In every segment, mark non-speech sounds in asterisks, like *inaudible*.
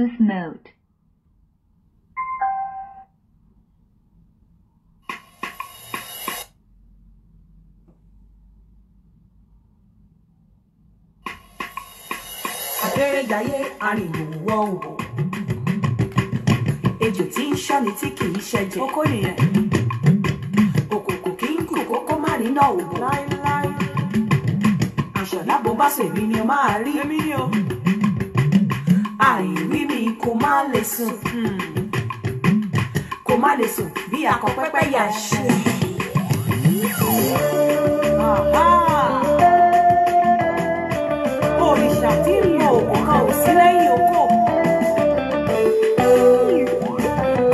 Bluetooth mode. í àìní mi kò má lè sùn hmm. kò má lè sùn bí àkọ́pẹ́pẹ́ yà ṣe. òrìṣà tí ń lo òkò kan ò sí lẹ́yìn òkò.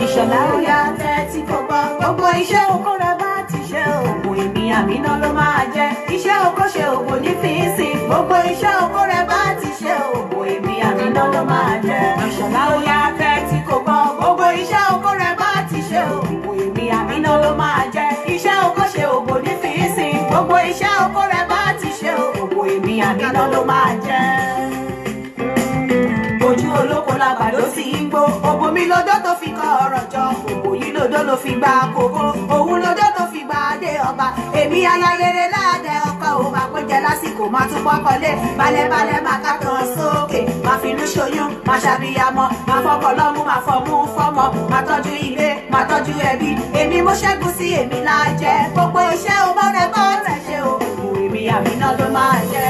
ìṣọ̀lá ó yá tẹ́tí kò gbọ́ gbogbo iṣẹ́ òkò rẹ̀ bá ti ṣe òògùn ìmì àmínà ló máa jẹ́ iṣẹ́ òkò ṣe òògùn ní fíìsì gbogbo iṣẹ́ òkò rẹ̀ bá ti ṣe òògùn ìmì iná ló máa jẹ. ìṣọ̀lá ó yá tẹ́ tí kò gbọ́ gbogbo iṣẹ́ oko rẹ̀ bá ti ṣe o. èmi àmínà ló máa jẹ iṣẹ́ oko ṣe òbò nífìsìn gbogbo iṣẹ́ oko rẹ̀ bá ti ṣe o. òbò èmi àmínà ló máa jẹ. ojú olóko làbàdo sì ń gbó òbò lọ́jọ́ tó fi kọ ọ̀rọ̀ jọ òbò yìí lọ́jọ́ ló fi gba kókó òun lọ́jọ́ tó gbadé ọba èmi ayayere láàdẹ ọkọ òun máa kó jẹ lásìkò máa tún pọkànlé balẹ̀balẹ̀ máa ká tán sókè máa finú ṣoyún máa ṣàbíyamọ máa fọkọ lọ́mú máa fọmú fọmọ máa tọ́jú ilé máa tọ́jú ẹbí èmi mo ṣẹ́gun sí èmi láàjẹ gbogbo iṣẹ́ o bọ́dẹ bọ́ọ̀rẹ̀ ṣe o èmi àmì náà ló máa jẹ.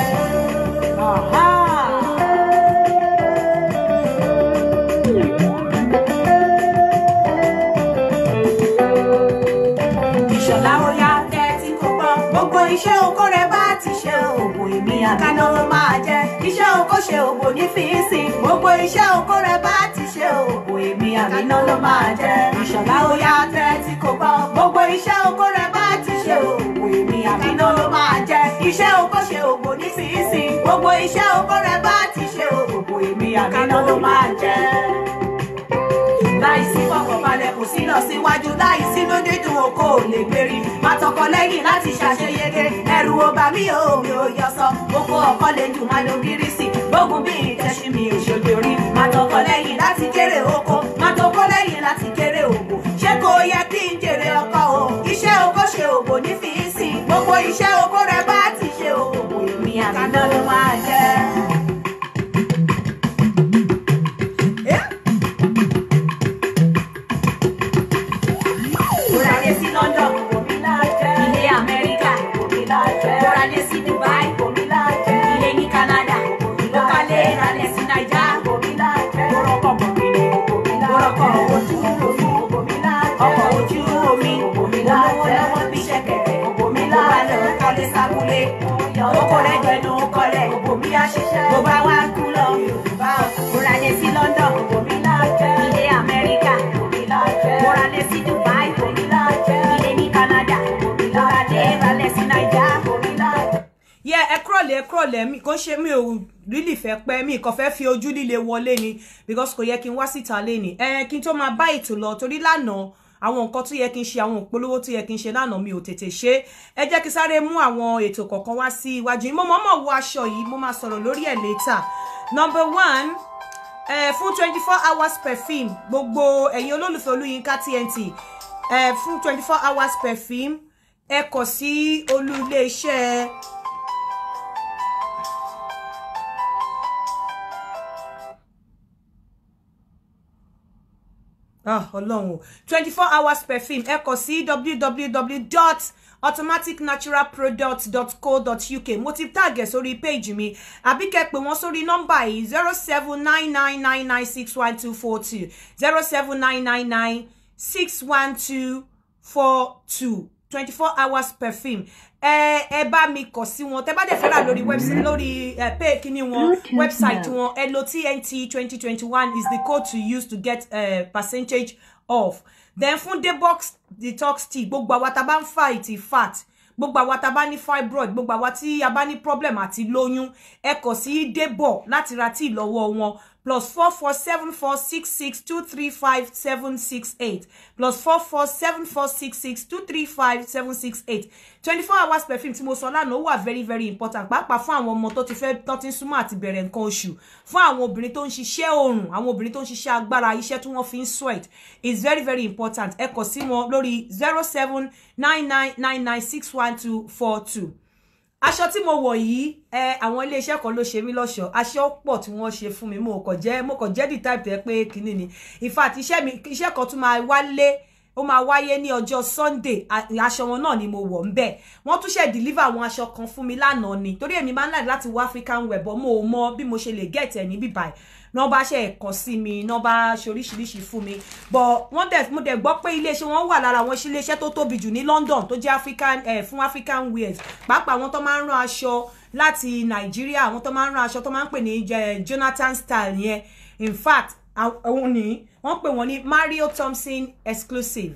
iṣẹ́ oko rẹ̀ bá ti ṣe òwò èmi àkànà ó máa jẹ iṣẹ́ oko ṣe òwò ní fíìsì gbogbo iṣẹ́ oko rẹ̀ bá ti ṣe òwò èmi àkànà ló máa jẹ ìṣọ̀lá ó yá tẹ́ tí kò gbọ́ gbogbo iṣẹ́ oko rẹ̀ bá ti ṣe òwò èmi àkànà ló máa jẹ iṣẹ́ oko ṣe òwò ní fíìsì gbogbo iṣẹ́ oko rẹ̀ bá ti ṣe òwò èmi àkànà ló máa jẹ. Bye balẹ̀ kò sí lọ síwájú láì sínú dídùn oko ò lè gbèrí àtọkọ lẹ́yìn láti ṣàṣeyege ẹ̀rù ọba mi ò mi ò yọ sọ oko ọkọ lè jù máa lo gírísì gbógun bí ìtẹ̀sí mi ò ṣojú rí àtọkọ lẹ́yìn láti kéré oko àtọkọ lẹ́yìn láti kéré ògbò ṣé kò yẹ kí n jèrè ọkọ o iṣẹ́ oko ṣe ògbò nífi í sìn gbogbo iṣẹ́ oko rẹ báyìí. kókó rẹ̀jẹ̀ ló ń kọlẹ̀ òbòmí àṣiṣẹ́ bó bá wá kú lọ Yorùbá mo ra lé sí London òbòmí lọ́jẹ́ ilé Amẹ́ríkà òbòmí lọ́jẹ́ mo ra lé sí Dubai òbòmí lọ́jẹ́ ilé ní Canada òbòmí lọ́jẹ́ mo ra lé sí Naija òbòmí lọ́jẹ́. yẹ ẹ kúrọ̀lẹ̀ ẹ kúrọ̀lẹ̀ mi kò ṣe mi ò really fẹ́ pẹ́ mi kò fi ojú líle wọlé ni because kò yẹ kí n wá síta lé ni ẹ kí n tó máa bá ètò lọ torí lánàá àwọn nǹkan tó yẹ kí n ṣe àwọn ìpolówó tó yẹ kí n ṣe lánàá mi ò tètè ṣe ẹ jẹ́ kí sáré mú àwọn ètò kọ̀ọ̀kan wá sí iwájú mo mọ̀ọ́mọ̀ wo aṣọ yìí mo máa sọ̀rọ̀ lórí ẹ̀ later number one eh, fún twenty four hours perfume gbogbo ẹ̀yin eh, olólùfẹ́ Olúyinká TNT eh, fún twenty four hours perfume ẹ eh, kọ̀ sí olú ilé ah ọlọ́run o twenty four hours perfume ẹ kọ sí www dot automaticnaturalproduct.co.uk mo ti tag ẹ sórí page mi àbí kẹ́ pè wọ́n sórí nọ́mbà yìí zero seven nine nine nine nine six one two four two zero seven nine nine nine six one two four two twenty four hours perfume ẹ ẹ bá mi kọ sí wọn tẹ bá dẹ fẹ́ lórí website lórí ẹ pé kíní wọn website wọn ẹ lo tnt twenty twenty one is the code to use to get uh, percentage off then fún detox detox tea gbogbo àwa tá bá ń fight fat gbogbo àwa tá a bá ní fibroid gbogbo àwa tí a bá ní problem àti lóyún ẹ kọ sí débọ̀ láti ra tíì lọ́wọ́ wọn plus four four seven four six six two three five seven six eight plus four four seven four six six two three five seven six eight twenty four hours perfume tí mo sọ lánàá wà very very important pàápàá fún àwọn ọmọ tó ti fẹ́ tó ti ń súnmọ́ àti bẹ̀rẹ̀ nǹkan oṣù fún àwọn obìnrin tó ń ṣiṣẹ́ oorun àwọn obìnrin tó ń ṣiṣẹ́ agbára iṣẹ́ tí wọ́n fi ń sweat is very very important ẹ kọ sí wọn lórí zero seven nine nine nine nine six one two four two aṣọ tí mo wọ̀ yìí ẹ àwọn iléeṣẹ́ kan ló ṣe mí lọ́ṣọ̀ọ́ aṣọ pọ̀ tí wọ́n ṣe fún mi mo kàn jẹ́ mo kàn jẹ́ the type tẹ́ pé kinní ni in fact iṣẹ́ mi iṣẹ́ kan tún máa wálé ó máa wáyé ní ọjọ́ sunday aṣọ wọn náà ni mo wọ̀ ń bẹ̀ wọ́n tún ṣe deliver àwọn aṣọ kan fún mi lánàá ni torí èmi máa ń láti wọ african web mo mọ bí mo ṣe lè get ẹ̀ níbí báyìí náà bá ṣe ẹ̀kọ́ sí mi náà bá ṣe oríṣiríṣi fún mi but wọ́n dẹ̀ mo dẹ̀ gbọ́ pé iléeṣẹ́ wọn wà lára àwọn iléeṣẹ́ tó tóbi jù ní London tó jẹ́ African eh, fún African wears pàápàá àwọn tó máa ń rán aṣọ láti Nàìjíríà àwọn tó máa ń rán aṣọ tó máa ń pè ní eh, Jonathan style yẹn in fact àwọn ní wọ́n pè wọ́n ní Mario Thompson exclusive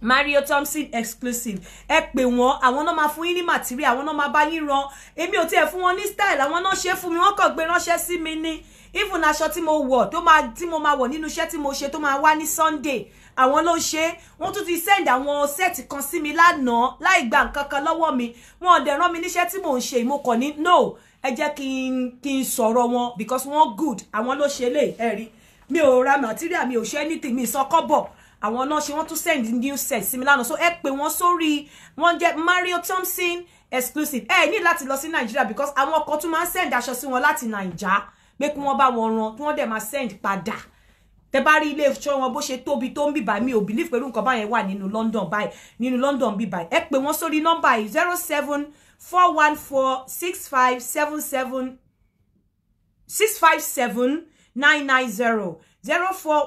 Mario Thompson exclusive ẹ pè wọ́n àwọn náà máa fún yín ní material àwọn náà máa bá yín ran èmi ò tiẹ̀ fún wọn ní style àwọn náà ṣe fún mi wọ́n kàn gbé ránṣẹ́ sí mi ní even aṣọ tí mo wọ̀ tó máa tí mo máa wọ̀ nínú iṣẹ́ tí mo ṣe tó máa wá ní Sunday àwọn ló ṣe é wọ́n tún ti send àwọn set kan sí mi lánàá láì gba nǹkan kan lọ́wọ́ mi wọn ò dẹ̀ rán mi níṣẹ́ tí mò ń ṣe mo kàn ní no ẹ jẹ́ kí n kí n sọ̀rọ̀ wọn because wọ́n good àwọn ló ṣe lè ẹ rí mi ò ra material mi ò ṣe anything mi ìsọkọ́bọ̀ àwọn náà ṣe wọ́n tún send new set sí mi lánàá so ẹ pè wọ́n sórí wọ́n jẹ́ Mario Thompson exclusive ẹ ní láti lọ sí Nàìjíríà because àwọn kan tún máa ń send aṣọ sí wọn láti Nàìjíríà pé kí wọ́n bá wọn ran kí wọ́n dẹ̀ máa send padà tẹ bá rí ilé iṣẹ́ wọn bó ṣe tóbi tó ń bì báyìí mi ò believe pẹ̀lú nǹkan báyẹn wà nínú London báyìí nínú London bí báyìí ẹ pè wọ́n sórí nọ́mbà yìí zero seven four one four six five seven seven six five seven nine nine zero zero four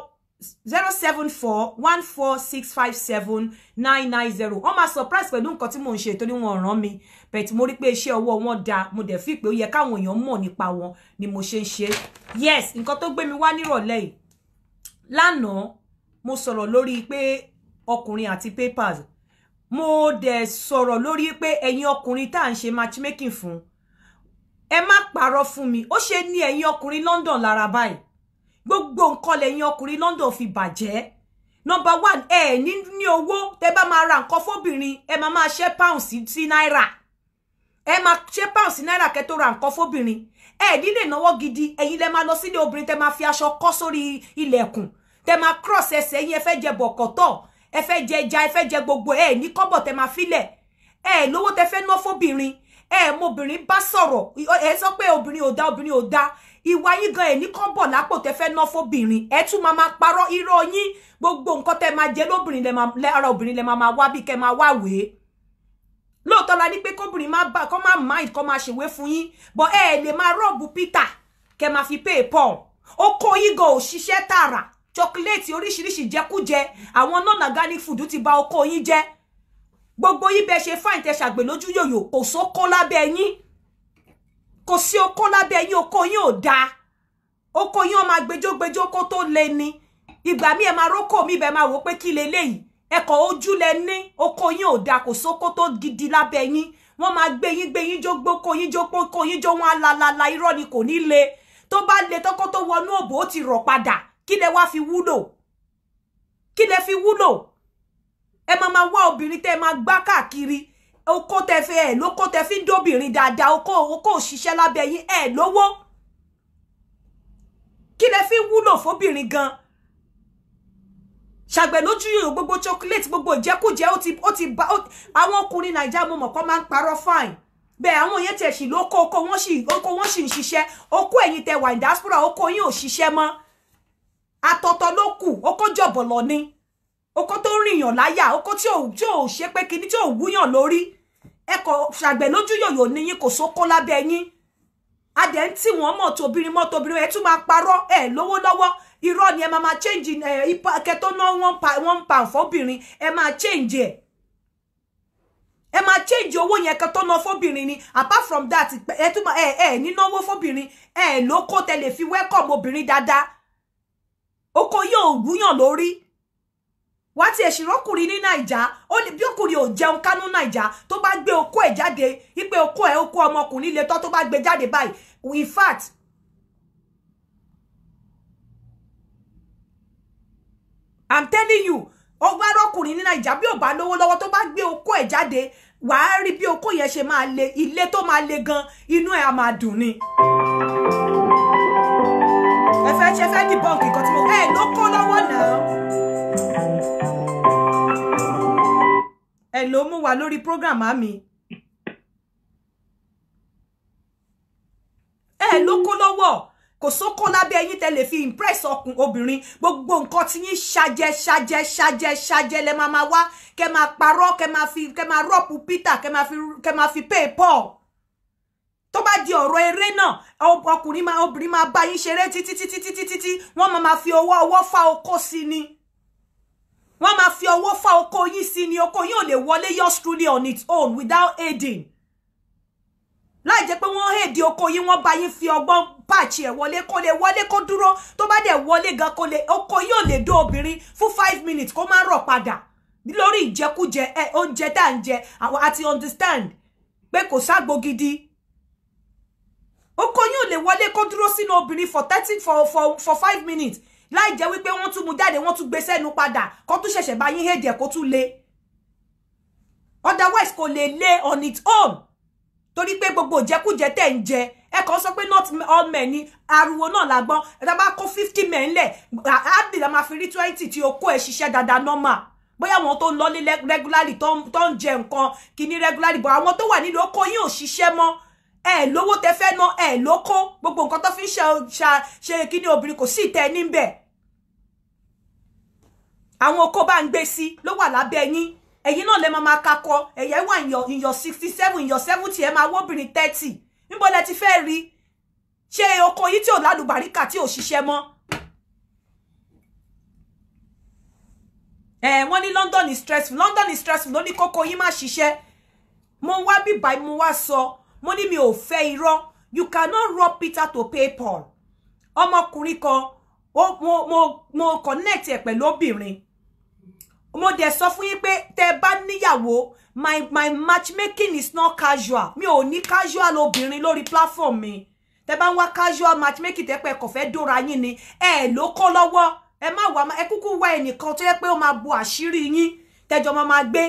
zero seven four one four six five seven nine nine zero wọ́n máa surprise pẹ̀lú nǹkan tí mò ń ṣe torí wọ́n ràn mí but mo rí pé iṣẹ́ ọwọ́ wọn da mo dẹ̀ fi pé ó yẹ káwọn èèyàn mọ̀ nípa wọn ni mo ṣe ń ṣe yes nǹkan tó gbé mi wá nírọ̀lẹ́ yìí lánàá mo sọ̀rọ̀ lórí pé ọkùnrin àti papers mo dẹ̀ sọ̀rọ̀ lórí pé ẹ̀yin ọkùnrin tá à ń ṣe matchmaking fún ẹ má parọ́ fún mi ó ṣe ní ẹ̀yin ọkùnrin London lára báyìí gbogbo nǹkan lẹ́yìn ọkùnrin London fi bàjẹ́ number one ẹ eh, ní ní owó tẹ bá máa ra nǹkan fóbìnrin ẹ eh, máa máa ṣe pound sí náírà ẹ ma ṣe pound sí náírà kẹ́ tó ra nǹkan fóbìnrin ẹ nílé ìnáwó gidi ẹ̀yin lẹ máa lọ sílé obìnrin tẹ máa fi aṣọ kọ́ sórí ilẹ̀kùn tẹ máa cross ẹsẹ̀ yín ẹ fẹ́ jẹ bọ̀kọ̀tọ̀ ẹ fẹ́ jẹ ẹja ẹ fẹ́ jẹ gbogbo ẹ ní kọ́bọ̀ tẹ máa filẹ̀ ẹ lówó tẹ fẹ́ ná fóbìnrin ẹ mọ obìnrin bá sọ̀rọ̀ ẹ sọ pé obìnrin ò dá obìnrin ò dá ìwà yín gan ẹ ní kọ́bọ̀ lápò tẹ fẹ́ ná fóbìnrin ẹ tún máa máa parọ́ irọ́ yín gbogbo nǹkan tẹ máa jẹ lóbìnrin lẹ máa ara obìnrin le ma ma wá bí kẹ máa wá wèé lóòótọ́ la ní pé kóbìnrin má bà kọ́ má mind kọ́ má ṣèwé fún yín but ẹ eh, lè máa rọ́ọ̀bù Peter kẹ máa fi pay Paul ó kó yín gan òṣìṣẹ́ tààrà chocolate oríṣiríṣi jẹkújẹ àwọn non organic food ti ba okó yín jẹ́ gbogbo yín bẹ ṣe fáìn tẹ ṣàgbè lójú yòyò kò sókó lábẹ́ yín kò sí okó lábẹ́ yín okó yín ò dáa okó yín ó máa gbẹjọ́gbẹjọ́ kó tó le ni ìgbà míì ẹ máa rókò mi bẹ máa wò pé kí leléyìí eko oju lẹ ní oko yín ò da kò sóko tó gidi lábẹ́ yín wọ́n máa gbé yín gbé yín jó gbó kó yín jó pó kó yín alalala irọ́ ni kò ní le tó bá le tọ́kọ tó wọnú òbò ó ti rọ̀ padà kí lẹ wá fi wúlò kí lẹ fi wúlò ẹ máa máa wá obìnrin tẹ́ ẹ máa gbá oko tẹ́ fẹ́ ẹ lóko tẹ́ fi ń dóbìnrin oko oko òṣìṣẹ́ lábẹ́ yín ẹ lówó kí lẹ fi wúlò fóbìnrin gan ṣàgbẹ̀ lójú yòyò gbogbo chocolate gbogbo ìjẹkújẹ ó ti ó ti ba àwọn ọkùnrin nàìjíríà mo mọ̀ kọ́ máa ń parọ́ fine bẹ́ẹ̀ àwọn yẹn tiẹ̀ sì ló kó oko wọ́n sì oko wọ́n sì ń ṣiṣẹ́ oko ẹ̀yin tẹ wà ní diaspora oko yín ò ṣiṣẹ́ mọ́ àtọ̀tọ̀ ló kù oko jọ̀bọ̀ lọ ni oko tó rìnyàn láyà oko tí ò tí ò ṣe pé kíní tí ò wúyàn lórí ẹ kò ṣàgbẹ̀ lójú yòyò ni yín kò sóko lábẹ́ yín adẹ̀ ń tì wọ́n mọ̀ tobìnrin mọ́ tobìnrin ẹ tún máa parọ́ ẹ lówó lọ́wọ́ irọ́ ni ẹ máa change ìpàkẹ́ tó one pound fọ́bìnrin ẹ máa change ẹ máa change owó yẹn kan tó ni apart from that ẹ tún ẹ ẹ nínáwó fóbìnrin ẹ ló kó tẹlẹ fi welcome obìnrin dáadáa oko yóò gúnyàn lórí wá tí ẹ ní naija ó lè bí ọkùnrin ò jẹun kánú naija tó bá gbé oko ẹ̀ jáde wípé okó ẹ ọmọkùnrin lè tọ́ i'm telling you ó bá rọ́kùnrin ní nàìjà bí ò bá lówó lọ́wọ́ tó bá gbé okó ẹ̀ jáde wàá rí bí okó yẹn ṣe máa le ilé tó máa le gan inú ẹ̀ á máa dùn ni. ẹ fẹ́ ṣe fẹ́ dìbọ́ǹkì nǹkan tí mo ẹ ló kó lọ́wọ́ náà. ẹ ló mú wa lórí program mi. ẹ ló kó lọ́wọ́ kò sókó lábẹ́ yín tẹ́ lè fi impress ọkùn obìnrin gbogbo nǹkan tí yín ṣàjẹ ṣàjẹ ṣàjẹ ṣàjẹ lẹ máa máa wá kẹ́ máa parọ́ kẹ́ máa fi kẹ́ máa rọ́pù peter kẹ́ máa fi kẹ́ máa fi pay paul tó bá di ọ̀rọ̀ eré náà ọkùnrin máa obìnrin máa bá yín ṣeré títí títí títí títí wọ́n máa máa fi ọwọ́ ọwọ́ fa okó sí ni wọ́n máa fi ọwọ́ fa okó yín sí ni okó yín ò lè wọlé yours truly on its own without aiding láì jẹ́ pé wọ́n hèdè okó yín wọ́n bá yín fi ọgbọ́n bàjẹ́ ẹ̀ wọlé kó lè wọlé kó dúró tó bá dẹ̀ wọlé gan kó lè oko yóò lè dó obìnrin fún five minutes kó má rọ̀ padà lórí ìjẹkújẹ ẹ oúnjẹ tá à ń jẹ àwọn àti understand pé kò ságbo gidi oko yóò lè wọlé kó dúró sínú obìnrin for thirty for for for five minutes láì jẹ́ wípé wọ́n tún mú jáde wọ́n tún gbé sẹ́nu padà kó tún ṣẹ̀ṣẹ̀ bá yín hèdè kó tún le otherwise kò lè lé on its own torí pé gbogbo ìjẹkújẹ tẹ̀ ń jẹ ẹ kàn sọ pé not all men ni ariwo náà la gbọ́ ẹ tá bá kó fifty men le. àádì la ma fi rí twenty tí o kó e ṣiṣẹ́ dáadáa normal bóyá àwọn tó ń lọ ní regularly ton ton jẹ nǹkan Kini regularly bọ̀ àwọn tó wà nílùú oko yín ò ṣiṣẹ́ mọ́ ẹ lówó tẹ fẹ́ ná ẹ lóko gbogbo nǹkan tó fi ń ko si obìnrin kò sí ìtẹ́ níbẹ̀ àwọn oko bá ń gbé sí ló wà lábẹ́ yín ẹ̀yin náà lè máa kakọ ẹ̀yẹ́ wà ìyọ̀ sixty seven ìyọ̀ seventy ma wo wọ́bìnrin thirty níbo lẹ ti fẹ́ rí ṣe oko yìí tí ò lálùbáríkà tí ò ṣiṣẹ́ mọ́ ẹ wọ́n ní London is stressful London is stressful ló ní kókó yìí má ṣiṣẹ́ mo wá bíbá mo wá sọ mo ní mi ò fẹ́ irọ́ you cannot rob Peter to pay Paul ọmọkùnrin kan mo mo mo connect ẹ pẹ̀lú obìnrin mo de sọ fún yín pé tẹ́ bá níyàwó my my matchmaking is not casual mi ò ní casual obìnrin lórí platform mi tẹ́ bá ń wá casual matchmaking tẹ́ pé kò fẹ́ dóra yín ni ẹ ló kọ́ lọ́wọ́ ẹ ma. wá ẹ kúkú wá ẹnìkan tó yẹ pé ó máa bo àṣírí yín tẹ́jọ máa ma gbé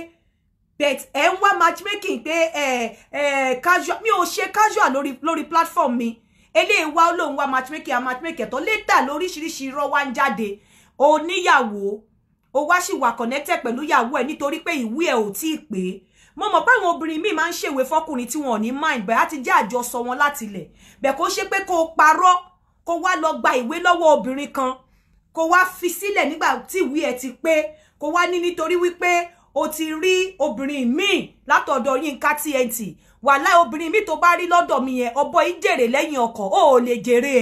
but ẹ ń wá matchmaking pé ẹ ẹ casual mi ò ṣe casual lórí lórí platform mi eléyìí wa lóun wa matchmaking a matchmaking ẹ̀tọ́ létà lóríṣiríṣi irọ́ wá ń jáde oníyàwó ó wa sì wà connected pẹ̀lú ìyàwó ẹ̀ nítorí pé ìwé ẹ̀ ò tíì pé mo mọ̀ pé àwọn obìnrin míì máa ń ṣèwé fọkùnrin tí wọn ò ní mind bẹ́ẹ̀ á ti jẹ́ àjọsọ wọn láti ilẹ̀ bẹ́ẹ̀ kó ṣe pé kó o parọ́ kó wá lọ gba ìwé lọ́wọ́ obìnrin kan ko wa fi sílẹ̀ nígbà tí ìwé ẹ̀ ti pé kó wá ní nítorí wípé o ti rí obìnrin míì látọ̀dọ̀ Yínká TNT wàhálà obìnrin míì tó bá rí lọ́dọ̀ mi yẹn ọbọ̀ yìí jèrè lẹ́yìn ọkọ o ò lè jèrè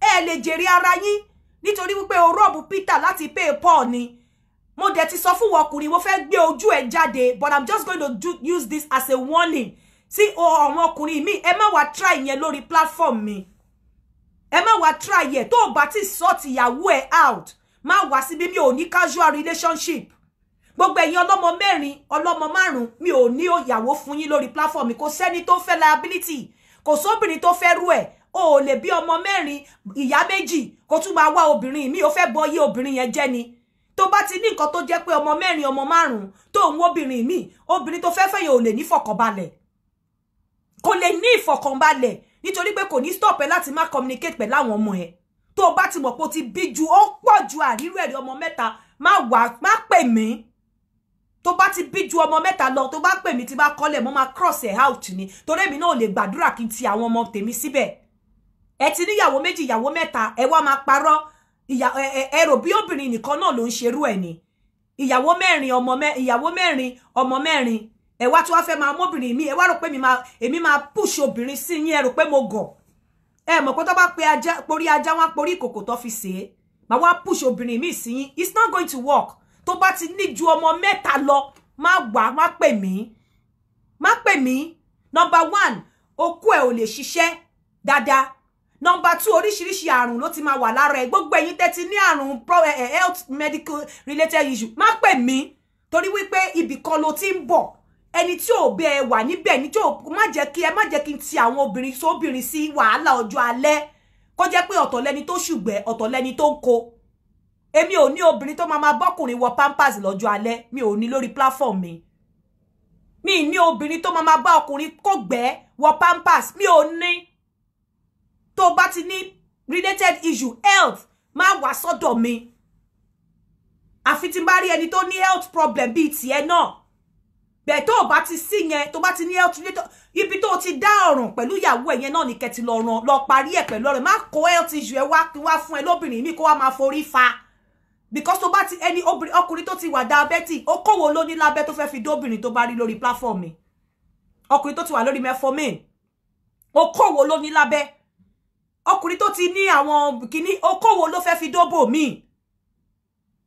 ẹ̀ ẹ̀ lè ara yín nítorí wípé o rọ́ọ̀bù Peter láti pay Paul ni mo dẹ̀ ti sọ fún ọkùnrin mo fẹ́ gbé ojú ẹ̀ jáde but i'm just going to do, use this as a warning sí àwọn ọkùnrin mi ẹ má wá try yẹn lórí platform mi ẹ má wá try yẹn tó o bá ti sọ tìyàwó ẹ out má wá síbi mi ò ní casual relationship gbogbo ẹ̀yin ọlọ́mọ mẹ́rin ọlọ́mọ márùn mi ò ní ìyàwó fún yín lórí platform mi kò sẹ́ni tó fẹ́ liability kò sóbìnrin tó fẹ́ rú ẹ̀ o ò lè bí ọmọ mẹ́rin ìyá méjì kó tún máa wá obìnrin mi ò fẹ́ bọ iye obìnrin yẹn jẹ́ ni tó bá ti ní nǹkan tó jẹ́ pé ọmọ mẹ́rin ọmọ márùn to tó ń wóbìnrin mi obìnrin tó fẹ́ fẹ́ yẹn ò lè ní fọkànbalẹ̀ kò lè ní ìfọkànbalẹ̀ nítorí pé kò ní stop ẹ láti má communicate pẹ̀lú àwọn ọmọ ẹ̀ tó bá ti mọ̀ pé o ti bí ju ó pọ̀ ju àrírú ẹ̀rí ọmọ mẹ́ta má wà má pè mí tó bá ti bí ju ọmọ mẹ́ta lọ tó bá pè ti bá kọ́lẹ̀ mo máa cross ẹ̀ out ni torí èmi náà ò lè gbàdúrà kí n ti àwọn ọmọ tèmi síbẹ̀ ẹ ti níyàwó méjì ìyàwó mẹ́ta ẹ wá máa parọ́ ẹrò bí obìnrin nìkan náà ló ń ṣerú ẹ̀ ni ìyàwó mẹ́rin ọmọ mẹ́rin ìyàwó mẹ́rin ọmọ mẹ́rin ẹ wá tí wàá fẹ́ máa mọ́bìnrin mi ẹ wá rò pé èmi máa push obìnrin sí yín ẹ rò pé mo gọ̀ ẹ mọ̀ pé tó bá pe ajá porí ajá wọn porí ìkòkò tó fi ṣe é màá push obìnrin mi sí yín it's not going to work tó bá ti ní ju ọmọ mẹ́ta lọ má gbà má pè mí má pè mí number one okú ẹ o le ṣiṣẹ́ dada nọmba two oríṣiríṣi àrùn ló ti máa wà lára ẹ gbogbo ẹ̀yin tẹ́ ní àrùn eh, eh, health medical related issue má pè mí torí wípé ibì kan ló ti ń bọ̀ ẹni tí ò bẹ ẹ wà níbẹ̀ ní tí ò má jẹ́ kí ẹ má jẹ́ kí n ti àwọn obìnrin sóbìnrin sí wàhálà ọjọ́ alẹ́ kó jẹ́ pé ọ̀tọ̀ lẹni tó ṣùgbẹ́ ọ̀tọ̀ lẹni tó ń ko èmi ò ní obìnrin tó máa máa bọ́kùnrin wọ pampers lọ́jọ́ alẹ́ mi ò ní lórí platform mi mi ní obìnrin tó máa máa bá ọkùnrin kó gbẹ́ wọ pampers mi ò ní tó bá ti ní related issue health má wá sọ́dọ̀ mi àfi tí n bá rí ẹni tó ní health problem bíi tiẹ̀ náà bẹ́ẹ̀ tó bá ti sí yẹn tó bá ti ní health related ibi tó ti dá ọ̀ràn pẹ̀lú ìyàwó ẹ̀ yẹn náà ni kẹ́tì lọ ràn lọ parí ẹ̀ pẹ̀lú ọ̀rẹ́ má kó health issue ẹ wá wá fún ẹ lóbìnrin mi kó wá máa forí fa because tó bá ti ẹni ọkùnrin tó ti wà diabetic ó kówó ló ní lábẹ́ tó fẹ́ fi dóbìnrin tó bá rí lórí platform mi ọkùnrin tó ti wà lórí metformin ó kówó ló ní lábẹ́ ọkùnrin tó ti ní àwọn kìíní okòwò ló fẹ́ fi dóbò míì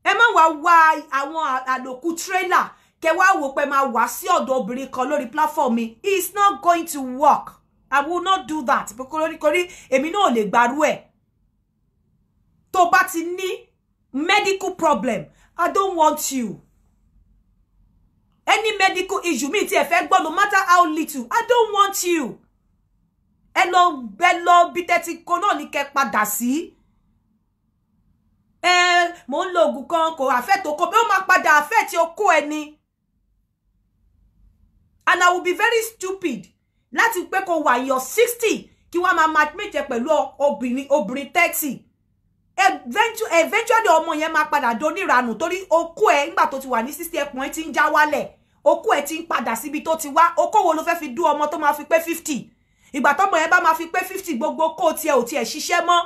ẹ má wá wá àwọn àlòkù tírélà kẹ wá wò pé máa wá sí ọ̀dọ̀ obìnrin kan lórí platform mi it's not going to work i will not do that nítorí èmi náà ò lè gbarú ẹ̀ tó bá ti ní medical problem i don't want you any medical issue mi tí ẹ fẹ́ gbọ́ no matter how little i don't want you ẹ lọ ẹ lọ bí tẹ́tí kó náà ní kẹ padà sí ẹ mò ń lo oògùn kan kò àfẹ́tò kò bí ó máa padà àfẹ́tì okó ẹni and I will be very stupid láti pé kó wà yọ sixty kí wọ́n máa matchmate pẹ̀lú obìnrin obìnrin thirty eventually ọmọ yẹn máa padà doníranù torí okó ẹ nígbà tó ti wà ní sixty ẹpọn ẹ ti ń já wálẹ̀ okó ẹ ti ń padà síbi tó ti wá okó wo ló fẹ́ fi dú ọmọ tó máa fi pé fifty ìgbà tọ́mọ ẹ bá máa fi pé fifty gbogbo kó tiẹ̀ ò tiẹ̀ ṣiṣẹ́ mọ́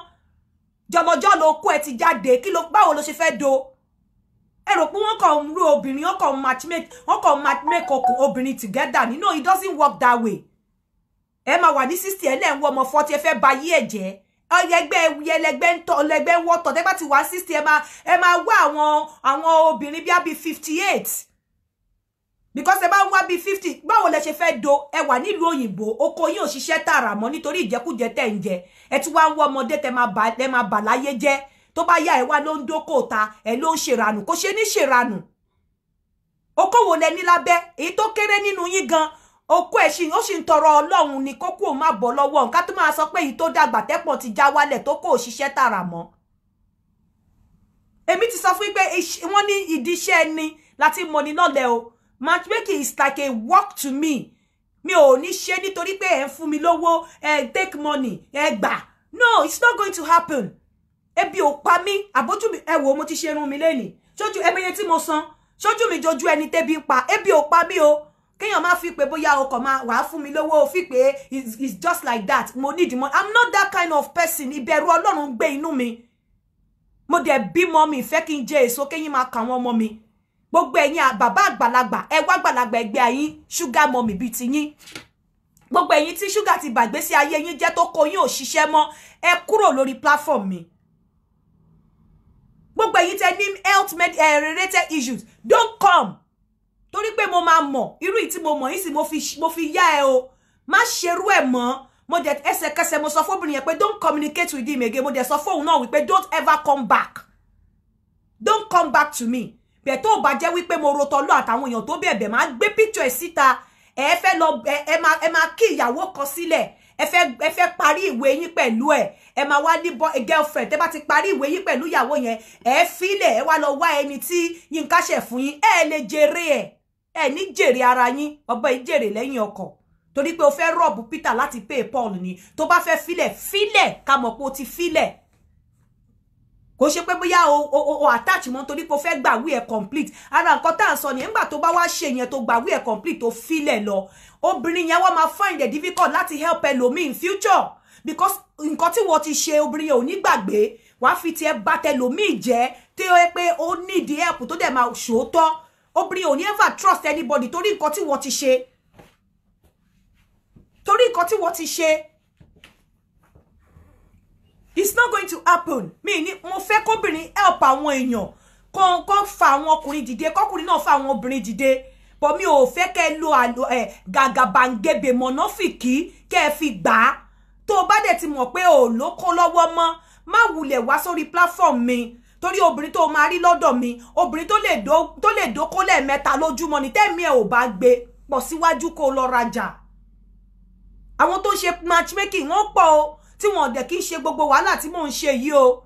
jọmọjọ́ ló kó ẹ ti jáde kí ló báwo ló ṣe fẹ́ do ẹ rò pé wọ́n kàn ń ro obìnrin wọ́n kàn ń matchmake wọ́n kàn ń matchmake obìnrin together it doesn't work that way ẹ máa wà ní sixty ẹ náà ń wọ ọmọ forty ẹ fẹ́ ba yí ẹ̀ jẹ́ ẹgbẹ́ ẹlẹgbẹ́ ń tọ́ ẹlẹgbẹ́ ń wọ́tọ̀ tẹ́ bá ti wá sixty ẹ máa ẹ máa wá àwọn àwọn obìnrin bíi àbí fifty eight because ẹ bá ń wá bíi fifty báwo lẹ ṣe fẹ́ do ẹ wà nílùú òyìnbó oko yín ò ṣiṣẹ́ tààrà mọ́ nítorí ìjẹkújẹ tẹ̀ ń jẹ ẹ tún wá ń wọ ọmọdé tẹ máa bà láyé jẹ́ tó bá yá ẹ wá ló ń dókò ta ẹ ló ń ṣèrànù kò ṣe ní ṣèrànù okòwò lẹ ni lábẹ́ èyí tó kéré nínú yín gan Oko ẹ̀ ṣì ó sì ń tọrọ ọlọ́run ni kókó ò má bọ́ lọ́wọ́ nǹkan tó máa sọ pé èyí tó dàgbà tẹ́pọ̀ ti já wálẹ̀ tó kó òṣìṣẹ́ tààrà mọ́ èmi ti sọ fún yín pé wọ́n ní ni lati money ní nọ́lẹ̀ o matchmaking is like a work to me mi ò ní ṣe nítorí pé ẹ ń mi lówó ẹ take money ẹ gbà no it's not going to happen ebi ò pa mí àbójú mi ẹ wò mo ti ṣe irun mi lẹ́nìí ṣojú ẹmẹyẹ tí mo san ṣojú mi jojú ẹni tẹ́bi ń pa ebi ò pa mí o kéèyàn má fi pé bóyá ọkọ̀ máa wàá fún mi lówó fi pé it's, just like that mo need money i'm not that kind of person ìbẹ̀rù ọlọ́run gbé inú mi mo dẹ̀ bímọ mi ìfẹ́ kí n jẹ èso kéyìn máa kà wọ́n mi gbogbo ẹ̀yin bàbá àgbàlagbà ẹ wá àgbàlagbà ẹgbẹ́ ayín ṣúgà mọ́mì bíi tiyín gbogbo ẹ̀yin tí ṣúgà ti bàgbésí ayé yín jẹ́ tó kó yín ò ṣiṣẹ́ mọ́ ẹ kúrò lórí platform mi gbogbo ẹ̀yin tẹ ní health uh, related issues don't come torí pé mo máa mọ̀ irú ìtí mo mọ̀ yín sì mo fi yá ẹ o má ṣerú ẹ̀ mọ́ mo dẹ̀ ẹsẹ̀kẹsẹ̀ mo sọ fóbìnrin yẹn pé don't communicate with him again mo dẹ̀ sọ fóun náà wípé don't ever come back don't come back to me bẹ̀ tó bá jẹ́ wípé mo rotọ́lú àtàwọn èèyàn tó bẹ̀bẹ̀ máa gbé píkṣọ ẹ̀ síta ẹ fẹ́ lọ ẹ máa kí ìyàwó kọ sílẹ̀ ẹ fẹ́ ẹ fẹ́ parí ìwé yín pẹ̀lú ẹ̀ ẹ máa wá ní girlfriend tẹ́ bá ti parí ìwé yín pẹ̀lú ìyàwó yẹn ẹ filẹ̀ ẹ wá lọ wá ẹni tí Yínká ṣẹ̀ fún yín ẹ lè jèrè ẹ̀ ẹ ní jèrè ara yín ọgbọ́n yìí jèrè lẹ́yìn ọkọ̀ torí pé o fẹ́ rọ̀bù Peter láti pay Paul ni tó bá fẹ́ filẹ̀ filẹ̀ ká mọ̀ pé o ti filẹ̀ kò ṣe pé bóyá o o o attach mọ́ nítorí pé o fẹ́ gbàwé ẹ̀ complete ara nǹkan tá à ń sọ nìyẹn nígbà tó bá wá ṣe yẹn tó gbàwé ẹ̀ complete tó filẹ̀ lọ obìnrin yẹn wọ́n máa find it difficult láti help ẹlòmíì in future because nǹkan tí wọ́n ti ṣe obìnrin yẹn ò ní gbàgbé wàá fi tiẹ̀ bá tẹlòmíì jẹ́ tí ó yẹ pé ó need help tó dẹ̀ máa ṣòótọ́ obìnrin ò ní ever trust anybody torí nǹkan tí wọ́n ti ṣe torí nǹkan tí wọ́n ti ṣe it's not going to happen mi ni mo fe kóbìnrin help àwọn èèyàn kàn kàn fa àwọn ọkùnrin dìde kọkùnrin náà fa àwọn obìnrin dìde but mi o fe kẹ́ lo àlò ẹ̀ gàgàbàǹgebè mọ̀nàfìkì kẹ́ ẹ fi gbà á tó o ti mo pe o ló kó lọ́wọ́ ma wule wulẹ̀ wá sórí platform mi torí obìnrin tó máa rí lọ́dọ̀ mi le do lè dókó lẹ́ẹ̀mẹ́ta lójúmọ́ ni tẹ́mi ẹ̀ ò bá gbé pọ̀ síwájú kó lọ rajà àwọn to ń matchmaking wọ́n pọ̀ o tí wọn dẹ̀ kí n ṣe gbogbo wàhálà tí mò ń ṣe yìí o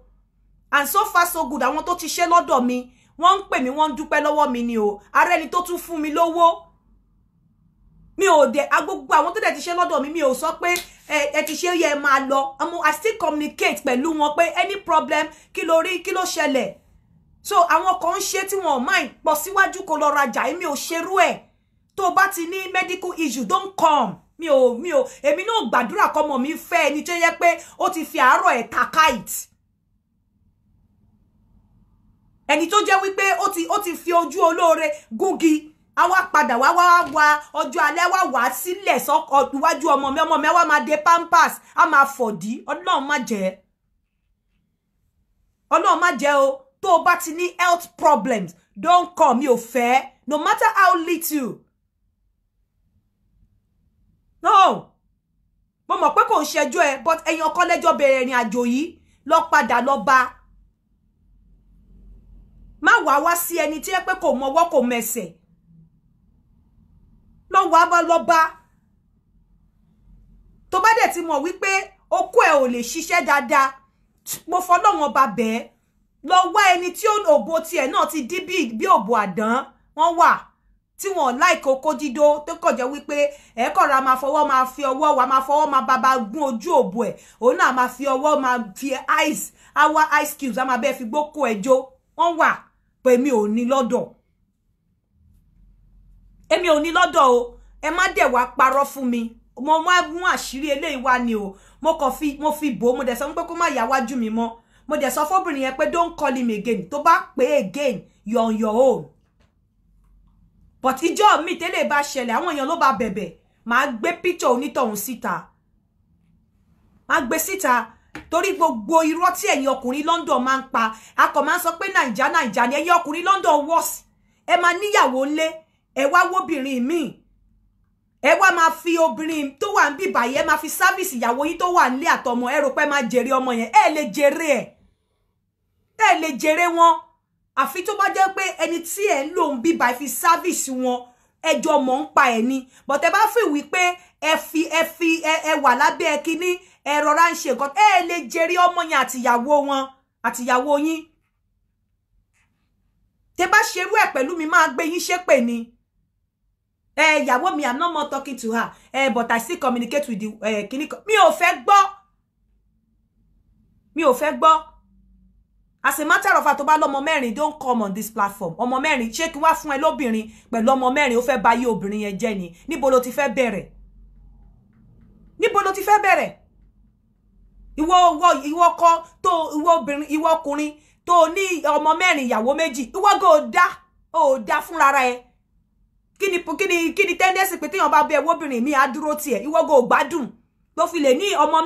and so far so good àwọn tó ti ṣe lọ́dọ̀ mi wọ́n ń pè mí wọ́n ń dúpẹ́ lọ́wọ́ mi ni o ara ẹni tó tún fún mi lówó mi ò dẹ̀ agbogbo àwọn tó dẹ̀ ti ṣe lọ́dọ̀ mi mi ò sọ pé ẹ ti ṣe yẹ máa lọ àmọ́ i still communicate pẹ̀lú wọn pé any problem kí ló rí kí ló ṣẹlẹ̀ so àwọn kan ń ṣe tí wọn ò máa pọ̀ síwájú kó lọ rajà èmi ò ṣerú ẹ̀ tó o bá ti ní medical issue don't come mi ò mi ò èmi náà gbàdúrà kọ́mọ mi fẹ́ ẹni tó yẹ pé ó ti fi àárọ̀ ẹ̀ ta kite ẹni tó jẹ́ wípé ó ti ó ti fi ojú olóore gúngi a wá padà wá wá wá ọjọ́ alẹ́ wá wá sílẹ̀ iwájú ọmọ mi ọmọ mi wá máa de pampers a máa fọ̀dí ọlọ́run má jẹ́ ọlọ́run má jẹ́ o tó o ti ní health problems Don't come mi ò fẹ́ no matter how little no mo mọ̀ pé kò ń ṣẹjọ́ ẹ but ẹ̀yin ọkọ lẹ́jọ́ bẹ̀rẹ̀ ìrìn àjò yìí lọ padà lọ bá má wàá wá sí ẹni tí ẹ pé kò mọwọ́ kò mẹsẹ̀ lọ wàá bá lọ bá tó bá dẹ̀ ti mọ̀ wípé okó ẹ ò lè ṣiṣẹ́ dáadáa mo fọlọ́wọ́n ba bẹ́ẹ̀ lọ wá ẹni tí òbò tiẹ̀ náà ti dí bí òbò àdán wọ́n wà tí wọn láì kókó dídó tó kàn jẹ́ wípé ẹ kọra máa fọwọ́ máa fi ọwọ́ wa máa fọwọ́ máa bàbá gún ojú òbò ẹ òun náà máa fi ọwọ́ máa fi ice awa ice cubes a máa bẹ́ẹ̀ fi gbókò ẹjọ́ wọ́n wà pé mi ò ní lọ́dọ̀ èmi ò ní lọ́dọ̀ o ẹ má dẹ̀ wá parọ́ fún mi mo máa mú àṣírí eléyìí wá ni o mo kàn fi mo fi bò ó mo dẹ̀ sọ pé kó má yà mi mọ́ mo dẹ̀ sọ fọ́bìnrin yẹn pé don't call him again tó bá pè again you're on your own but ìjọ́ mi tẹ́lẹ̀ bá ṣẹlẹ̀ àwọn èèyàn ló bá bẹ̀bẹ̀ màá gbé picture onítọ̀hún síta màá gbé síta torí gbogbo irọ́ tí ẹ̀yin ọkùnrin London máa ń pa akọ̀ máa ń sọ pé nàìjà nàìjà ni ẹ̀yin ọkùnrin London wọ́ọ̀sì ẹ máa níyàwó lé ẹ wá wóbìnrin míì ẹ wá máa fi obìnrin tó wà ń bìbà yẹn máa fi sáfìsì ìyàwó yín tó wà nílé àtọmọ ẹ rò pé máa jèrè ọmọ yẹn ẹ lè jèrè ẹ ẹ lè jèrè wọn àfi tó bá jẹ́ pé ẹni tí ẹ̀ ń lò ń bíbá ẹ fi sáfìsì wọn ẹjọ́ mọ̀ ń pa ẹ̀ ni bọ̀tẹ́ bá fi wí pé ẹ fi ẹ fi ẹ wà lábẹ́ ẹ kínní ẹ rọra ń ṣe nǹkan ẹ lè jèrè ọmọ yẹn àtìyàwó wọn àtìyàwó yín tẹ bá ṣerú ẹ pẹ̀lú mi máa gbé yín ṣépè ni ẹ ìyàwó mi am not more talking to her ẹ but i still communicate with the ẹ kínní kan mi ò fẹ́ gbọ́ mi ò fẹ́ gbọ́ as a matter of fact tó bá lọ́mọ mẹ́rin don't come on this platform ọmọ mẹ́rin ṣé kí wá fun ẹ lóbìnrin pẹ̀lú ọmọ mẹ́rin ó fẹ́ bà yé obìnrin yẹn jẹ́ ni níbo ló ti fẹ́ bẹ̀rẹ̀ níbo ló ti fẹ́ bẹ̀rẹ̀ ìwọ ìwọ ìwọ kọ́ tó ìwọ obìnrin ìwọ ọkùnrin tó ní ọmọ mẹ́rin ìyàwó méjì ìwọ go da ó da fun rárá ẹ Kini kíni kini tendency pé téèyàn bá ba be obìnrin mi á dúró tiẹ̀ ìwọ go gbádùn tó fi lè ní ọmọ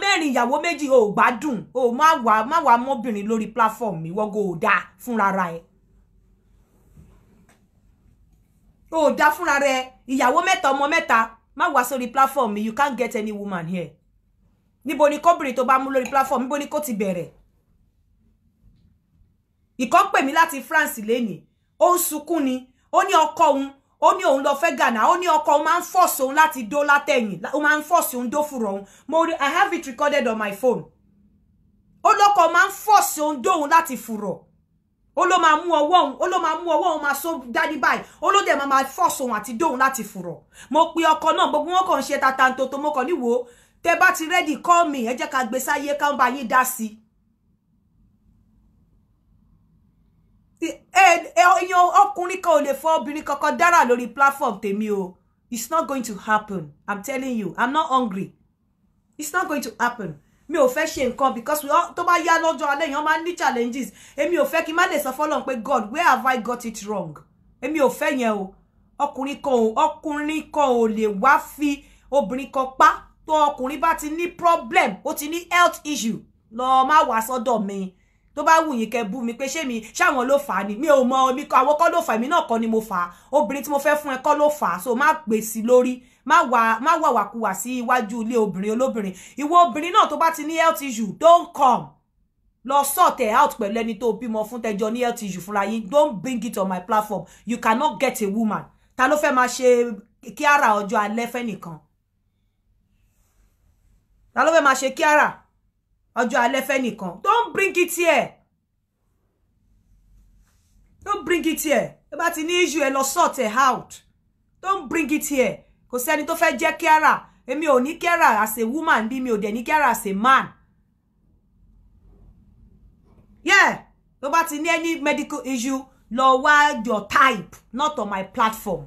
mẹ́rin ìyàwó méjì o gbádùn o má wà má wà mọ́bìnrin lórí platform mi wọ́gọ́ ò dáa fúnrara ẹ̀ o dá fúnrara ẹ̀ ìyàwó mẹ́ta ọmọ mẹ́ta má wá sórí platform mi you can't get any woman here níbo ni kọ́bìnrin tó bá mú lórí platform níbo ni kò ti bẹ̀rẹ̀ ìkan pè mí láti France lénìí ó ń sunkún ni ó ní ọkọ òun ó ní òun lọ fẹ́ Ghana ó ní ọkọ òun máa ń fọ́ọ̀sì òun láti dó látẹ̀yìn òun máa ń fọ́ọ̀sì òun dó fúnra òun mo rí I have it recorded on my phone ó lọ́kọ máa ń fọ́ọ̀sì òun dó òun láti fùrọ̀ ó ló máa mú ọwọ́ òun ó ló máa mú ọwọ́ òun máa so dádí báyìí ó ló dẹ̀ máa fọ́ọ̀sì òun àti dó òun láti fùrọ̀ mo pe ọkọ náà gbogbo wọn kàn ń ṣe tatantoto mo kàn níwò tẹ bá ti rẹ́dì call me ẹ jẹ́ ká gbé sáyé ká ń bá yín dá sí i èèyàn eh, eh, eh, ọkùnrin kan ò lè fọ obìnrin kankan dára lórí platform tèmi o it's not going to happen i'm telling you i'm not hungry it's not going to happen mi ò fẹ́ ṣe nǹkan because we all tó bá yá lọ́jọ́ alẹ́ èèyàn máa ń ní challenges èmi ò fẹ́ kí n má lè sọ fọ́lọ́run pé god where have i got it wrong èmi ò fẹ́ yẹn o ọkùnrin kan ò ọkùnrin kan ò lè wá fi obìnrin kan pa tó ọkùnrin bá ti ní problem ó ti ní health issue lọ́ọ́ má wá sọ́dọ̀ mi tó bá wù yín kẹ́ bú mi pé ṣé mi ṣáwọn ló fà á ni mi ò mọ omi àwọn kọ́ ló fà mí náà kọ́ ni mo fà á obìnrin tí mo fẹ́ fún ẹ kọ́ ló fà á so má gbè sí lórí má wà wà wàkuwà sí iwájú ilé obìnrin olóbìnrin ìwọ obìnrin náà tó bá ti ní health issue don't come lọ sort out pẹ̀lú ẹni tó bímọ fún tẹjọ ní health fúnra yín don't bring it on my platform you cannot get a woman ta ló fẹ́ máa ṣe kí ara ọjọ́ alẹ́ fẹ́ nìkan ta ló fẹ́ máa ṣe kí ara ọjọ́ alẹ́ fẹ́ nìkan don't bring it here don't bring it here tó bá ti ní issue ẹ lọ sort ẹ out don't bring it here kò sẹ́ni tó fẹ́ jẹ́ carer èmi ò ní carer as a woman bí mi ò dẹ̀ ní carer as a man yeah tó bá ti ní any medical issue lọ wá your type not on my platform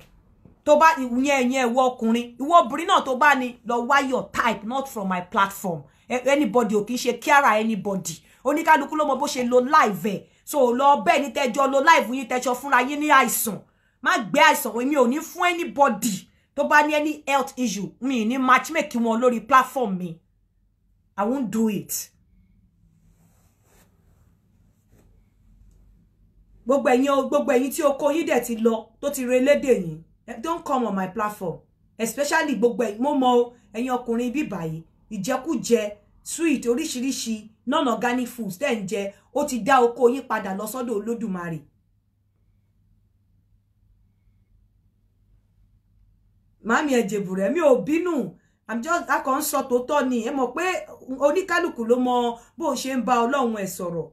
tó bá ìyẹn ìyẹn ìwọ ọkùnrin ìwọ obìnrin náà tó bá ní lọ wá your type not from my platform E, anybody ò kì í ṣe kíára anybody oníkálukú ló mọ bó ṣe lo live ẹ̀ so lọ bẹ́ẹ̀ ni tẹ́jọ́ lo live yín tẹ́jọ́ fúnra yín ní àìsàn má gbé àìsàn èmi ò ní fún anybody tó bá ní any health issue mi ní matchmake wọn lórí platform mi I won't do it. gbogbo ẹ̀yin gbogbo ẹ̀yin tí oko yín dẹ̀ ti lọ tó ti re lédè yín don't come on my platform especially gbogbo ẹ̀yin mo mọ ẹ̀yin ọkùnrin bíbáyìí ìjẹkújẹ sweet oríṣiríṣi non organic foods tẹ́ ń jẹ ó ti dá oko yín padà lọ sọ́dọ̀ olódùmarè màámi ẹ̀jẹ̀bù rẹ̀ mi ò bínú i'm just a kàn ń sọ tòótọ́ ni ẹ mọ̀ pé oníkálukú ló mọ bó ṣe ń bá ọlọ́run ẹ̀ sọ̀rọ̀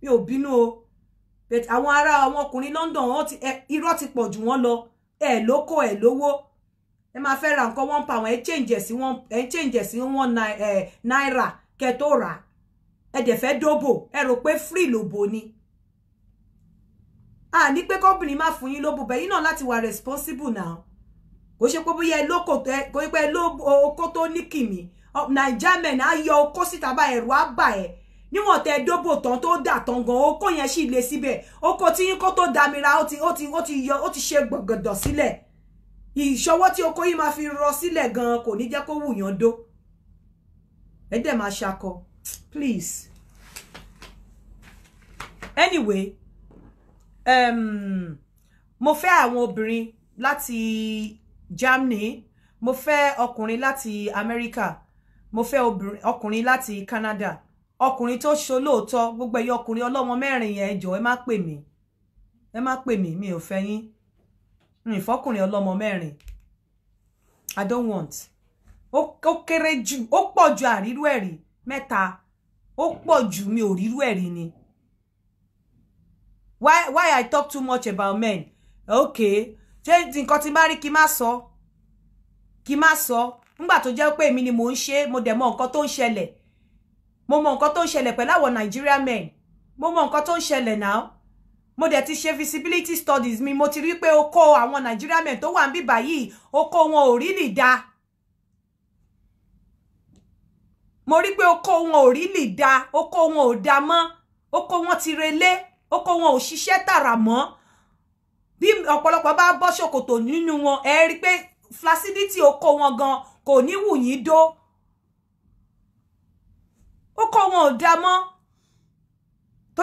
mi ò bínú o but àwọn ará àwọn ọkùnrin London irọ́ ti pọ̀ jù wọ́n lọ ẹ̀ lóko ẹ̀ lówó ẹ máa fẹ́ ra nǹkan one pound ẹ change ẹ̀ one ẹ change ẹ̀ sí one náírà kẹ tó rà á ẹ dẹ̀ fẹ́ dóbò ẹ rò pé free lòbò ni a ní pé kọ́bìnrin má fún yín lóbò bẹ́yìn náà láti wà responsible náà kò ṣe pé bóyá ẹ lóko tó ẹ kò ṣe pé ẹ lóko okó tó ní kìmí naija men á yọ okó síta bá ẹrù á bà ẹ níwọ̀n tẹ dóbò tán tó dà tán gan okó yẹn sì le síbẹ̀ okó tí yín kó tó damira ó ti ó ti ó ti yọ ó ti ṣe gbọ̀gọ̀dọ̀ sílẹ̀ ìṣọwọ́ tí oko yìí máa fi rọ sílẹ̀ gan kò ní jẹ́ kó wùyàn dó ẹ dẹ̀ máa ṣakọ please anyway um, mo fẹ́ àwọn obìnrin láti Germany mo fẹ́ ọkùnrin láti America mo fẹ́ ọkùnrin láti Canada ọkùnrin tó ṣolóòótọ́ gbogbo ẹ̀yọ ọkùnrin ọlọ́mọ mẹ́rin yẹn jọ̀ọ́ ẹ má pè mí ẹ má pè mí mi ò fẹ́ yín rìn fọkùnrin ọlọmọ mẹrin i don't want ó kéré jù ó pọ̀ ju àrírú ẹ̀rí mẹ́ta ó pọ̀ ju mi ò rírú ẹ̀rí ni why why i talk too much about men okay ṣé nǹkan tí bá rí kí n má sọ kí n má sọ nígbà tó jẹ́ pé èmi ni mò ń ṣe mo dẹ̀ mọ nǹkan tó ń ṣẹlẹ̀ mo mọ nǹkan tó ń ṣẹlẹ̀ pẹ̀lú Nigerian men mo mọ nǹkan tó ń ṣẹlẹ̀ náà mo dẹ̀ ti ṣe visibility studies mi mo ti rí pé oko àwọn Nigeria men to wa nbi bayi oko wọn ò rí da mo rí pé oko wọn ò rí da oko wọn ò da mọ́ oko wọn ti relé oko wọn ò ṣiṣẹ́ tààrà mọ́ bí ọ̀pọ̀lọpọ̀ bá bọ́ ṣòkòtò nínú wọn ẹ rí pé flaccidity oko wọn gan kò ní wù yín dó oko wọn ò da mọ́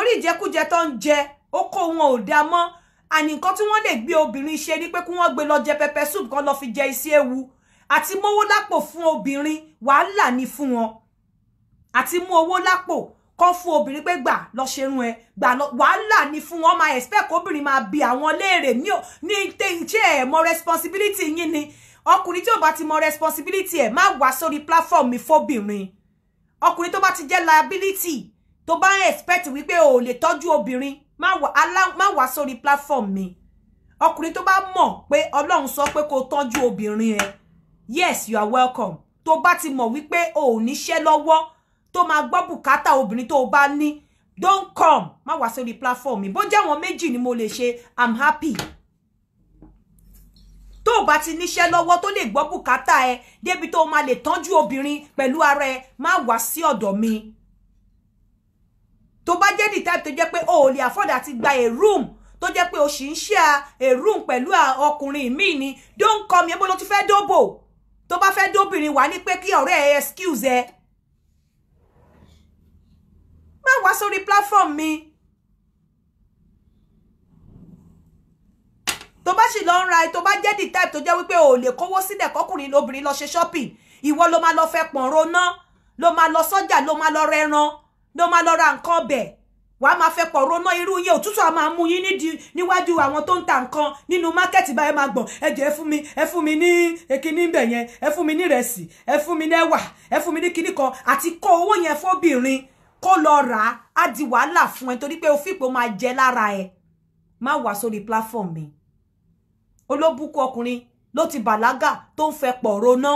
je ìjẹkújẹ tó ń jẹ oko wọn ò dá mọ́ àní nǹkan tí wọ́n lè gbé obìnrin ṣe ni pé kí wọ́n gbé lọ jẹ pẹpẹ soup kan lọ fi jẹ isi ewu àti mówó lápò fún obìnrin wàhálà ni fún wọn àti mú owó lápò kọ́ fún obìnrin pé gbà lọ ṣerun ẹ gbà lọ wàhálà ni fún wọn máa expect obìnrin máa bi àwọn léèrè ní ní ṣé ẹ mọ responsibility yín ni ọkùnrin tí ò bá ti mọ responsibility ẹ má wá sórí platform mi fóbìnrin ọkùnrin tó bá ti jẹ́ liability tó bá ń expect wípé o ò lè tọ́jú obìnrin Ma, wá sórí platform mi ọkùnrin tó bá mọ̀ pé ọlọ́run sọ pé kó tọ́jú obìnrin ẹ yes you are welcome To bá ti mọ̀ wípé o ò níṣẹ́ lọ́wọ́ tó máa gbọ́ bùkátà obìnrin tó o bá don't come Ma wa sori platform mi bó jẹ́ àwọn méjì ni mo lè ṣe i'm happy To o bá ti níṣẹ́ lọ́wọ́ tó lè gbọ́ bùkátà ẹ débi tó o máa lè tọ́jú obìnrin pẹ̀lú ara ẹ má wá sí mi To bá jẹ́ the type to jẹ́ pé o ò afford àti gba a room to jẹ́ pé o sì a room pẹ̀lú ọkùnrin míì ni don't come yẹn bó ló ti fẹ́ dóbò to bá fẹ́ dóbìnrin wà ní pé kí ọ̀rẹ́ ẹ excuse ẹ má wá sórí platform mi. To bá sì lọ ń to tó bá jẹ́ the type tó jẹ́ wípé o lè kówó sílẹ̀ kọkùnrin obìnrin lọ ṣe shopping ìwọ ló máa lọ fẹ́ pọ̀nrọ̀ ná ló máa lọ sọ́jà ló máa lọ rẹran No máa lọ ra nǹkan ọbẹ̀ wà á máa fẹ́ pọ̀ ronú irú yẹn òtútù á máa mú ni nídìí níwájú àwọn tó ń ta nǹkan nínú mákẹ́tì báyẹn máa gbọ̀n ẹ jẹ́ ẹ fún mi ẹ fún mi ní ekinní ibẹ̀ yẹn ẹ fún mi ní ìrẹsì ẹ fún mi lẹ́wà ẹ fún mi ní kinní kan àti kó owó yẹn fóbìnrin kó lọ rà á á di wàhálà fún ẹ torí pé o fìpò máa jẹ lára ẹ má wà sórí platform mi olóbùkún ọkùnrin ló ti bàlágà tó ń fẹ́ pọ̀ ronú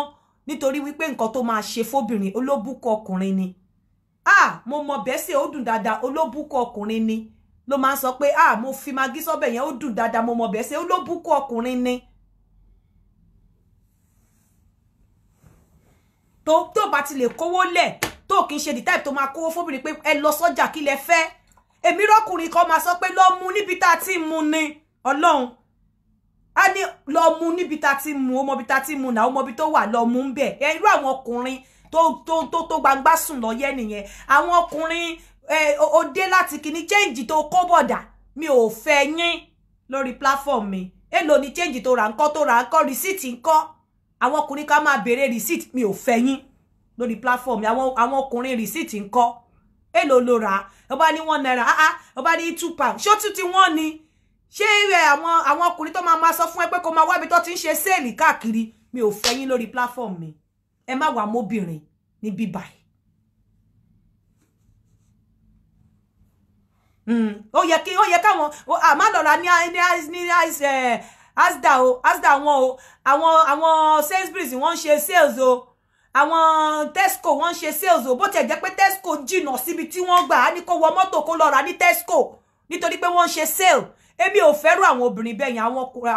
nítorí wípé nǹkan tó máa ṣe fóbìnrin olóbùkún ọkùnrin ni ah mo mọ bẹ́sẹ̀ ó dùn dada, olóbùkọ ọkùnrin ni ló máa ń sọ pé ah mo fi magí sọ́bẹ̀ yẹn ó dùn dáadáa mo mọ bẹ́sẹ̀ olóbùkọ ọkùnrin ni. tó tó bá ti lè kówó le tó kì í ṣe the type tó máa kówó fóbìnrin pé ẹ lọ sọ́jà kí lẹ fẹ́ èmi rọ́kùnrin kan máa sọ pé lọ mu níbi tá a ti mu ni ọlọ́run a ní lọ mu níbi tá a ti mu ó mọbi tá a ti mu náà ó mọbi tó wà lọ mu ń bẹ̀ ẹ irú àwọn tó tó tó tó gbangba sùn lọ yẹ nìyẹn àwọn ọkùnrin òde láti kìíní change tó kó bọ̀dà mi ò fẹ́ yín lórí platform mi èlò ni change tó ra ńkọ́ tó ra ńkọ́ receipt ńkọ́ àwọn ọkùnrin ká máa béèrè receipt mi ò fẹ́ yín lórí platform àwọn àwọn ọkùnrin receipt ńkọ́ èlò ló ra oba ni one naira ah ah ọba ní two pound ṣé ó ti wọ́n ni ṣé ẹ àwọn àwọn ọkùnrin tó máa máa sọ fún ẹ pé kó máa wábi tó ti ń ṣe séèlì káàkiri mi ò fẹ́ yín lórí platform mi ẹ má wà mọ́bìnrin ní bíbà hmm, ó yẹ kí ó yẹ káwọn àmàlọ́ra ní asda o asda wọn o àwọn àwọn sainsbury's wọ́n ń ṣe sales o àwọn tesco wọ́n ń ṣe sales o bó tiẹ̀ jẹ́ pé tesco jìnnà síbi tí wọ́n gbà á ní kó wọ mọ́tò kó lọ rà ní tesco nítorí pé wọ́n ń ṣe sale èmi ò fẹ́rù àwọn obìnrin bẹ́ẹ̀ yẹn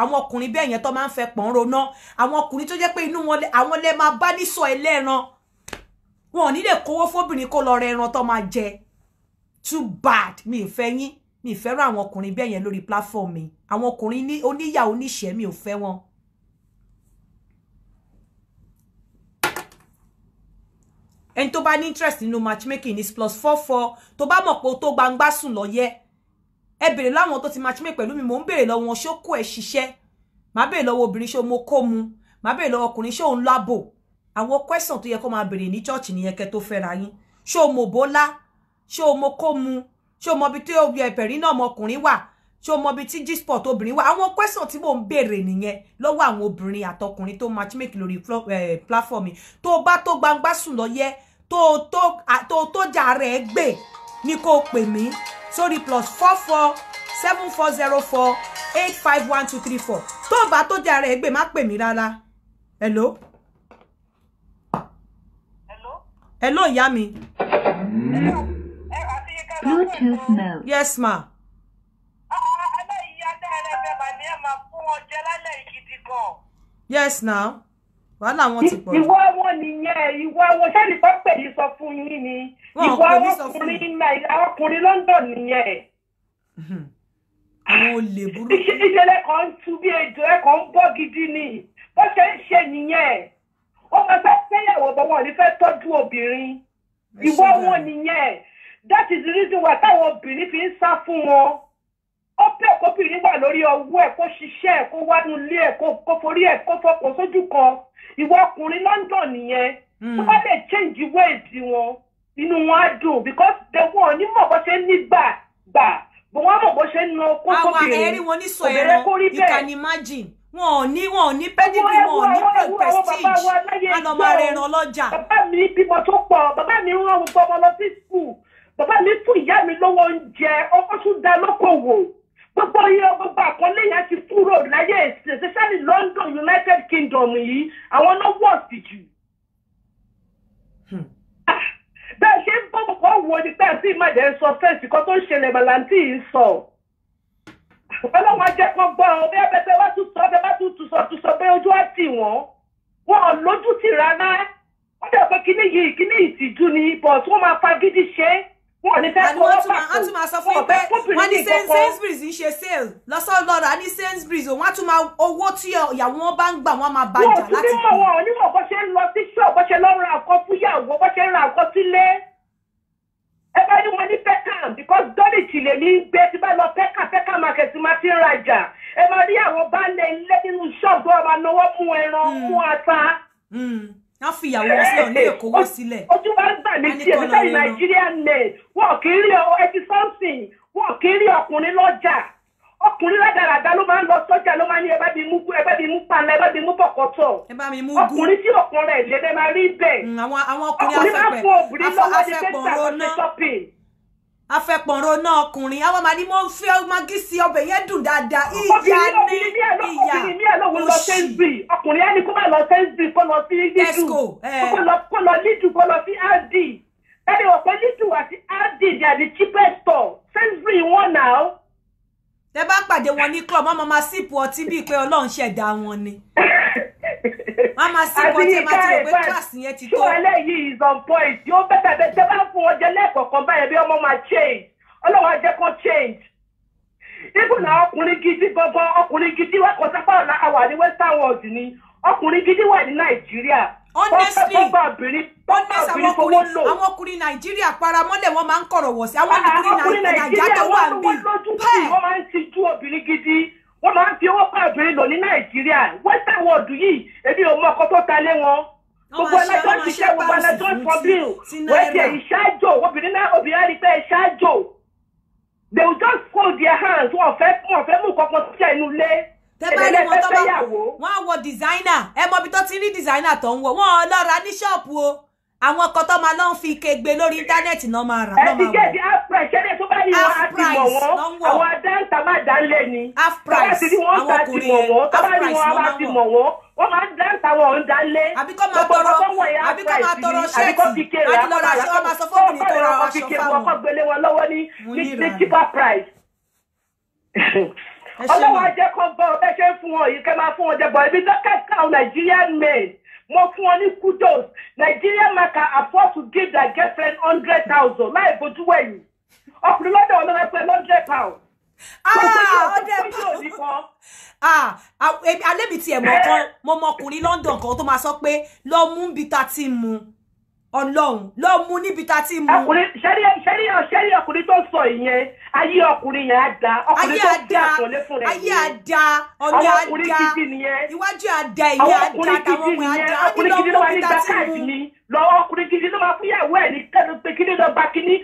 àwọn ọkùnrin bẹ́ẹ̀ yẹn tó máa ń fẹ́ pọ̀n ronà àwọn ọkùnrin tó jẹ́ pé inú wọn àwọn lẹ́ máa bá nísọ ẹlẹ́ran wọn ò ní lè kówó fóbìnrin kó lọ rẹ ẹran tó máa jẹ too bad mi ì fẹ́ yín mi ì fẹ́rù àwọn ọkùnrin bẹ́ẹ̀ yẹn lórí platform mi àwọn ọkùnrin oníyà oníṣẹ́ mi ò fẹ́ wọn. ẹni tó bá ní interest nínú matchmaking is plus four four tó bá mọ̀ pé o tó gbangba sùn lọ yẹ ẹ béèrè láwọn tó ti matchmake pẹ̀lú mi mò ń béèrè lọ́wọ́ wọn ṣó kó ẹ̀ ṣiṣẹ́ màá béèrè lọ́wọ́ obìnrin ṣó mo kó mu màá béèrè lọ́wọ́ ọkùnrin ṣó ń lábò àwọn question tó yẹ kó máa béèrè ní chọ́ọ̀chì nìyẹn kẹ́ tó fẹ́ra yín ṣó mo bọ́lá ṣó mo kó mu ṣó mo bi tí ó yẹ ẹ̀pẹ̀rí náà ọmọkùnrin wà ṣó mo bi tí g-sport obìnrin wà àwọn question tí mò ń béèrè nìyẹn lọ́wọ́ àwọn obìnrin àtọkùnrin tó matchmake lórí eh, platform mi tó bá tó gbangba sùn lọ yẹ tó tó tó jà rẹ̀ gbé ni kó o pè mí sórí plus four four seven four zero four eight five one two three four tó o bá tó jà rẹ̀ gbé má pè mí rárá. hello. hello. hello ìyá mi. bluetooth mode. yes ma. Ah, ah, ah, yes now wàhálà wọn ti pọ̀ jù. ìwọ wọn nìyẹn ìwọ wọn sẹ́ni tó yìí sọ fún yín ni ìwọ ọkùnrin nàìjíríà ọkùnrin London nìyẹn. Hmm. àwọn olè burúkú. ìṣẹ̀lẹ̀ kan ń tu bí ejò ẹ̀ kan ń bọ́ gidi ni bó ṣe ń ṣe nìyẹn ó máa fẹ́ fẹ́yàwó bọ́ wọn ò ní fẹ́ tọ́jú obìnrin ìwọ wọn nìyẹn that is the reason why táwọn obìnrin fi ń sá fún wọn ó pẹ́ kóbìnrin wà lórí ọwọ́ ẹ̀ kó ṣiṣẹ́ ẹ̀ kó wánú ilé ẹ̀ kó forí ẹ̀ kó fọkàn sójú kan ìwọ ọkùnrin London nìyẹn hmm. tó bá lè change ways wọn inú wọn á dùn because the one onímọ̀ bó ṣe ní gbà gbà bó wọn mọ̀ bó ṣe nu okó sókè òbẹ̀rẹ̀ kó rí bẹ́ẹ̀. you can imagine wọn ò ní wọn ò ní pẹ́dígì wọn ò ní prestige àná máa rẹran lọ́jà. bàbá mi bímọ tó pọ̀ bàbá mi rán gbogbo ọmọ lọ sí skul bàbá mi fún ìyá mi lọ́wọ́ oúnjẹ ọkọ̀ tún da lókòwò gbogbo iye gbogbo àkọlé yẹn ti kúrò láyé especially London United Kingdom yìí àwọn náà wọ̀ sí jù. bẹ́ẹ̀ ṣe ń bọ́ bọ́ wo ni pé àti ìmọ̀jẹ̀ ń sọ fẹ́ẹ̀sì kan tó ń ṣẹlẹ̀ màláǹtì yìí ń sọ ọlọ́wọ́n ajẹ́ kan gbọ́ ọ bí abẹ́bẹ́ wá tún sọ bẹ́ẹ̀ bá tún tún sọ tún sọ pé ojú á tì wọ́n wọn ò lójú tì rárá wọ́n dẹ̀ pé kíní yìí kíní ìtìjú ni but wọ́n máa fagídí ṣe é wọn ní fẹ́ fọwọ́ pàtó wọn fẹ́ fọ́pìnrin ní ìkọ̀kọ́. wọ́n ní Sainsbury's ń ṣe sale lọ́sọ̀ lọ́ra ní Sainsbury's òun á tún máa owó tí ìyàwó wọn bá ń gbà wọ́n máa bàjá láti. wọ́n ti mọ̀ wọn onímọ̀ bó ṣe ń lọ sí ṣọ́ọ̀ bó ṣe lọ ra ọkọ fúyàwó bó ṣe ń ra ọkọ sílé. ẹ bá ní wọn ní pẹ́kà because dọ́lìtì lè ní gbé tí bá lọ pẹ́kà pẹ́kà market máa ti ń rajà ẹ máa rí àwọn bá lè lé nínú ṣọ́ọ̀bù ọmọ náwó mú ẹran mú hmm. ata. Hmm wọ́n fi ìyàwó wọn sílẹ̀ ọ̀nà èkó wọ́n sílẹ̀. ojú gbà mí sí ẹ̀mí sẹ́yìn Nigerian male wọn kì í rí ọ ẹbí something wọn kì í rí ọkùnrin lọ́jà ọkùnrin ládàradà ló máa ń lọ sọ́jà ló máa ń ní ẹ mi mú ẹ mi mú panla ẹ mi mú bọ̀kọ̀tọ̀ ọkùnrin tí ọkùnrin rẹ̀ lè máa rí bẹ́ẹ̀ hmm, ọkùnrin máa fún obìnrin lọ́wọ́ ní bẹ́ẹ̀ afẹ́pọ̀nrọ̀ náà ọkùnrin àwọn màdí mo ń fẹ́ magi sí ọbẹ̀ yẹn dùn dáadáa ìyá ní ìyá oṣù ọkùnrin ẹni kó má lọ tẹ́sí kó lọ sí lídù kó lọ lídù kó lọ sí rd ẹni ọ̀pẹ lídù àti rd they are the cheapest store wọn náà. tẹ bá pàdé wọn ní club ọmọ máa sípò ọtí bíi pé ọlọ́run ṣẹ̀dá wọn ni. *laughs* mama sí kan tí ma ti rò pé kíláàsì yẹn ti tó. eleyi is on point yóò o bẹ́ẹ̀ tẹ́ bá fún ọjọ́ lẹ́ẹ̀kọ̀ọ̀kan báyẹn bí ọmọ máa change ọlọ́wọ́ jẹ́ kó change. ibùn ọkùnrin gidi gbọgbọ ọkùnrin gidi wà sápá ọ̀la àwà ní ni ọkùnrin gidi wà ní nàìjíríà. honestly honestly àwọn ọkùnrin nàìjíríà wọ́n máa ń kọ̀rọ̀ wọ̀ sí àwọn ọkùnrin wọ́n máa ń fi owó pàdùn lò ní nàìjíríà western world yìí èmi ò mọ ọkọ tó ta lé wọn gbogbo ẹlẹjọ ti ṣe gbogbo ẹlẹjọ for bill wẹẹsẹ ìṣáájò obìnrin náà obìnrin rí pé ìṣáájò they will just fold their hands wọn fẹ́ wọn fẹ́ mú kankan sí ẹnu lé tẹ́bá ní wọn tó bá wọn á wọ dìsáínà ẹ mọ ibi tó ti rí dìsáínà tó ń wọ wọn ò lọ ra ní ṣọ́ọ̀bù o àwọn ọkọ tó máa lọ fi ike gbé lórí íńtánẹ́ẹ̀tì náà máa rà. ẹ ti gé di ni wọ́n á ti mọ̀ wọ́n àwọn adáǹtà má dálé ni tọ́lá ti ní wọ́n ta ti mọ̀ wọ́n tọ́lá ni wọ́n bá ti mọ̀ wọ́n wọ́n máa ń dáǹtà wọn ò ń dálé gbogbo ọkọ̀ wọ̀nyí á fà ìsìn àbíkọ́ kíkẹ́ rẹ̀ àpàrà ọkọ̀ gbélé wọn lọ́wọ́ ní ní cheaper price ọlọ́wọ́ ajẹ́ kan bọ́ ọ bẹ́ẹ̀ ṣe ń fún wọn yìí kẹ́ máa fún wọn jẹ bọ̀ ibi dọ́kẹ́ káwọn Nigerian men mo fún wọn ní kudos Nigerian man can afford to give their girlfriend hundred thousand láì bojú wẹ̀yìn ọkùnrin lọ́dọ̀ ọlọ́run ah, pé lọ́dẹ̀ pa o. ọdẹ pa ah, ah, alẹ́bi tiẹ̀ mọ̀ kan mo mọ ọkùnrin London kan tó máa sọ pé lọ mú níbi tá a ti mu ọlọ́run lọ mú níbi tá a ti mu. ṣẹ́rí ọkùnrin tó sọ ìyẹn ayé ọkùnrin yẹn á da ọkùnrin tó fi àtọ̀lé fún rẹ̀ ayé á da ọ̀nà á da iwájú á da ìyẹn á da táwọn ọmọ á da á ní lọ mú níbi tá a ti mu. lọ́wọ́ ọkùnrin gidi ló máa fúyàwó ẹ̀ ní kẹ́nu pé kí ni lọ́ọ́ bá kíní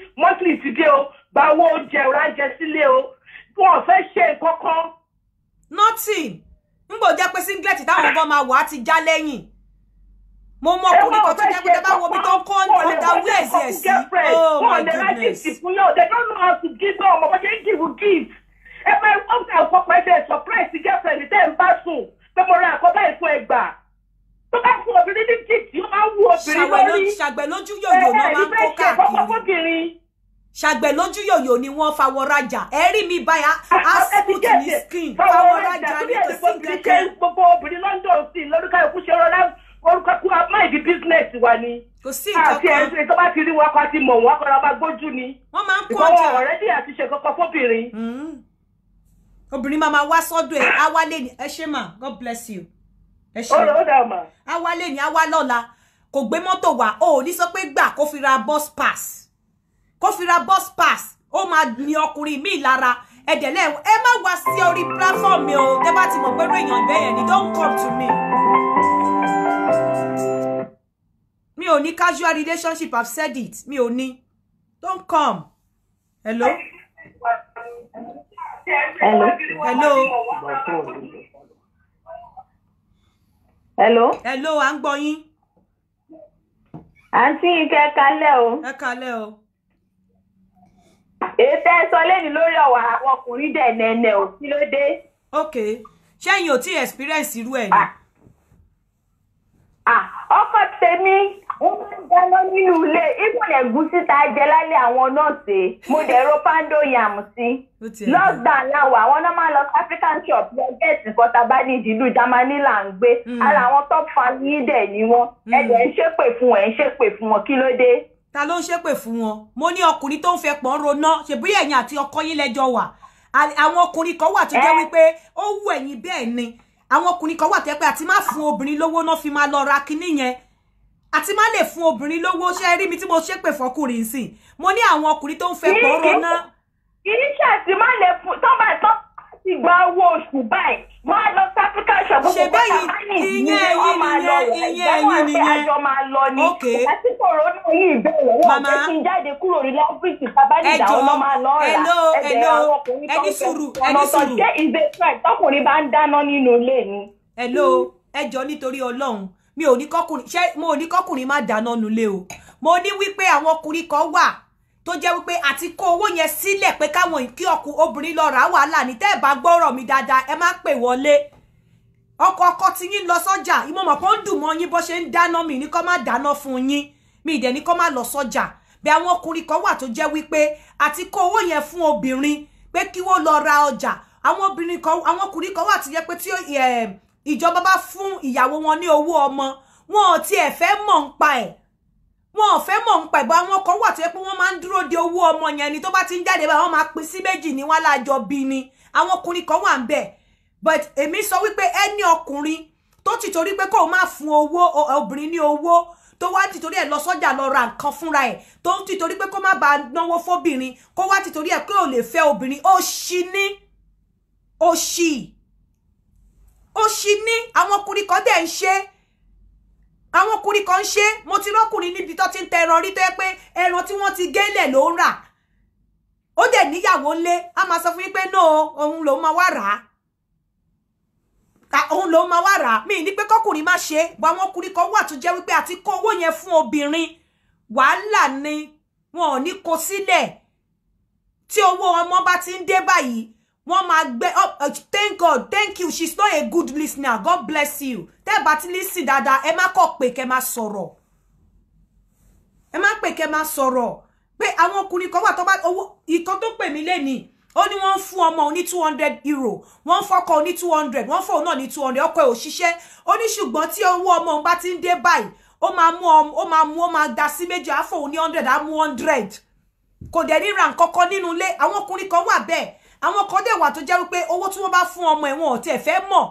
gbàwó oúnjẹ ìránjẹ sílé o wọn fẹ́ ṣe nǹkan kan. nothing n kò jẹ́ pé singlet táwọn ọkọ máa wà á ti já lẹ́yìn mo mọ ọkùnrin kan tó jẹ́ pé bá wo bí tó ń kọ́ ọ̀dà wíẹ̀sì ẹ̀ oh my goodness. they don't know how to give ọmọ bó ń give gift ẹ máa ń ọ̀sẹ̀ àkọ́pẹ́ ṣe surprise girlfriend tẹ́ ẹ̀ ń bá sùn pé mo ra àkọ́bá ìfún ẹgbàá tó bá fún obìnrin ní gift yóò máa wú obìnrin lórí ṣàgbẹ̀ yòyò náà máa ń kó káàkiri ṣàgbẹ̀ lójú yòyò ni wọ́n fawọ́ rajà ẹ rí mi báyà asmut ní skin fawọ́ rajà ní kò sí kẹ̀kẹ́. gbogbo obìnrin London sí lórúkọ ikú ṣe rọra orúkọ kú amáìdí business wa ni. kò sí nǹkan kan àti ẹni tó bá ti rí wọn kọ àti mọ̀ wọn kọ́ra bá gbójú ni. wọ́n máa ń kó ọjà ìfọwọ́ ọ̀rẹ́dì àti ṣe kọ́kọ́ fóbìnrin. Hmm. obìnrin máa ma wá sọ́dọ̀ ẹ̀ awálé ni ẹ ṣe mà God bless you. ẹ ṣe awálé ni awálọ́la kò gbé mọ́tò wá o ò ní sọ pé gbà kó fi ra bus pass ó fi bus pass ó máa ní ọkùnrin míì lára ẹ̀dẹ̀lẹ̀ ẹ má wá sí orí platform mi o tẹ́ bá ti mọ̀ pé irú èèyàn bẹ́yẹn ni don't come to me. mi ò ní casual relationship I've said it mi ò ní don't come. hello. hello. hello. hello. hello à ń gbọ́ yín. àǹtí ike o. ẹ kalẹ́ o ètò ẹsọ lẹ́nu lórí ọ̀wà àwọn ọkùnrin dẹ̀ nẹ́nẹ́ ò kí ló dé. ok ṣẹ́yìn ò tí experience irú ẹ̀ ni. ọkọ tèmi ń dáná nínú ilé ìpínlẹ̀ ẹ̀gúsí tá a jẹ lálẹ́ àwọn nọ́ọ̀sì mo dẹ̀ pando yam sí lockdown làwọn àwọn náà máa lọ sí african shop lọ gẹ̀ẹ́sì kọtaba ní ìdílù Jámánì là ń gbé hmm. ara àwọn top family dẹ̀ ni wọ́n ẹ̀ hmm. dẹ̀ ń ṣépè fún ẹ̀ ń ṣépè fún wọn kí ló dé ta ló ń ṣépè fún wọn mo ní ọkùnrin tó ń fẹ́ pọ̀ ń roná ṣèbí ẹ̀yin àti ọkọ yín lẹ́jọ́ wà àwọn ọkùnrin kan wà tó jẹ́ wípé ó wù ẹ̀yin bẹ́ẹ̀ ni àwọn ọkùnrin kan wà tó jẹ́ pé àti má fún obìnrin lówó náà fi máa lọ ra kinní yẹn àti má lè fún obìnrin lówó ṣe rí mi tí mo ṣépè fọkùnrin sí mo ní àwọn ọkùnrin tó ń fẹ́ pọ̀ ń roná. kì í ṣe àti má lè fún tó bá tó ìgbà owó oṣù báyìí máa lọ sí áfíríkà ṣọ̀gbọ́n gbogbo ṣàmánì ìyẹn wọ́n máa lọ wọ̀ ìgbẹ́wọ̀n àti àjọ máa lọ ni ìgbà kòrónà yìí bẹ̀rẹ̀ wọ́n fẹ́ kí n jáde kúrò ní láfíríkì sábàdìdà ọ̀nà máa lọ rà ẹ̀dẹ̀ àwọn ọkùnrin tó ń fẹ́ ọ̀nà jẹ́ ìgbé fred tọkùnrin bá ń dáná nínú ilé ni. hello ẹjọ ò ní kọkùnrin má dáná nulẹ o mo ní wípé àwọn ọkùnrin kan wà tó jẹ́ wípé àti kó owó yẹn sílẹ̀ pé káwọn kí ọkùn obìnrin lọ rà wàhálà ní tẹ́ ẹ̀ bá gbọ́rọ̀ mi dáadáa ẹ má pè wọlé ọkọ ọkọ tí yín lọ sọ́jà ìmọ̀mọ̀ kó ń dùn mọ́ yín bó ṣe ń dáná mi ní kó má dáná fún yín mi ìdẹ̀ ní kó má lọ sọ́jà bí àwọn ọkùnrin kan wà tó jẹ́ wípé àti kó owó yẹn fún obìnrin pé kí wọ́n lọ ra ọjà àwọn obìnrin kan àwọn ọkùnrin kan wà tó jẹ́ pé tí eh, ìjọba bá fún ìyàwó wọn ní owó ọmọ wọn ò tiẹ̀ fẹ́ mọ̀ ń pa ẹ̀ wọn ò fẹ́ mọ̀ ń pa ìbọn àwọn kan wà tó yẹ pé wọ́n máa ń dúró de owó ọmọ yẹn ni tó bá ti ń jáde báyìí wọ́n máa pín sí méjì ní wọn lájọ bí ni àwọn ọkùnrin kan wà ń bẹ̀ but èmi sọ wípé ẹni ọkùnrin tó ti torí pé kó o máa fún owó obìnrin ní owó tó wá tìtorí ẹ̀ lọ sọ́jà lọ ra nǹkan fúnra ẹ̀ tó ń tìtorí pé kó má bàa náwó fóbìnrin kó wá tìtorí ẹ̀ pé ò lè fẹ́ obìnrin ó ṣì ní ó ṣì ó ṣì ní àwọn ọkùnrin kan dẹ̀ ń ṣe é àwọn ọkùnrin kan ń ṣe mo ti rọ́kùnrin níbi tó ti ń tẹ ẹran rí tó yẹ pé ẹran tí wọ́n ti gélẹ̀ ló ń rà ó dẹ̀ níyàwó ńlé a máa sọ fún yín pé no òun lòún máa wá rà á òun lòún máa wá rà á mi ní pé kọkùnrin má ṣe bọ àwọn ọkùnrin kan wà tó jẹ́ wípé àti kó owó yẹn fún obìnrin wàhálà ni wọn ò ní kó sílẹ̀ tí owó ọmọ bá ti ń dé báyìí wọ́n máa gbé oh, thank God thank you she's not a good listener God bless you tẹ́ bá ti listen dáadáa ẹ má kọ̀ pé kẹ́ má sọ̀rọ̀ ẹ má pè kẹ́ má sọ̀rọ̀ pé àwọn ọkùnrin kan wà tó bá owó ìkan tó pè mí lénìí ó ní wọ́n ń fún ọmọ oní two hundred euro wọ́n ń fọ́kọ oní two hundred wọ́n fóun náà ní two hundred ọkọ ẹ̀ ò ṣiṣẹ́ ó ní ṣùgbọ́n tí owó ọmọ òun bá ti ń dé báyìí ó máa mú ó máa mú ó da sí méjì á fóun ní hundred á mú hundred kò ni ran ra nǹkan kan nínú ilé àwọn ọkùnrin kan wà bẹ́ẹ̀ àwọn kan dẹ̀ wà tó jẹ́ wípé owó tí wọ́n bá fún ọmọ ẹ̀ wọn ò tẹ̀ fẹ́ mọ̀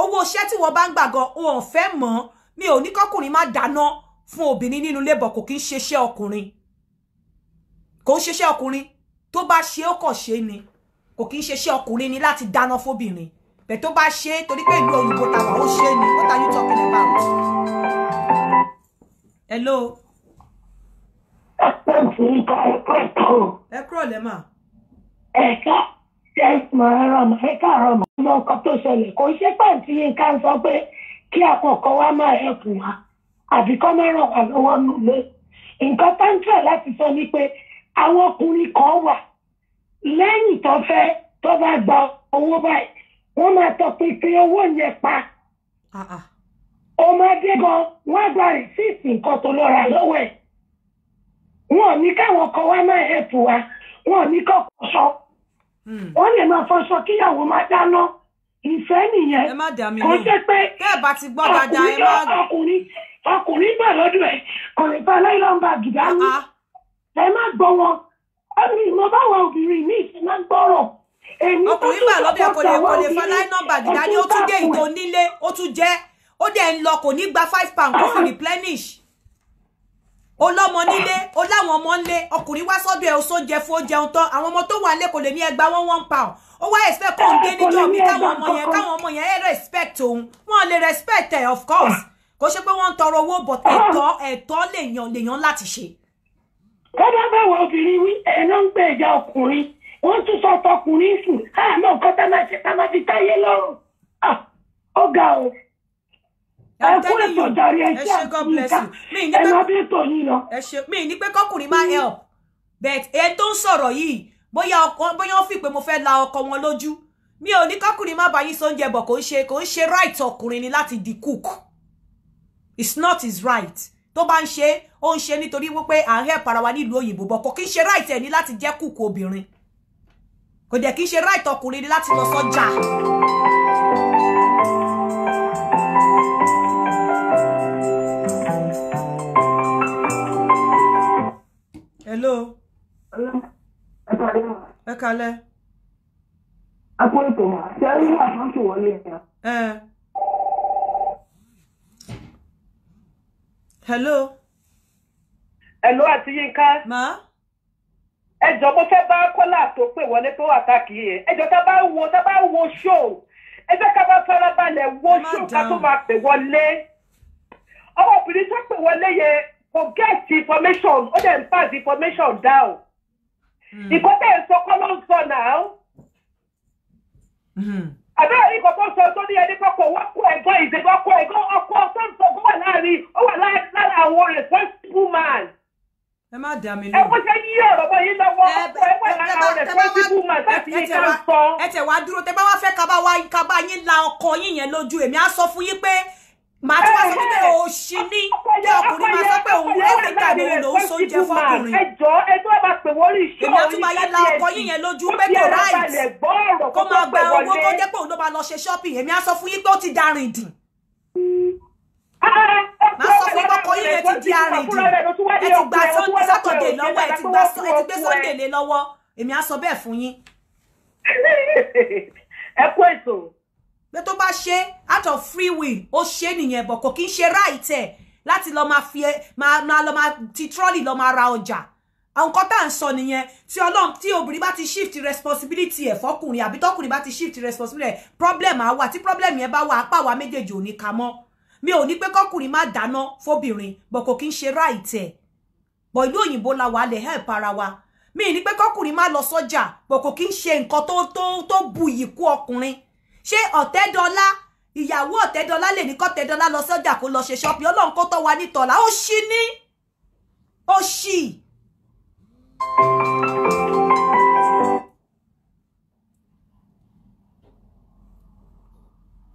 owó iṣẹ́ tí wọ́n bá ń gbà o ò fẹ́ mọ̀ mi ò ní kọ́kùnrin má dáná fún obìnrin nínú labour kò kí ń ṣeṣẹ́ ọkùnrin kò ń ṣeṣẹ́ ọkùnrin tó bá ṣe ó kàn ṣe ni kò kí ń ṣeṣẹ́ ọkùnrin ni láti dáná fóbìnrin bẹ̀ tó bá ṣe torí pé ìlú òyìnbó tàbá ó ṣe ni what are you talking about. hello. ẹ kúrò lẹ́mà. ẹ̀ka. ẹ̀rọ̀mọ̀ ẹ káàárọ̀ mọ̀ ọmọ nǹkan tó ṣẹlẹ̀ kò ṣe pàǹtí Yínká ń sọ pé kí àkọ́kọ́ wa máa ẹ̀kù wa àbí kọ́ máa ràn wá lọ́wọ́ nílé nǹkan tá láti sọ ni pé àwọn ọkùnrin kan wà lẹ́yìn tó fẹ́ tó bá gba owó báyìí wọ́n máa owó yẹn pa gan wọ́n gba rìsíìtì nǹkan tó lọ́ra lọ́wọ́ ẹ̀ ní káwọn kan wá máa wa ní sọ. Hmm. ó lè máa fọṣọ kíyàwó máa dáná ìfẹ́ nìyẹn kò jẹ́ pé ọkùnrin ọkùnrin ọkùnrin bà lọ́dọ̀ ẹ̀ kò lè bá láìlọ́n bá gìdá ní ah, ah. ẹ má gbọ́ wọn ọbìnrin mo bá wà obìnrin mi ìfẹ́ má gbọ́rọ̀ èmi tó tún sọ́kọ̀tà wà obìnrin ẹ̀ tún bá kù ó dẹ̀ ń lọ kò ní gba five pound kó *laughs* fi replenish ọlọ́mọ nílé ó láwọn ọmọ ńlé ọkùnrin wá sọ́dọ̀ ẹ̀ ó sóúnjẹ fún oúnjẹ ń tán àwọn ọmọ tó wà lé kò lè ní ẹgbàá wọn one pound ó wá expect kó ń dé níjọ́ mi káwọn ọmọ yẹn káwọn ọmọ yẹn ẹ respect òun wọn lè respect ẹ of course kò ṣe pé wọ́n ń tọrọ owó but ẹ̀tọ́ ẹ̀tọ́ lèèyàn lèèyàn láti ṣe. kódà báwo obìnrin wí ẹ̀ ló ń gbé ìjà ọkùnrin wọ́n tún sọ ọkùnrin sùn àmọ́ nǹkan tá máa fi ẹ kú ètò jàre ẹ jẹ́ àtúnyíká ẹ má bí ètò yín lọ. Eh, mi ní pé kọkùnrin mm. help but èyí tó ń sọ̀rọ̀ yìí bóyá ọkọ bóyá ó fi pé mo fẹ́ la ọkọ wọn lójú mi ò ní kọkùnrin má bàyí sóúnjẹ bọ̀ kò ń ṣe kò ń ṣe right ọkùnrin ni láti di cook it's not his right tó bá ń ṣe ó ń ṣe nítorí wípé à ń help ara wa nílùú òyìnbó bọ̀ kò kí ń ṣe right ẹ̀ ní láti jẹ́ cook obìnrin kò dẹ̀ kí ń ṣe right ọkùnrin ni láti lọ sọ́jà. hello. ẹ kalẹ̀. apò ètò mà ṣe rí àkáǹtì wọlé yẹn. hello. hello àti Yínká. ma. ẹ jọ mo fẹ́ bá kọ́lá tó pè wọlé tó wà káàkiri yẹn ẹ jọ tá bá wo tá bá wo ṣóò ẹ jẹ́ ká bá farabalẹ̀ wo ṣóò ká tó máa pè wọlé ọmọbìnrin tó pè wọlé yẹn Forget the information ó dẹ̀ ń pass information down ìkọ́tẹ́ hmm. ìsọ kọ́ ló ń sọ náà àbẹ́rẹ́ ní kòtò sọ tó ní ẹni kọ́kọ́ wọ́n kó ẹ̀gọ́ ìṣègùn ọkọ̀ ẹ̀gọ́ ọkọ̀ tó ń sọ kó wà láàrin ó wà lára àwọn responsible man ẹ má dà mí lóhùn. ẹ kó ṣe yí ọ̀rọ̀ bọ́ yín lọ́wọ́ ọkọ̀ ẹ̀wọ̀ ìlànà ọ̀rẹ́ fẹ́sibú mà láti yín ká sọ. ẹ tẹ̀ wá dúró tẹ bá wá fẹ́ ká bá yín la ọkọ yín yẹn lójú èmi á sọ fún yín pé màá tún wá sọ pé òṣì ní kí ọkùnrin máa sọ pé òun áfíríkà ni òun lòún sóúnjẹ fọkùnrin èmi àtúmọ̀ ayé la ọkọ yín yẹn lójú pé kò ráìtì kó máa gba owó tó jẹ́ pé òun ló máa lọ ṣe shopping èmi á sọ fún yín pé ó ti darìn dì ah, ah, ah, má sọ fún ọkọ yín yẹn ti di arìndì ẹ ti gba sátọdẹ lọ́wọ́ ẹ ti gbé sọdẹ lé lọ́wọ́ èmi á sọ bẹ́ẹ̀ fún yín. *laughs* ẹ kú ètò pé tó bá ṣe out of free will ó ṣe nìyẹn bọ̀ kò kí ń ṣe right ẹ̀ láti lọ máa fi máa lọ máa ti trolley lọ máa ra ọjà àwọn nǹkan tá à ń sọ nìyẹn tí ọlọ́run tí obìnrin bá ti shift responsibility ẹ̀ fọkùnrin àbí tọkùnrin bá ti shift responsibility ẹ̀ problem á wà tí problem yẹn bá wà apá àwa méjèèjì ò ní ka mọ́ mi ò ní pé kọkùnrin má dáná fóbìnrin bọ̀ kò kí ń ṣe right ẹ̀ bọ̀ ìlú òyìnbó la wà lè help ara wa mi ní pé kọkùnrin má lọ sọ́jà bọ̀ kò kí ń ṣe nǹkan tó tó tó buyì kú ọkùnrin ṣé ọ̀tẹ́dọ́lá ìyàwó ọ̀tẹ́dọ́lá lè ní kọ́tẹ́dọ́lá lọ sọ́jà kó lọ ṣe ṣọ́ọ̀pì ọlọ́run kó tọ́ wa nítọ̀lá ó ṣí ní ó ṣí.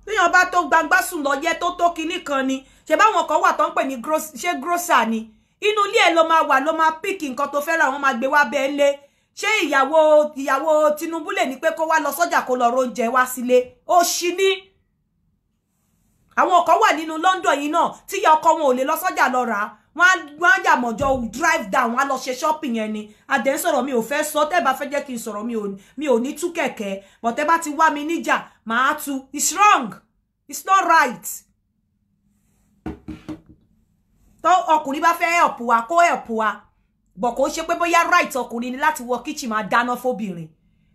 téèyàn bá tó gbangba sùn lọ yẹ tó tó kinní kan ni ṣe báwọn kan wà tó ń pè ní ṣé grocer ni inú ilé ẹ ló máa wà ló máa píkì nǹkan tó fẹ́ràn àwọn máa gbé wá bẹ́ẹ̀ lé ṣé ìyàwó ìyàwó Tinubu lè ní pé kó wá lọ sọ́jà kó lọ róúnjẹ wá sílé ó ṣí ní àwọn kan wà nínú London yìí náà tíyà ọkọ wọn ò lè lọ sọ́jà lọ rà á á jàmọ̀jọ drive down wọ́n á lọ ṣe shopping yẹn ni adẹ̀ ń sọ̀rọ̀ mi ò fẹ́ sọ tẹ́ bá fẹ́ jẹ́ kí n sọ̀rọ̀ mi ò ní tú kẹ̀kẹ́ but tẹ́ bá ti wá mi níjà màá tu. it's wrong it's not right. tó ọkùnrin bá fẹ́ help wa kó help wa bọ̀ kò ṣe pé bóyá right ọkùnrin ni láti wọ kitchen máa dáná fóbìnrin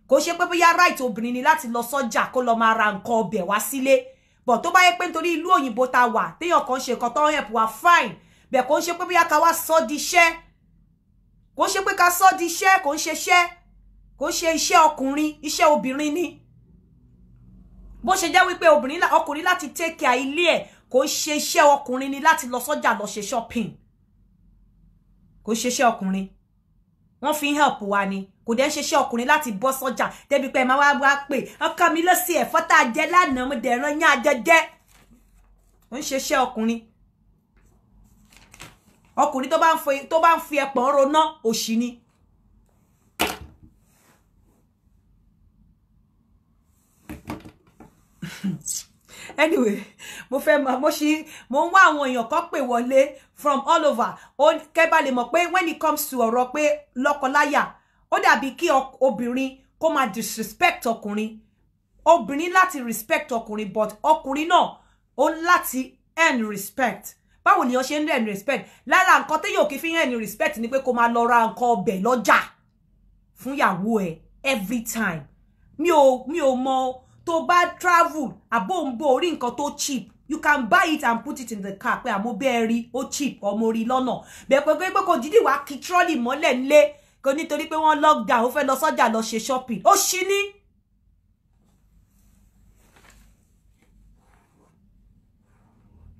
kò ṣe pé bóyá right obìnrin ni láti lọ sọ́jà kó lọ máa ra nǹkan ọbẹ̀ wá sílé bọ̀ tó bá yẹ pé nítorí ìlú òyìnbó ta wà téèyàn kan ṣe nǹkan tó help wa fine bẹ̀ kò ṣe pé bóyá ká wá sọ di iṣẹ́ kò ṣe pé ká sọ di iṣẹ́ kò ń ṣe iṣẹ́ kò ṣe iṣẹ́ ọkùnrin iṣẹ́ obìnrin ni bó ṣe jẹ́ wípé ọkùnrin láti take care ilé ẹ̀ kò ṣe iṣẹ́ ọkùnrin ni láti lọ sọ́jà lọ ṣe shopping kò ṣeṣẹ́ ọkùnrin wọ́n fi ń help wa ni kò dẹ́ ṣeṣẹ́ ọkùnrin láti bọ́ sọ́jà débi pé ẹ máa wá wá pè ọkọ mi ló ṣe ẹ̀fọ́ tá a jẹ lánàá mo dẹ̀ ran yín àjẹjẹ́ ó ń ṣeṣẹ́ ọkùnrin ọkùnrin tó bá ń fi ẹpọ̀n roná òṣì ni Hmm anyway mo fẹ́ mọ̀ mo ṣì mo ń wá àwọn èèyàn kan pè wọlé from all over ó kẹ́ bá lè mọ̀ pé when it comes to ọ̀rọ̀ pé lọ́kọláya ó dàbí kí obìnrin kó máa disrespect ọkùnrin obìnrin láti respect ọkùnrin but ọkùnrin náà ó láti earn respect báwo ni wọ́n ṣe ń earn respect lára nǹkan téèyàn kì í fi earn respect ni pé kó máa lọ ra nǹkan ọbẹ̀ lọ́jà fún ìyàwó ẹ̀ every time mi ò mi ò mọ To bá travel àbò ń bo orí nǹkan cheap you can buy it and put it in the car pé àmọ́ bẹ́ẹ̀ rí ó cheap ọmọ orí lọ́nà bẹ́ẹ̀ pé pé kò dídì wá kí trolley mọ́lẹ̀ nílé kò nítorí pe wọ́n lockdown ó fẹ́ lọ sọ́jà lọ ṣe shopping ó ṣí ní.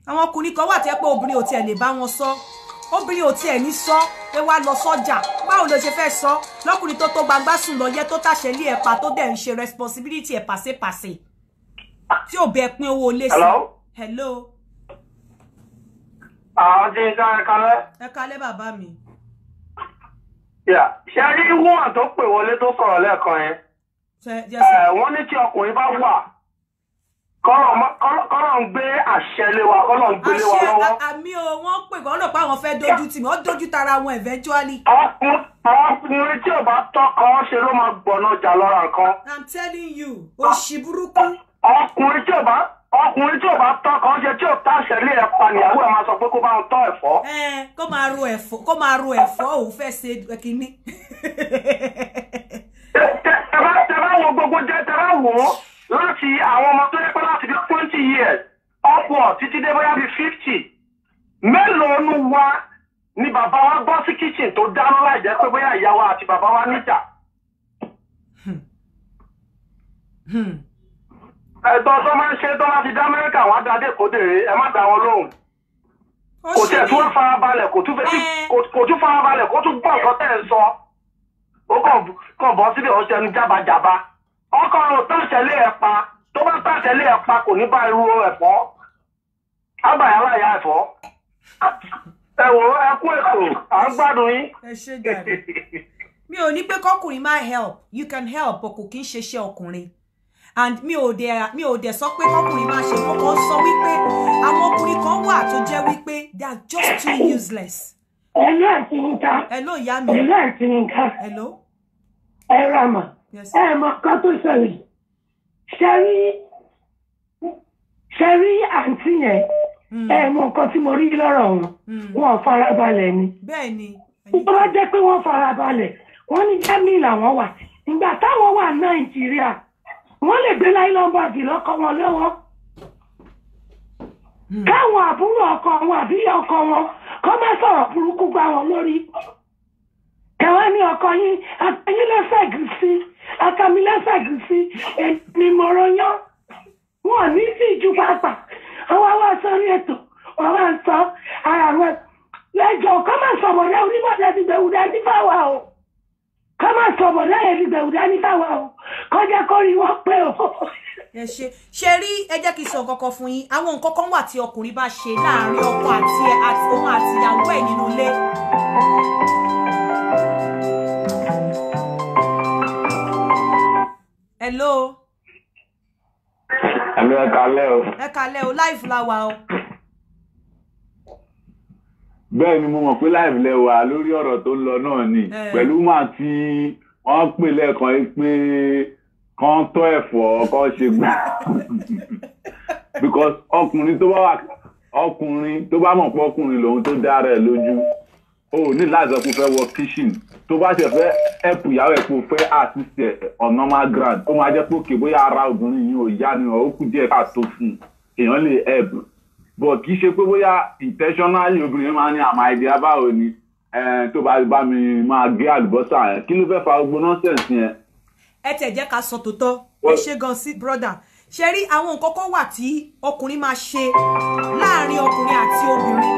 àwọn ọkùnrin kan wà tẹ́ pé obìnrin ò tiẹ̀ lè bá wọn sọ. So obìnrin ò tiẹ̀ ní sọ ẹ wá lọ sọ́jà báwo ló ṣe fẹ́ sọ lọ́kùnrin tó tó gbangbá sùn lọ yẹ tó tàṣẹ ilé ẹ̀pà tó dẹ̀ ń ṣe responsibility ẹ̀ pàṣẹpàṣẹ tí ò bẹ pín owó lé sí. hello. àwọn tí ń sá ẹ kalẹ̀. ẹ kalẹ̀ bàbá mi. ṣe rí wúwà tó pè wọlé tó sọ̀rọ̀ lẹ́ẹ̀kan yẹn wọ́n ní tí ọkùnrin bá wà kọ́lọ̀ ń gbé àṣẹ lé wa kọ́lọ̀ ń gbé wa lọ́wọ́. àṣẹ àmì o wọ́n pè wọ́n rò àwọn fẹ́ dojú tì mí wọ́n dojú tara wọn eventually. ọkùnrin tí ò bá tọkọ ṣe ló máa gbọ̀nà ọjà lọ́ra nǹkan. i'm telling you òṣì burúkú. ọkùnrin tí ò bá ọkùnrin tí ò bá tán ṣe tí ò tá àṣẹlé ẹ pa níyàwó ẹ máa sọ pé kó bá ń tọ́ ẹ̀fọ́. ẹ kó máa ro ẹ̀fọ́ kó máa ro ẹ̀fọ́ òun fẹ́ ṣe kínní. tẹ láti àwọn ọmọ tó yẹpẹ́ láti bí twenty years ọ̀pọ̀ títí dé bóyá bíi fifty mélòó nu wa ni bàbá wa bọ́ sí kitchen tó dáná láì jẹ́ pé bóyá ìyá wa àti bàbá wa níjà. ẹ̀tọ́ tó máa ń ṣe tó máa ti dá Amẹ́ríkà wọn á da dé kóde rè é ẹ má dá wọn lóhùn kò tẹ̀ tún farabalẹ̀ kò tún fetí eh. kò tún farabalẹ̀ kò tún gbọ́ nǹkan tẹ̀ ń sọ ó kàn bọ́ síbẹ̀ ó ṣẹnu jábàjábà. ọkọ̀ tàṣẹ̀lé ẹ̀pa tó bá tàṣẹ̀lé ẹ̀pa kò ní bá irú ẹ̀fọ́ ábàyà láyà ẹ̀fọ́ ẹ̀wò ẹkú ètò à ń gbádùn yín. ẹ mi ò ní pé kọkùnrin máa help you can help kò kì í ṣeṣẹ́ ọkùnrin and mi ò dẹ̀ sọ pé kọkùnrin máa ṣe kọ́kọ́ sọ wípé àwọn ọkùnrin kan wà tó jẹ́ wípé they are just too useless. ẹ̀lọ́ àti nǹkan. ẹ̀lọ́ ìyá nǹkan. ẹ̀lọ́. ẹ ra ẹ mọ kan tó ṣẹlẹ̀ ṣẹrí aunty, àǹtí yẹn hmm. ẹ mọ nǹkan tí mo rí lọ́rọ̀ wọn hmm. wọn farabalẹ̀ ni wọ́n jẹ́ pé wọ́n farabalẹ̀ wọ́n ní germany làwọn wà ìgbà táwọn wà nàìjíríà wọ́n lè gbé láyé lọ́mbàdì lọ́kọ̀ wọn lọ́wọ́ hmm. káwọn àbúrò ọkọ wọn àbí ọkọ wọn kọ má sọ̀rọ̀ burúkú gbá wọn lórí kẹwàá ní ọkọ yín àtẹyìn lẹsẹ gírísì akamilásàgì sí ènìmọ̀rọ̀ yán wọn ò ní sí ìjú pàápàá àwọn àwọn sọrí ètò ọ̀rọ̀ à ń sọ ara wọn lẹ́jọ́ kọ́ máa sọ bọ̀dá onímọ̀dá ti gbẹ̀wùdá ní o kọ́ máa yẹn ti gbẹ̀wùdá ní fáwa o kọjá kọ́rí wọ́n pé o. ẹ ṣe ṣe rí ẹ jẹ́ kí sọ kọ́kọ́ fún yín àwọn nǹkan kan wà tí ọkùnrin bá ṣe láàárín ọkọ àti òun àti ìyàwó ẹ̀ nínú ilé. hello. hello ẹ kalẹ́ o. ẹ kalẹ́ o live la wà o. bẹ́ẹ̀ ni mo mọ̀ pé live lẹ wà lórí ọ̀rọ̀ tó ń lọ náà ni pẹ̀lú màá tí wọ́n pè lẹ́ẹ̀kan pé kán tọ́ ẹ̀fọ́ kán ṣe gbà because ọkùnrin tó bá wà ọkùnrin tó bá mọ̀ pé ọkùnrin lòun tó dára ẹ̀ lójú o ní láti ọkùnrin fẹ́ wọ kitchen tó bá ṣe fẹ́ ẹ̀pù ìyàwó ẹ̀pù fẹ́ assist ẹ̀ on normal ground ó máa jẹ́ pé òkè bóyá ara obìnrin yìí ò yá ni ó kù díẹ̀ káàtó fún un èèyàn lè ẹ̀bù but kì í ṣe pé bóyá intentionally obìnrin máa ní àmà ìdíyà báwo ni tó bá bá mi máa gé àlùbọ́sà ẹ̀ kí ló fẹ́ fa gbogbo nonsense yẹn. ẹ tẹ̀ jẹ́ ká sọ tòótọ́ ẹ ṣe gan sí brother ṣe rí àwọn nǹkan kan wà tí ọkùnrin máa ṣe láàrin ọkùnrin àti obìnrin.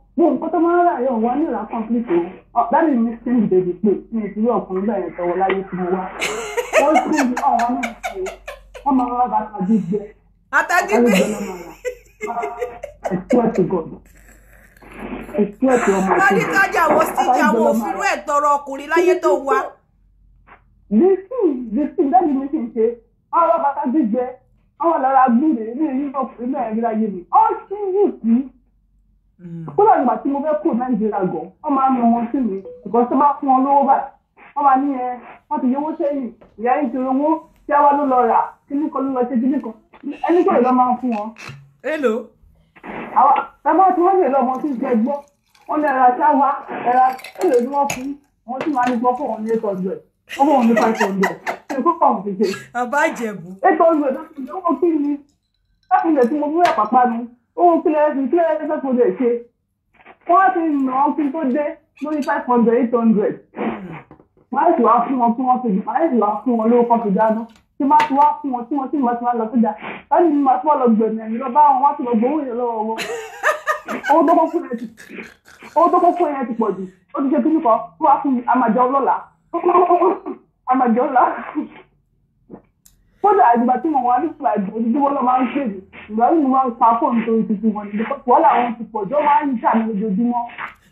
mo nǹkan tó máa ń rà yọ wá nílà conflict o dábì mi ṣe ń bèbè pé mi ò sí ọkùnrin bẹ́ẹ̀ yẹn tọwọ́ láyé tí mo wá wọ́n sì ń ọ̀wá náà ṣe wọ́n máa wá bàtà jíjẹ àtàjì gbé ẹ̀tọ́ ẹ̀tọ́ gọ̀dọ̀ ẹ̀tọ́ ẹ̀tọ́ ọmọ ẹ̀tọ́ gọ̀dọ̀ adékájà wọ síjà wọ òfurú ẹ̀tọ́rọ ọkùnrin láyé tó wá. dìsín dìsín dábì mi sì ń ṣe ọwọ́ bàtà jíjẹ ọwọ́ lára gbúre ní ìlú ọkùnrin náà ẹ̀rí ayé mi ọ Mm. kódà nígbà tí mo fẹ́ kúrò nàìjíríà gan wọ́n máa ń yan wọn sí mi ṣùgbọ́n tó bá fún wọn lówó báyìí wọ́n máa ní ẹ wọ́n ti yọwọ́ sẹ́yìn ìyá yìí ti rówó tí àwa ló lọ rà kíní kan ló lọ ṣe kíní kan ẹni kò lọ́ máa ń fún wọn. èlò. àwa bàbá tí wọ́n lè lọ ọmọ tí ń jẹ gbọ́ wọ́n ní ẹ̀rọ ajá wa ẹ̀rọ èlò ni wọ́n fún wọn tí màá ní gbọ́ fún òun ní eight hundred wọ́n fún òun ní five hundred ṣe kó pa òun ti ṣe. àbá ìjẹ̀bù. eight láti ilẹ̀ tí mo fún ẹ̀ pàpá mi ohun kílẹ̀ fi kílẹ̀ fẹ́ kó lè ṣe wọ́n ti nà án kí n tó dé lórí five hundred eight hundred máa ń wá fún wọn kí wọ́n fi máa ń wá fún wọn lówó kan fi dáná tí máa ti wá fún wọn tí wọ́n tí máa ti wá lọ sójà láti ní máa ti wá lọ gbẹ̀mí ẹ̀mí lọ bá wọn wá ti lọ gbowó yẹn lọ́wọ́ wọn owó tó kún yẹn ti owó tó kún yẹn ti pọ̀ jù ó ti ṣe kí nìkan ó wá fún mi àmàjọ ọlọ́la àmàjọ ọlọ́la kódà àgbà tí mo wà nípa ìgbà òdìdíwọ́ lọ́ máa ń ṣèlú ṣùgbọ́n ìlú wa ń pa fóònù tó ń wọn níbi pọ̀ làwọn ti pọ̀ jọ máa ń jà ní ojoojúmọ́.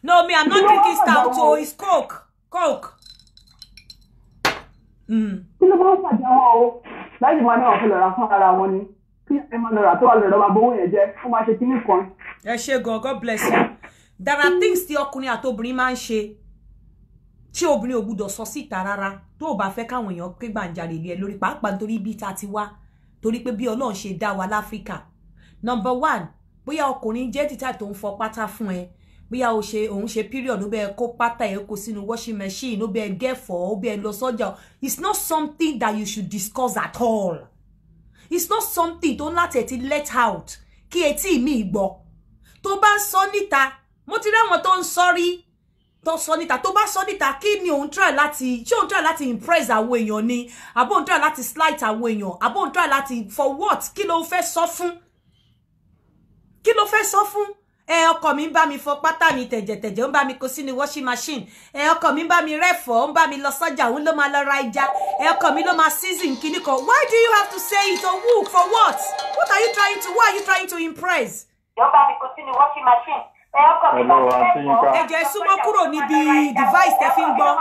no me i'm not drinking stout o it's coke coke. Hmm. kí ló máa ń pàdé àwọn o láti máa ní àwọn fẹlẹ̀ ra fún ara wọn ni kí ẹ máa lọ rà tó wà lọ́dọ̀ máa bówó yẹn jẹ́ ó máa ṣe kíní kan. ẹ ṣe gan god bless you there are things tí ọkùnrin àtobìnrin máa ń ṣe tí obìnrin ò gbúdọ̀ sọ síta rárá tó o bá fẹ́ káwọn èèyàn pé gbàǹjarè lé ẹ lórí pàápàá nítorí ibi tá a ti wá torí pé bí Ọlọ́run ṣe dá wa láfíríkà number one bóyá ọkùnrin jẹ́ títà tó ń fọ pátá fún ẹ bóyá o òun ṣe period ó bẹ́ẹ̀ kó pátá ẹ̀ kó sínú washing machine ó bẹ́ẹ̀ gẹ́fọ̀ ó bẹ́ẹ̀ lọ sọ́jà it's not something that you should discuss at all it's not something tó ń láti ẹ̀ ti let out kí etí mi gbọ́ tó bá ń sọ níta mo ti ráwọn tó ń sọ rí tó sọ níta tó bá sọ níta kí ni òun try láti ṣé òun try láti impress àwọn èèyàn ni àbóun try láti slight àwọn èèyàn àbóun try láti for what kí ló fẹ́ sọ fún kí ló fẹ́ sọ fún ẹ ọkọ mi ń bá mi fọ pátá mi tẹ̀jẹ̀tẹ̀jẹ̀ ń bá mi kó sínú washing machine ẹ ọkọ mi ń bá mi rẹ́fọ̀ ń bá mi lọ sọ́jà òun ló máa lọ ra ẹja ẹ ọkọ mi ló máa season kíní kan why do you have to say it or who for what what are you trying to who are you trying to impress. ìjọba mi kò sínú washing machine Hello, Auntie Yinka. Ẹ jẹ́ súnmọ́ kúrò níbi device tẹ fi ń gbọ́.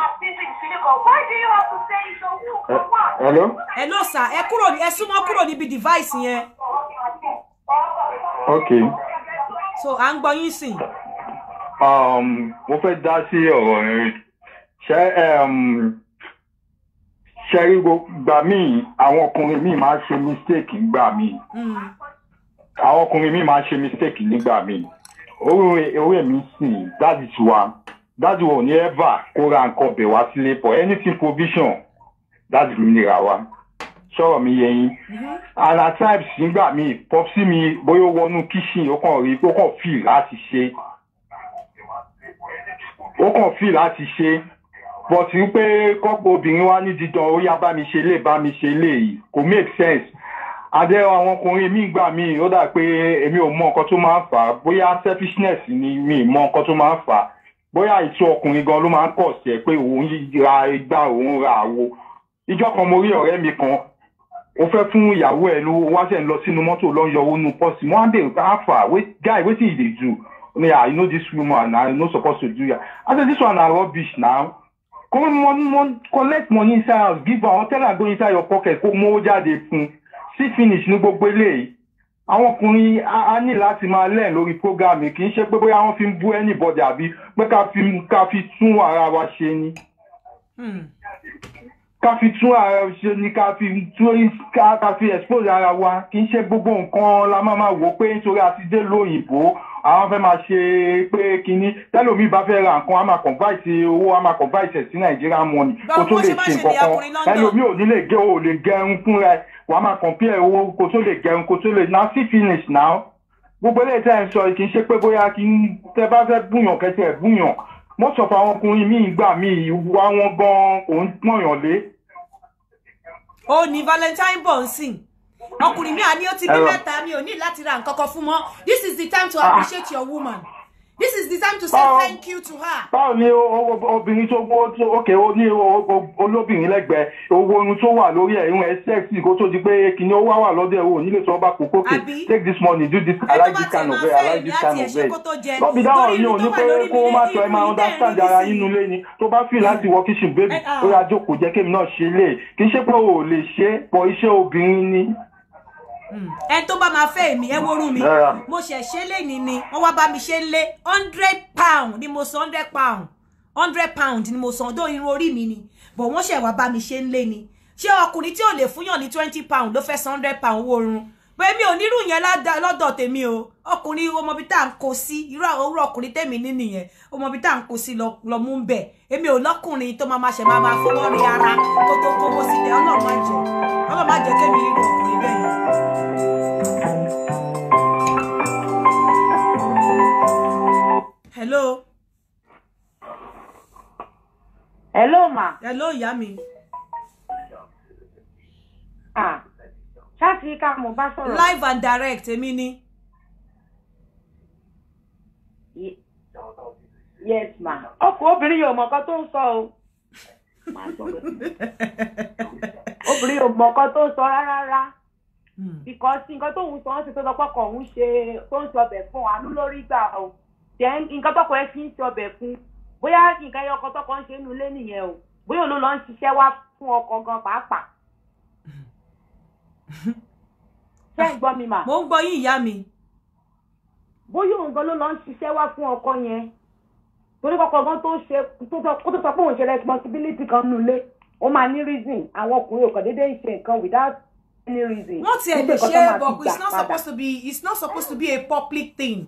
Hello. Hello sir, ẹ kúrò ẹ súnmọ́ kúrò níbi device yẹn ok. so à ń gbọ́ yín sìn. Um, mo fẹ́ dá sí ọ̀rọ̀ rẹ̀ ṣé um, ṣe rí gbà míì àwọn ọkùnrin míì máa ṣe mistake nígbà míì àwọn ọkùnrin míì máa ń ṣe mistake nígbà míì hmm. orí èmi sìn dáàdì tiwa dáàdì wọn ò ní ẹ́ bà kó ra nǹkan bẹ̀ wá sílé for anything provision dáàdì mi nira wa. Mm sọ̀rọ̀ mi yẹ yín mm-hmm. ara times nígbà míì pọ́psí mi bóyá ó wọnú kíṣìn ó kàn rí ó kàn fì láti ṣe ó kàn fì láti ṣe bọ̀tí pé kọ́pọ̀ obìnrin wá ní dídán ó yá bá mi ṣe lè bá mi ṣe lè yìí kò make sense adé àwọn ọkùnrin mi gbà mí ó dà pé èmi ò mọ nǹkan tó máa ń fà á bóyá selfishness ni mi mọ nǹkan tó máa ń fà á bóyá ìtú ọkùnrin gan ló máa ń kọ̀ sí ẹ pé òun ra igbá òun ra àwo ìjọ kan mo rí ọ̀rẹ́ mi kan o fẹ́ fún ìyàwó ẹ ló wá sẹ́ ń lọ sínú mọ́tò lọ ń yọ owó nu pọ́ọ̀sì mo á bèrè guy wetin you dey do me i ah, know this woman na i no suppose to do ya i say this one na rubbish na come money money collect money inside house give am or tell am go inside your pocket kó mówó jáde fún sí finish ní gbogbo eléyìí àwọn ọkùnrin á ní láti máa lẹ́ẹ̀ lórí program kì í ṣe pé bóyá wọ́n fi ń bú anybody àbí pé ká fi tún ara wa ṣe ni. Hmm ká fi tún ara ṣe ni ká fi tún ká fi expose ara wa kì í ṣe gbogbo nǹkan la máa máa wò pé nítorí a ti dé lóyìnbó àwọn fẹ́ máa ṣe pé kínní tẹ́lómi bá fẹ́ ra nǹkan a máa convert owó a máa convert ẹ̀ sí nàìjíríà money kó tó lè ṣe nǹkan tẹ́lómi ò ní lè gé o lè gẹrun fúnra ẹ̀ wàá máa compare owó kó tó lè gẹrun kó tó lè na sí finish now gbogbo eléyìí tẹ́ ẹ̀ ń sọ kì í ṣe pé bóyá kí tẹ́ bá fẹ́ búyàn kẹ́tẹ́ ẹ̀ búyàn mọ́sọ̀fọ̀ àwọn ọkùnrin míì gbà míì wá wọn gan òun pọ̀yàn lé ó ni valentine bonsin ọkùnrin mi àní ó ti bí mẹ́ta mi ò ni lati ra nǹkan kan fún this is the time to ah. appreciate your woman this is the time to say oh, thank you to her. báwo ni obìnrin tó gbó òkè ó ní olóbìnrin lẹ́gbẹ̀ẹ́ owó ohun tó wà lórí ẹ̀ ìwọ̀n kó tó di pé kìnìún ó wá wà lọ́dọ̀ ẹ̀wò nílé tí wọ́n bá kú kókè take this money do this alájí like kan ọ̀bẹ alájí kan ọ̀bẹ lọ́bì dáhùn yín ò ní pé kó má sọ ẹ máa understand ara yín nulẹ̀ ni tó bá feel láti ah. wọ kíṣìn bébì ah. ó yà jókòó jẹ́ kémi náà ṣe lé kì í ṣe pé o ò lè ṣe pọ̀ Mm. ẹni tó bá máa fẹ́ èmi ẹ worú mi mo ṣẹ̀ ṣe lé ní ni wọ́n wá bá mi ṣe lé hundred pound ni mo san hundred pound hundred pound ni mo san dóyin orí mi ni bọ̀ wọ́n ṣẹ̀ wá bá mi ṣe lé ni ṣé ọkùnrin tí ò lè fúnyàn ní twenty pound ló fẹ́ san hundred pound owó oorun pé mi ò nírú yẹn lọ́dọ̀ tèmi o ọkùnrin ọmọbi tá à ń kó sí irú àwọn òwúrọ̀ ọkùnrin tèmi ní nìyẹn ọmọbi tá à ń kó sí lọ mú ń bẹ̀ èmi ò lọ́kùnrin tó máa ma ṣẹ̀ máa ma fọwọ́ rí ara tó tó gbogbo sílẹ̀ ọlọ́run má jẹ́ ọlọ́run má jẹ́ kémi irú ọkùnrin bẹ́ẹ̀ hello. hello ma. hello ìyá mi. ah ṣáàtì ká mo bá sọ̀rọ̀. live and direct èmi ni. yes ma ọkọ obìnrin yóò mọ ọkọ tó ń sọ o obìnrin yóò mọ ọkọ tó ń sọ rárá rárá hmm. because nǹkan tó ń sọ ọ́n ti tó lọ́pọ̀ kọ̀ ń ṣe tó ń sọ ọbẹ̀ fún àánú lórí gbà o then nǹkan tọkọ ẹ fi ń ṣe ọbẹ̀ fún bóyá nǹkan ẹyọ ọkọ tọkọ ń ṣe nínú ilé nìyẹn o bóyá òun ló lọ ń ṣiṣẹ́ wá fún ọkọ gan pàápàá ṣé ń gbọ́ mi mà. mo ń gbọ́ yín ìyá mi. bóyá òun ló lọ ń ṣiṣẹ́ wá fún ọkọ yẹn torí kọkọ gan tó ṣe kó tó sọ pé òun ṣe responsibility kan nulẹ̀ ó máa ní reason àwọn ọkùnrin ò kàn déédéé ṣe nǹkan without any reason. wọ́n ti ẹ̀ ṣe é but it's not supposed to be it's not supposed to be a public thing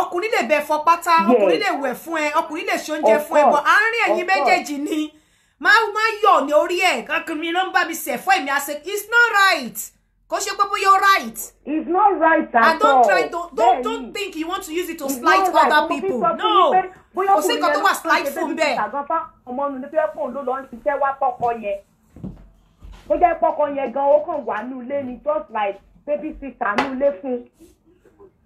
ọkùnrin lè bẹ̀ fọ pátá ọkùnrin lè wẹ̀ fún ẹ ọkùnrin lè ṣe oúnjẹ fún ẹ but àárín ẹ̀yin méjèèjì ni má má yọ̀ ní orí ẹ̀ kankan mi ló ń bá mi sẹ̀ fún èmi àṣẹ it's not right kò ṣe pé bóyá right. it's not right at all. I don't try to don't don't think you want to use it to slight other people no kò sí nǹkan tó wà slight fún bẹ́ẹ̀. ọmọ mi ní fóun ló lọ ń ṣiṣẹ́ wá pọ́kọ yẹn ó jẹ́ pọ́kọ yẹn gan-an ó kàn wà ní ilé ni just like baby sister ní ilé fún un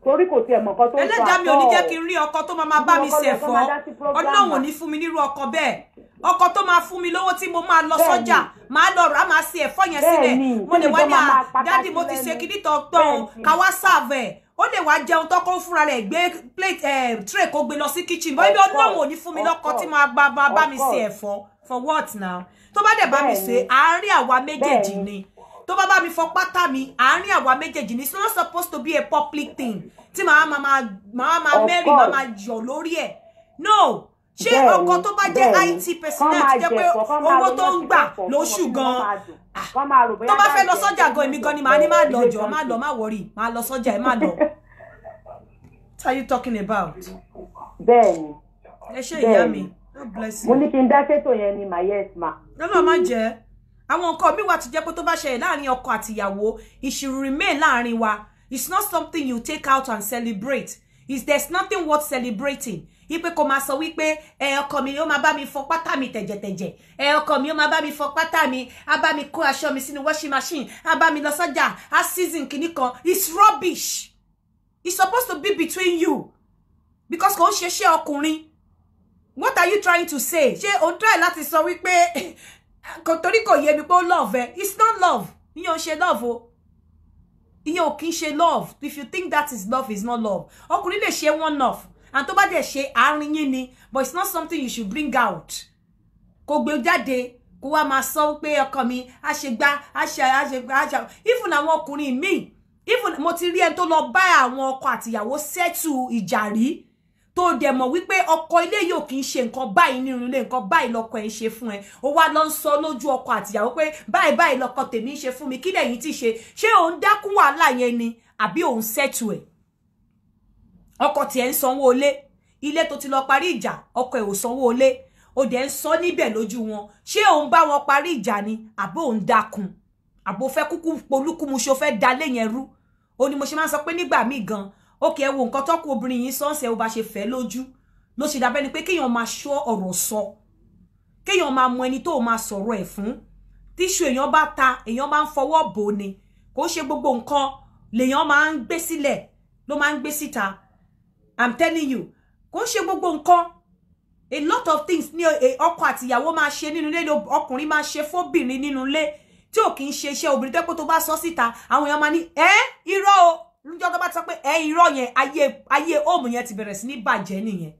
torí kò tiẹ̀ mọ̀ nǹkan tó ń sọ àtọ́ ẹlẹ́dàá mi ò ní jẹ́ kí n rí ọkọ tó máa máa bá mi ṣe ẹ̀fọ́ ọlọ́run ò ní fún mi nírú ọkọ bẹ́ẹ̀ ọkọ tó máa fún mi lówó tí mo máa lọ sọ́jà máa lọ rà máa ṣe ẹ̀fọ́ yẹn sílẹ̀ mo lè wá ní à mo ti ṣe kíní tọ̀tọ̀ ká wá sáàbẹ̀ ó lè wá jẹun tọkọ fúnra rẹ̀ gbé plate eh, tray kó gbé lọ sí kitchen bọ́ ibi ọlọ́run ò ní fún mi lọ́kọ tí máa bá mi ṣe ẹ̀fọ́ for what now tó bá dẹ̀ bá mi ṣe àárín àwa méjèèjì ni. To bá bá mi fọ pátá mi àárín àwa méjèèjì ni it's not supposed to be a public thing tí màá ma ma màá ma mẹ́rin màá ma yọ̀ lórí ẹ̀ no ṣé ọkọ to bá jẹ́ IT personnel ti jẹ́ pé owó to ń gbà lóṣù gan ah. tó bá fẹ́ lọ sọ́jà gan èmi gan ni màá ní má lọ jọ má lọ má wọrí má lọ sọ́jà ẹ má lọ *laughs* what are you talking about. bẹ́ẹ̀ni bẹ́ẹ̀ni ẹ ṣe mi god bless you. mo ní kí n dá ṣètò yẹn ni my yes ma. lọ́nà má jẹ́ àwọn nǹkan mi wà tó jẹ́ pé tó bá ṣẹlẹ̀ láàrin ọkọ àtìyàwó it remain láàrin wa it's not something you take out and celebrate is there's nothing worth celebrating ipe kò máa sọ wípé ẹ ọkọ mi ó máa bá mi fọ pátá mi tẹ̀jẹ̀tẹ̀jẹ̀ ẹ ọkọ mi ó máa bá mi fọ pátá mi á bá mi kó aṣọ mi sínú washing machine á bá mi lọ sọ́jà á season kìíní kan it's rubbish it's supposed to be between you because kò ń ṣe ṣe ọkùnrin what are you trying to say ṣé o ń try láti sọ wípé kò torí kò yé mi pé ó love ẹ it's not love ìyẹn ò ṣe love o ìyẹn ò kí ń ṣe love if you think that is love is not love ọkùnrin lè ṣe one off and tó bá dẹ̀ ṣe àárín yín ni but it's not something you should bring out kò gbé jáde kó wá máa sọ pé ọkọ mi a ṣe gbá a ṣe a ṣe gbá a ṣe even àwọn ọkùnrin míì even mo ti rí ẹni tó lọ bá àwọn ọkọ àtìyàwó settle ìjà rí tó dẹ̀ mọ̀ wípé ọkọ ilé yóò kì í ṣe nǹkan báyìí nínú ilé nǹkan báyìí lọkọ ẹ̀ ń ṣe fún ẹ ó wá lọ ń sọ lójú ọkọ àtìyàwó pé báyìí báyìí lọkọ tèmi ń ṣe fún mi kí lẹ́yìn tí ṣe ṣé òun dákún wàhálà yẹn ni àbí òun sẹ́tù ẹ̀ ọkọ tiẹ̀ ń sanwó ilé ilé tó ti lọ parí ìjà ọkọ ẹ̀ ò sanwó ilé ó dẹ̀ ń sọ níbẹ̀ lójú wọn ṣé òun bá wọn parí ìjà ni àbí òun dákun àbò fẹ́ kúkú polúkúmu ṣo fẹ́ dalé yẹn rú ó ní mo ṣe máa ń sọ pé nígbà gan ókè ẹ wo nǹkan tọ́kù obìnrin yìí sọ́ọ̀sẹ̀ ó bá ṣe fẹ́ lójú ló ṣe dábẹ́ ni pé kéèyàn máa ṣọ́ ọ̀rọ̀ sọ kéèyàn máa mọ ẹni tó máa sọ̀rọ̀ ẹ̀ fún tíṣù èèyàn bá ta èèyàn máa ń fọwọ́ bò ni kò ṣe gbogbo nǹkan lèèyàn máa ń gbé sílẹ̀ ló máa ń gbé síta i'm telling you kò ṣe gbogbo nǹkan a lot of things ní ọkọ àtìyàwó máa ṣe nínú ilé ọkùnrin máa ṣe fóbìnrin nínú ilé tí ò kì í ṣe iṣẹ́ obìnrin tẹ́pọ̀ tó bá sọ síta àwọn èèyàn máa ní ẹ́ irọ́ o níjọ́ tó bá ti sọ pé ẹ irọ́ yẹn ayé ayé òmù yẹn ti bẹ̀rẹ̀ sí ní bàjẹ́ nìyẹn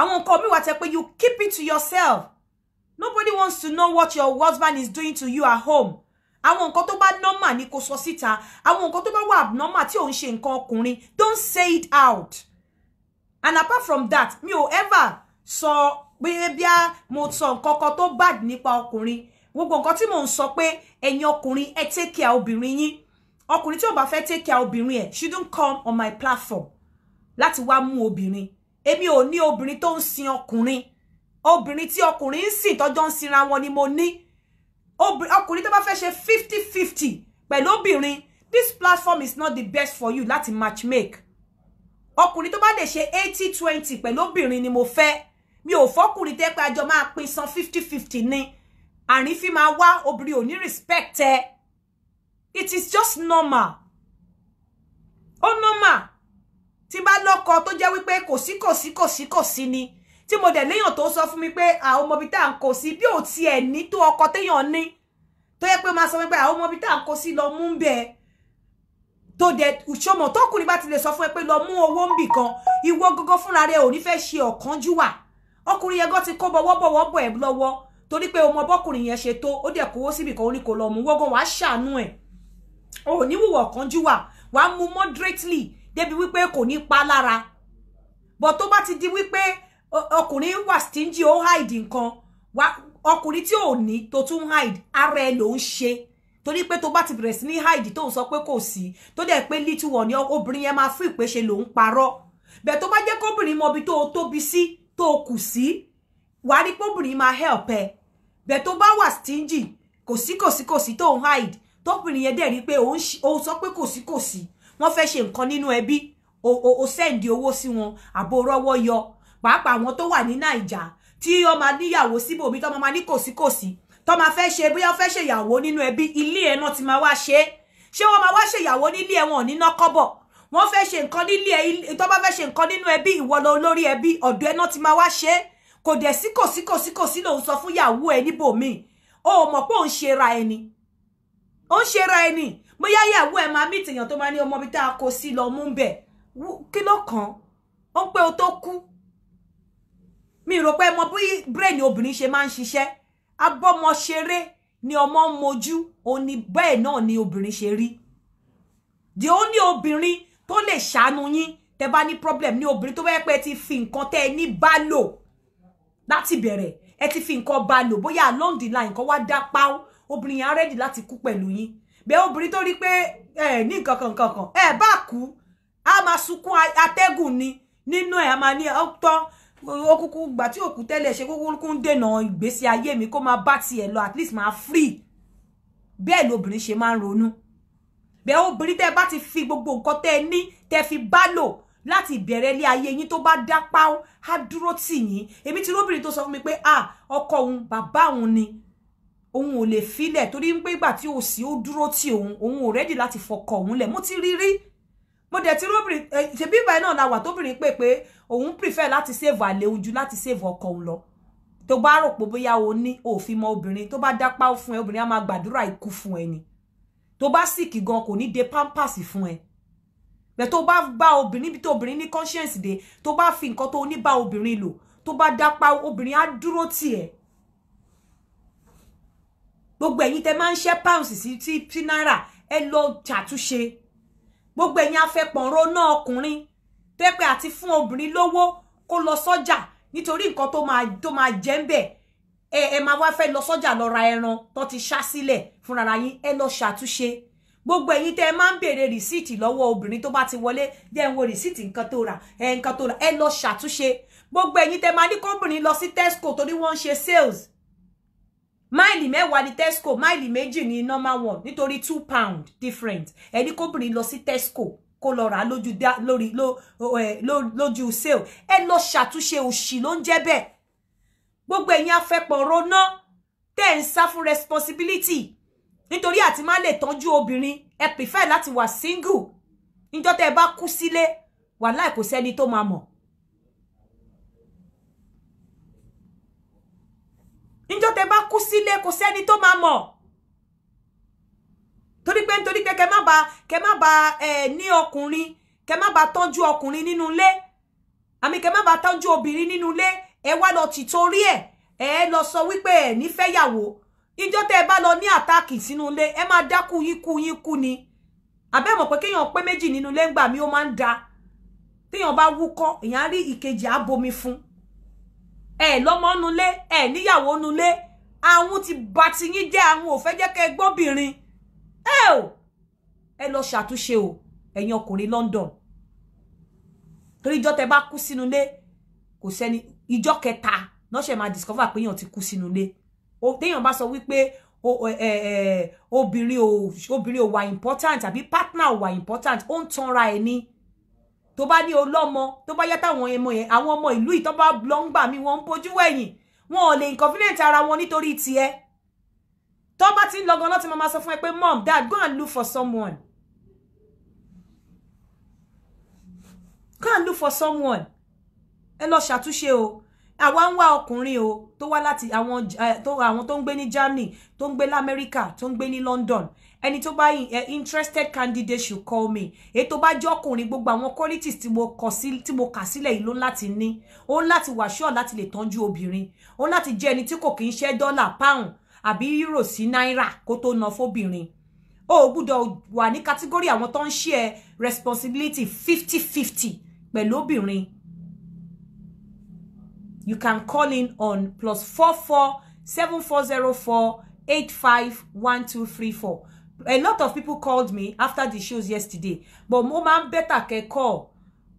àwọn nǹkan mi wà tẹ pé you keep it to yourself nobody wants to know what your husband is doing to you at home àwọn nǹkan tó bá normal ni kò sọ síta àwọn nǹkan tó bá wà abnormal tí ò ń ṣe nǹkan ọkùnrin don't say it out and apart from that mi ò ever sọ pé bíá mo sọ nǹkan kan tó bad nípa ọkùnrin gbogbo nǹkan tí mò ń sọ pé ẹ̀yin ọkùnrin ẹ take care obìnrin yín ọkùnrin tí ò bá fẹ́ take care obìnrin ẹ̀ shouldn't come on my platform láti wá mú obìnrin èmi ò ní obìnrin tó ń sin ọkùnrin obìnrin tí ọkùnrin ń sìn tọ́jọ́ ń sinra wọn ni mo ní ọkùnrin tó bá fẹ́ ṣe fifty fifty pẹ̀lú obìnrin this platform is not the best for you láti matchmake ọkùnrin tó ba de ṣe eighty twenty pẹ̀lú obìnrin ni mo fẹ́ mi ò fọkùnrin tẹ́ pé àjọ máa pín san fifty fifty ni àrífín máa wá obìnrin ò ní respect ẹ it is just normal Oh, normal tí bá lọ́kọ tó jẹ́ wípé kò kosi kosi sí kò ni tí mo dẹ̀ léèyàn tó sọ fún mi pé àwọn ọmọ ibi tá à ń kó sí bí ò tiẹ̀ ní tó ọkọ téèyàn ní tó yẹ pé máa sọ wípé àwọn ọmọ ibi tá à ń kó sí lọ mú ń bẹ tó dẹ̀ ṣọmọ tọkùnrin bá ti lè sọ fún ẹ pé lọ mú owó ń bì kan ìwọ gógó fúnra rẹ ò ní fẹ́ ṣe ọ̀kánjúwà ọkùnrin yẹn gan ti kó bọwọ́ bọwọ́ bọ̀ ẹ́ lọ́wọ́ torí pé ọmọ bọ́kùnrin yẹn ṣe tó ó dẹ̀ kówó síbi kan ó ní kó lọ mú wọ́gán wàá ṣàánú ẹ̀ ò ní wùwọ̀ kánjú wà wàá mú moderately débi wípé kò ní pa lára but tó bá ti di wípé ọkùnrin wà stingy ó hide nǹkan ọkùnrin tí ò ní tó tún hide ara ẹ ló ń ṣe torí pé tó bá ti bẹ̀rẹ̀ sí ní hide tó ń sọ pé kò sí tó dẹ̀ pé little one obìnrin yẹn máa fún ìpèsè ló ń parọ́ bẹ́ẹ̀ tó bá jẹ́ kóbìnrin mọbi tó tóbi sí tó kù sí wàá rí pé máa help ẹ bẹ́ẹ̀ tó bá wà stingy kò sí kò sí kò sí tó ń hide tọ́pìnrin yẹn dẹ̀ rí pé òun sọ O kò sí kò sí wọ́n fẹ́ ṣe nǹkan nínú ẹbí o sẹ́ǹdì owó sí wọn àbò rọ́wọ́ yọ pàápàá àwọn tó wà ní nàìjà tí ó máa níyàwó síbòmí tó máa ní kò sí kò sí tó máa fẹ́ ṣe bóyá fẹ́ ṣe ìyàwó nínú ẹbí ilé ẹ̀ náà ti máa wá ṣe é ṣé wọ́n máa wá ṣe ìyàwó nílé ẹ̀ wọn ò ní ná kọ́bọ̀ wọ́n fẹ́ ṣe nǹkan nílé ẹ̀ tó bá fẹ́ ṣe nǹkan nínú ẹbí ìwọ lọ lórí ẹbí ọ̀dọ̀ ti máa wá ṣe kò dẹ̀ sí kò sí kò sí kò sí lòun sọ fún yàwó ẹ níbòmíì o mọ̀ pé òun ṣe ra ẹni ó ń ṣe ra ẹni bóyá yàwó ẹ máa mí tèèyàn tó máa ní ọmọ bíi tá a kó sí lọ mú bẹ̀ kí ló kàn ó pé o tó kú mi rò pé mo bí brain obìnrin ṣe máa ń ṣiṣẹ́ abọ́mọ ṣeré ni ọmọ ń mojú òun ni náà ni obìnrin ṣe rí di ó ní obìnrin tó lè ṣàánú yín tẹ bá ní problem ní obìnrin tó bẹ́ẹ̀ pé ti fi nǹkan tẹ́ ẹ ní bá lò láti bere ẹ ti fi nǹkan ba lò bóyá along the line nǹkan wá dá páó obìnrin yẹn á rẹ́dì láti kú pẹ̀lú yín bẹ́ẹ̀ obìnrin tó rí eh ẹ ní nǹkan kan kan ẹ bá kú a máa sunkún atẹ́gùn ni nínú ẹ̀ a máa ní ọ̀tọ́ okùnkùn gbà tí òkú tẹ́lẹ̀ ṣe kúkúrú ń dènà ìgbésí ayé mi kó máa bá tiẹ̀ lọ at least ma free bẹ́ẹ̀ lobìnrin ṣe máa ń ronú bẹ́ẹ̀ obìnrin tẹ́ bá ti fi gbogbo nǹkan tẹ́ ní tẹ́ fi bá lò láti ìbẹ̀rẹ̀ ilé ayé yín tó bá dá páó á dúró tì yín èmi ti róbìnrin tó sọ fún mi pé ah ọkọ òun bàbá òun ni òun ò lè filẹ̀ torí pé ìgbà tí o sì ó dúró tì òun òun ò rẹ́dì láti fọkọ òun lẹ̀ mo ti rí rí mo dẹ̀ ti róbìnrin eh, ṣèbí ìgbà náà la wà tóbìnrin pé pé òun prefer láti save àlè ojú láti save ọkọ òun lọ tó bá rò pé bóyá o ní òfin mọ obìnrin tó bá dá páó fún ẹ obìnrin á máa gbàdúrà ikú fún ẹ ni tó bá sìkì gan kò ní de pampers fún ẹ bẹ́ẹ̀ tó bá bá obìnrin bí tó obìnrin ní conscience dé tó bá fi nǹkan tó ní bá obìnrin lò tó bá dápá obìnrin á dúró tiẹ̀ gbogbo ẹ̀yin tẹ́ máa ń ṣẹ́ pounds sí tí tí náírà ẹ lọ ṣàtúnṣe gbogbo ẹ̀yin afẹ́pọ̀nró náà ọkùnrin pẹ́pẹ́ àti fún obìnrin lówó kó lọ sọ́jà nítorí nǹkan tó máa tó máa jẹ́ ń bẹ̀ ẹ ẹ máa wá fẹ́ lọ sọ́jà lọ ra ẹran tó ti ṣá sílẹ̀ fúnra yín ẹ lọ ṣàtúnṣe gbogbo ẹ̀yin tẹ́ ẹ máa ń béèrè rìsíìtì lọ́wọ́ obìnrin tó bá ti wọlé jẹ́ ń wo rìsíìtì nǹkan tó rà ẹ nǹkan tó rà ẹ lọ ṣàtúnṣe gbogbo ẹ̀yin tẹ́ máa ní kọ́bìnrin lọ sí Tesco torí wọ́n ń ṣe sales máìlì mẹ́wàá ní Tesco máìlì méjì ní normal one nítorí two pound different ẹ ní kọ́bìnrin lọ sí Tesco kó lọ rà lójú dá lórí lójú sale ẹ lọ ṣàtúnṣe òṣì ló ń jẹ́ bẹ́ẹ̀ gbogbo ẹ̀yin afẹ́pọ̀ ronú tẹ́ ń sá fún responsibility nítorí àti má lè tọ́jú obìnrin ẹ prefer láti wà single níjọ́ tẹ́ ẹ bá kú sílé wàláì kò sẹ́ni tó máa mọ̀ níjọ́ tẹ́ bá kú sílé kò sẹ́ni tó máa mọ̀ torí pé nítorí pé kẹ má ba kẹ má ba ẹ ní ọkùnrin kẹ má ba tọ́jú ọkùnrin nínú ilé àmì kẹ má ba tọ́jú obìnrin nínú ilé ẹ wá lọ tìtorí ẹ ẹ lọ sọ wípé ẹ nífẹ̀ẹ́ yàwó ìjọ tẹ́ ẹ bá lọ ní àtáàkì sínú ilé ẹ máa dákú yín kú yín kú ni àbẹ́ mọ̀ pé kéèyàn pé méjì nínú ilé ńgbà mi ó máa ń da téèyàn bá wúkọ́ èèyàn á rí ìkejì á bomi fún ẹ lọ́mọ nulé ẹ níyàwó nulé àwọn ti bà ti yín jẹ́ àwọn ò fẹ́ jẹ́ kẹ́ ẹ gbọ́bìnrin ẹ o ẹ lọ ṣàtúnṣe o ẹ̀yin ọkùnrin London torí ìjọ tẹ́ bá kú sínú ilé kò sẹ́ni ìjọ kẹta náà máa discover pé èèyàn ti kú sínú ilé téèyàn bá sọ wípé obìnrin ò obìnrin ò wà important àbí partner ò wà important ó ń tanra ẹ̀ ni tó bá ní ọlọ́mọ tó bá yàtọ̀ àwọn ọmọ yẹn àwọn ọmọ ìlú yìí tó bá lọ ń gbà mí wọ́n ń bójú wẹ̀yìn wọn ò lè inconvenient ara wọn nítorí tiẹ̀ tó bá ti ń lọ gan-an láti máa sọ fún ẹ pé mom dad go and look for someone go and look for someone ẹ lọ ṣàtúnṣe o àwa ń wá ọkùnrin o tó wá láti àwọn eh, tó àwọn tó ń gbé ní Germany tó ń gbé America, tó ń gbé ní London ẹni tó bá eh, interested candidate should call me èyí tó bá jẹ́ ọkùnrin gbogbo àwọn qualities tí mo kọ sí tí mo kà sílẹ̀ yìí ló ń láti ní ó láti wà sure láti lè tọ́jú obìnrin ó ń láti jẹ́ ẹni tí kò kì í ṣe dọ́là pound àbí euro sí náírà kó tó ná fóbìnrin o ò gbúdọ̀ wà ní kátígórì àwọn tó ń ṣe responsibility fifty fifty pẹ̀lú obìnrin you can call in on plus four four four four seven zero eight five one two three four. A lot of people called me after the shows yesterday, but mo máa better kẹ́ call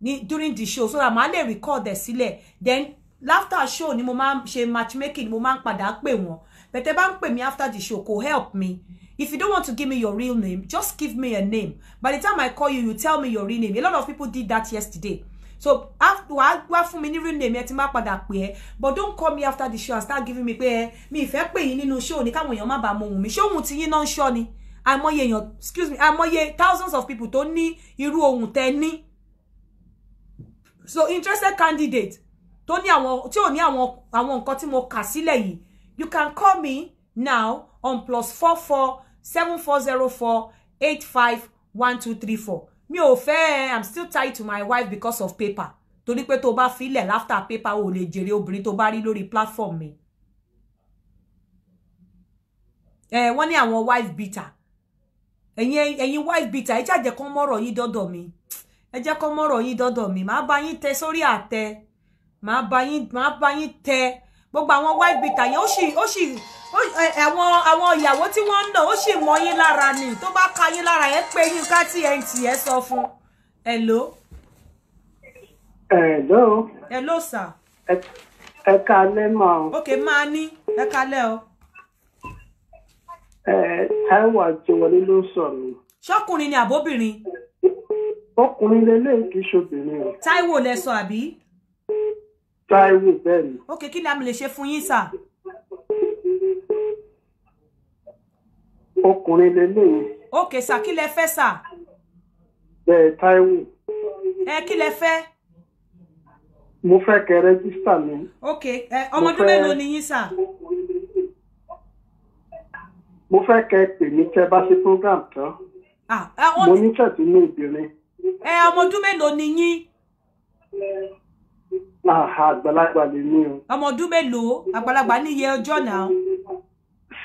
ni during the show so that màá lè record the sílẹ̀. Then after show ni mo máa ṣe matchmaking ni mo máa ń padà pè wọ́n. But ẹ bá ń pè after the show kò help me. If you don't want to give me your real name, just give me a name. By the time I call you, you tell me your real name. A lot of people did that yesterday so wàá wá fún mi ní real name ẹ ti má padà pè but don't call me after the show and start giving me pé ẹ eh, mi ìfẹ́ pè yín nínú show ní káwọn èèyàn má bàa mọ ohùn mi ṣóhun ti yín náà ń ṣọ́ ni àìmọye èèyàn excuse me àìmọye thousands of people tó ní irú ohùn tẹ ní so interested candidate tó ní àwọn tí ò ní àwọn àwọn nǹkan tí mo kà sílẹ̀ yìí you can call me now on plus four four seven four zero four eight five one two three four mi ò fẹ́ i'm still tied to my wife because of paper torí pé tó bá filẹ̀ láfta paper ò lè jèrè obìnrin tó bá rí lórí platform mi eh, wọ́n ní àwọn wife beater ẹ̀yin ẹ̀yin wife beater ẹ jàjẹ́ kán mọ́rọ̀ yín dọ́dọ̀ mi ẹ jẹ́ kán mọ́rọ̀ yín dọ́dọ̀ mi Ma bá yín tẹ sórí àtẹ màá bá yín màá bá yín tẹ gbogbo àwọn wife beater yẹn ó sì ó sì àwọn àwọn ìyàwó tí wọ́n ń nà ó sì mọ yín lára ni tó bá ka yín lára yẹn pé yín ká tnt ẹ sọ fún hello. hello. hello sir. ẹ kalẹ́ máa o. ok máa ní ẹ kalẹ́ o. ẹ táwọn àti wọlé ló sọ mi. ṣọkùnrin ni àbóbìnrin. ọkùnrin lélẹ́yìn kì í ṣobìnrin o. táíwò lẹ sọ àbí. Táíwò bẹ́ẹ̀ ni. ok kí ni a lè ṣe fún yín sà. ọkùnrin lélẹ́yìn. ok sà kí lẹ fẹ́ sà. bẹ́ẹ̀ Táíwò. ẹ kí lẹ fẹ́. mo fẹ́ kẹ rẹ́gísítà mi. ok ẹ ọmọdún mélòó ni yín sà. mo fẹ́ kẹ pè mí tẹ bá ṣe program tán. mo ní tẹ̀sí ní obìnrin. ẹ ọmọdún mélòó ni yín àgbàlagbà lè ní o. ọmọ ọdún mélòó àgbàlagbà níye ọjọ́ náà.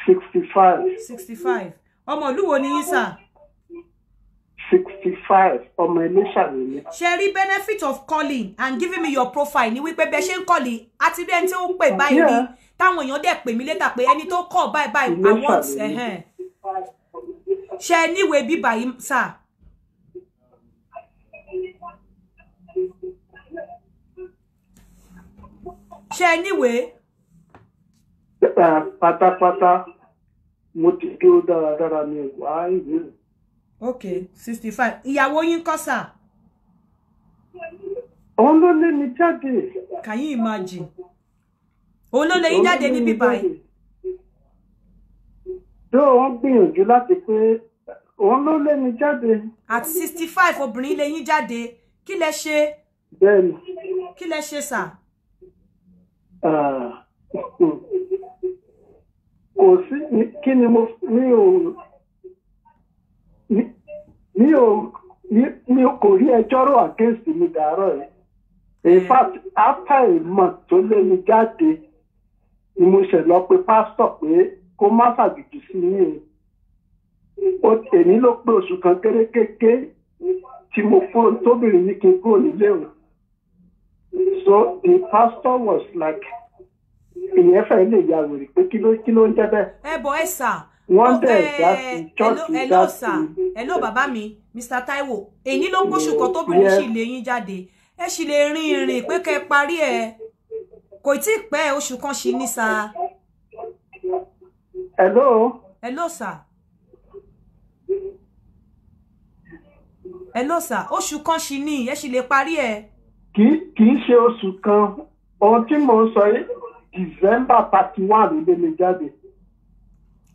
sixty five. sixty five ọmọ ìlú wo ni yín sà. sixty five ọmọ Iléṣà lè ní. ṣe rí benefit of calling and giving me your profile ni wípé bẹ́ẹ̀ ṣe ń kọ́lì àti bí ẹni tí ó ń pè báyìí ni táwọn èèyàn dẹ̀ pè mí létà pé ẹni tó kọ̀ báyìí báyìí àwọn ṣe níwèé bíbá yìí sà. ṣe ẹ níwèé. pátápátá mo ti dúró dáradára ní ẹ̀kọ́ àìní. ok sixty five ìyàwó yín kọ́ sà. òun mi jáde. can you imagine? yín jáde níbí báyìí. tó wọ́n gbìyànjú láti pé òun ló lé mi jáde. at sixty five obìnrin lé yín jáde kí lẹ ṣe. bẹ́ẹ̀ni. kí lẹ ṣe sà kò sí kí ni mo mi ò mi ò mi ò kò rí ẹjọ́ rò àkéésì mi dàárọ̀ yìí in fact after a month tó lé mi jáde ni mo ṣe lọ pe pásítọ̀ pé kó má ṣàjèjì sí mi o èmi ló pé oṣù kan kérékéké tí mo fóun tóbìnrin ní kí n kúrò nílé òun so the pastor was like ìyẹn fẹ́ lè ya wèrè pé kí ló kí ló ń jẹ́ bẹ́ẹ̀. ẹ bọ ẹ sà wọ́n bẹ̀rẹ̀ dá eh, sí chọ́ọ̀kì dá sí. hello sà hello bàbá mi Mr Taiwo èyí ló kóṣù kan tóbìnrin sì lè yín jáde ẹ sì lè rin ìrìn pé kẹ́ parí ẹ kò tí ì pẹ́ oṣù kan sì ní sà. hello. hello sà. hello sà oṣù kan sì ní ẹ sì lè parí ẹ kì kì í ṣe oṣù kan ohun tí mò ń sọ yìí december thirty one ló dé mi jáde.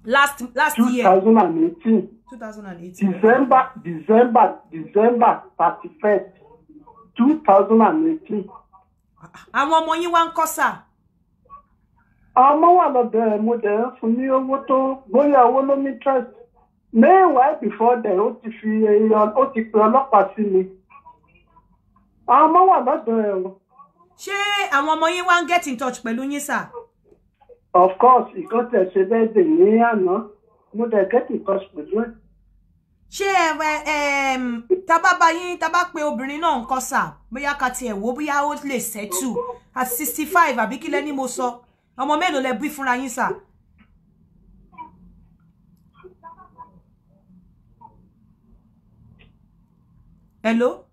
last last year two thousand and eighteen december december december thirty first two thousand and eighteen. àwọn ọmọ yín wá ń kọ́ sáà ọmọ wà lọ́dọ̀ ẹ̀ mo dẹ̀ ń fún ní owó tó bóyá owó ló ní trust meanwhile before then ó ti fi ó ti pe ọlọ́pàá sí mi àwọn ọmọ wà lọ́dọ̀ ẹ̀ o. ṣé àwọn ọmọ yín wá ń get in touch pẹ̀lú yín sà. of course ìkan tẹ̀ ṣe bẹ́ẹ̀ dè ní àná mo dẹ̀ get in touch pẹ̀lú ẹ̀. ṣé tábà bá yín tábà pé obìnrin náà ń kọ́ sà bóyá ká tiẹ̀ wò bóyá ó lè settle at sixty five àbí kí lẹ́ni mo sọ ọmọ mélòó lẹ bí fúnra yín sà. hello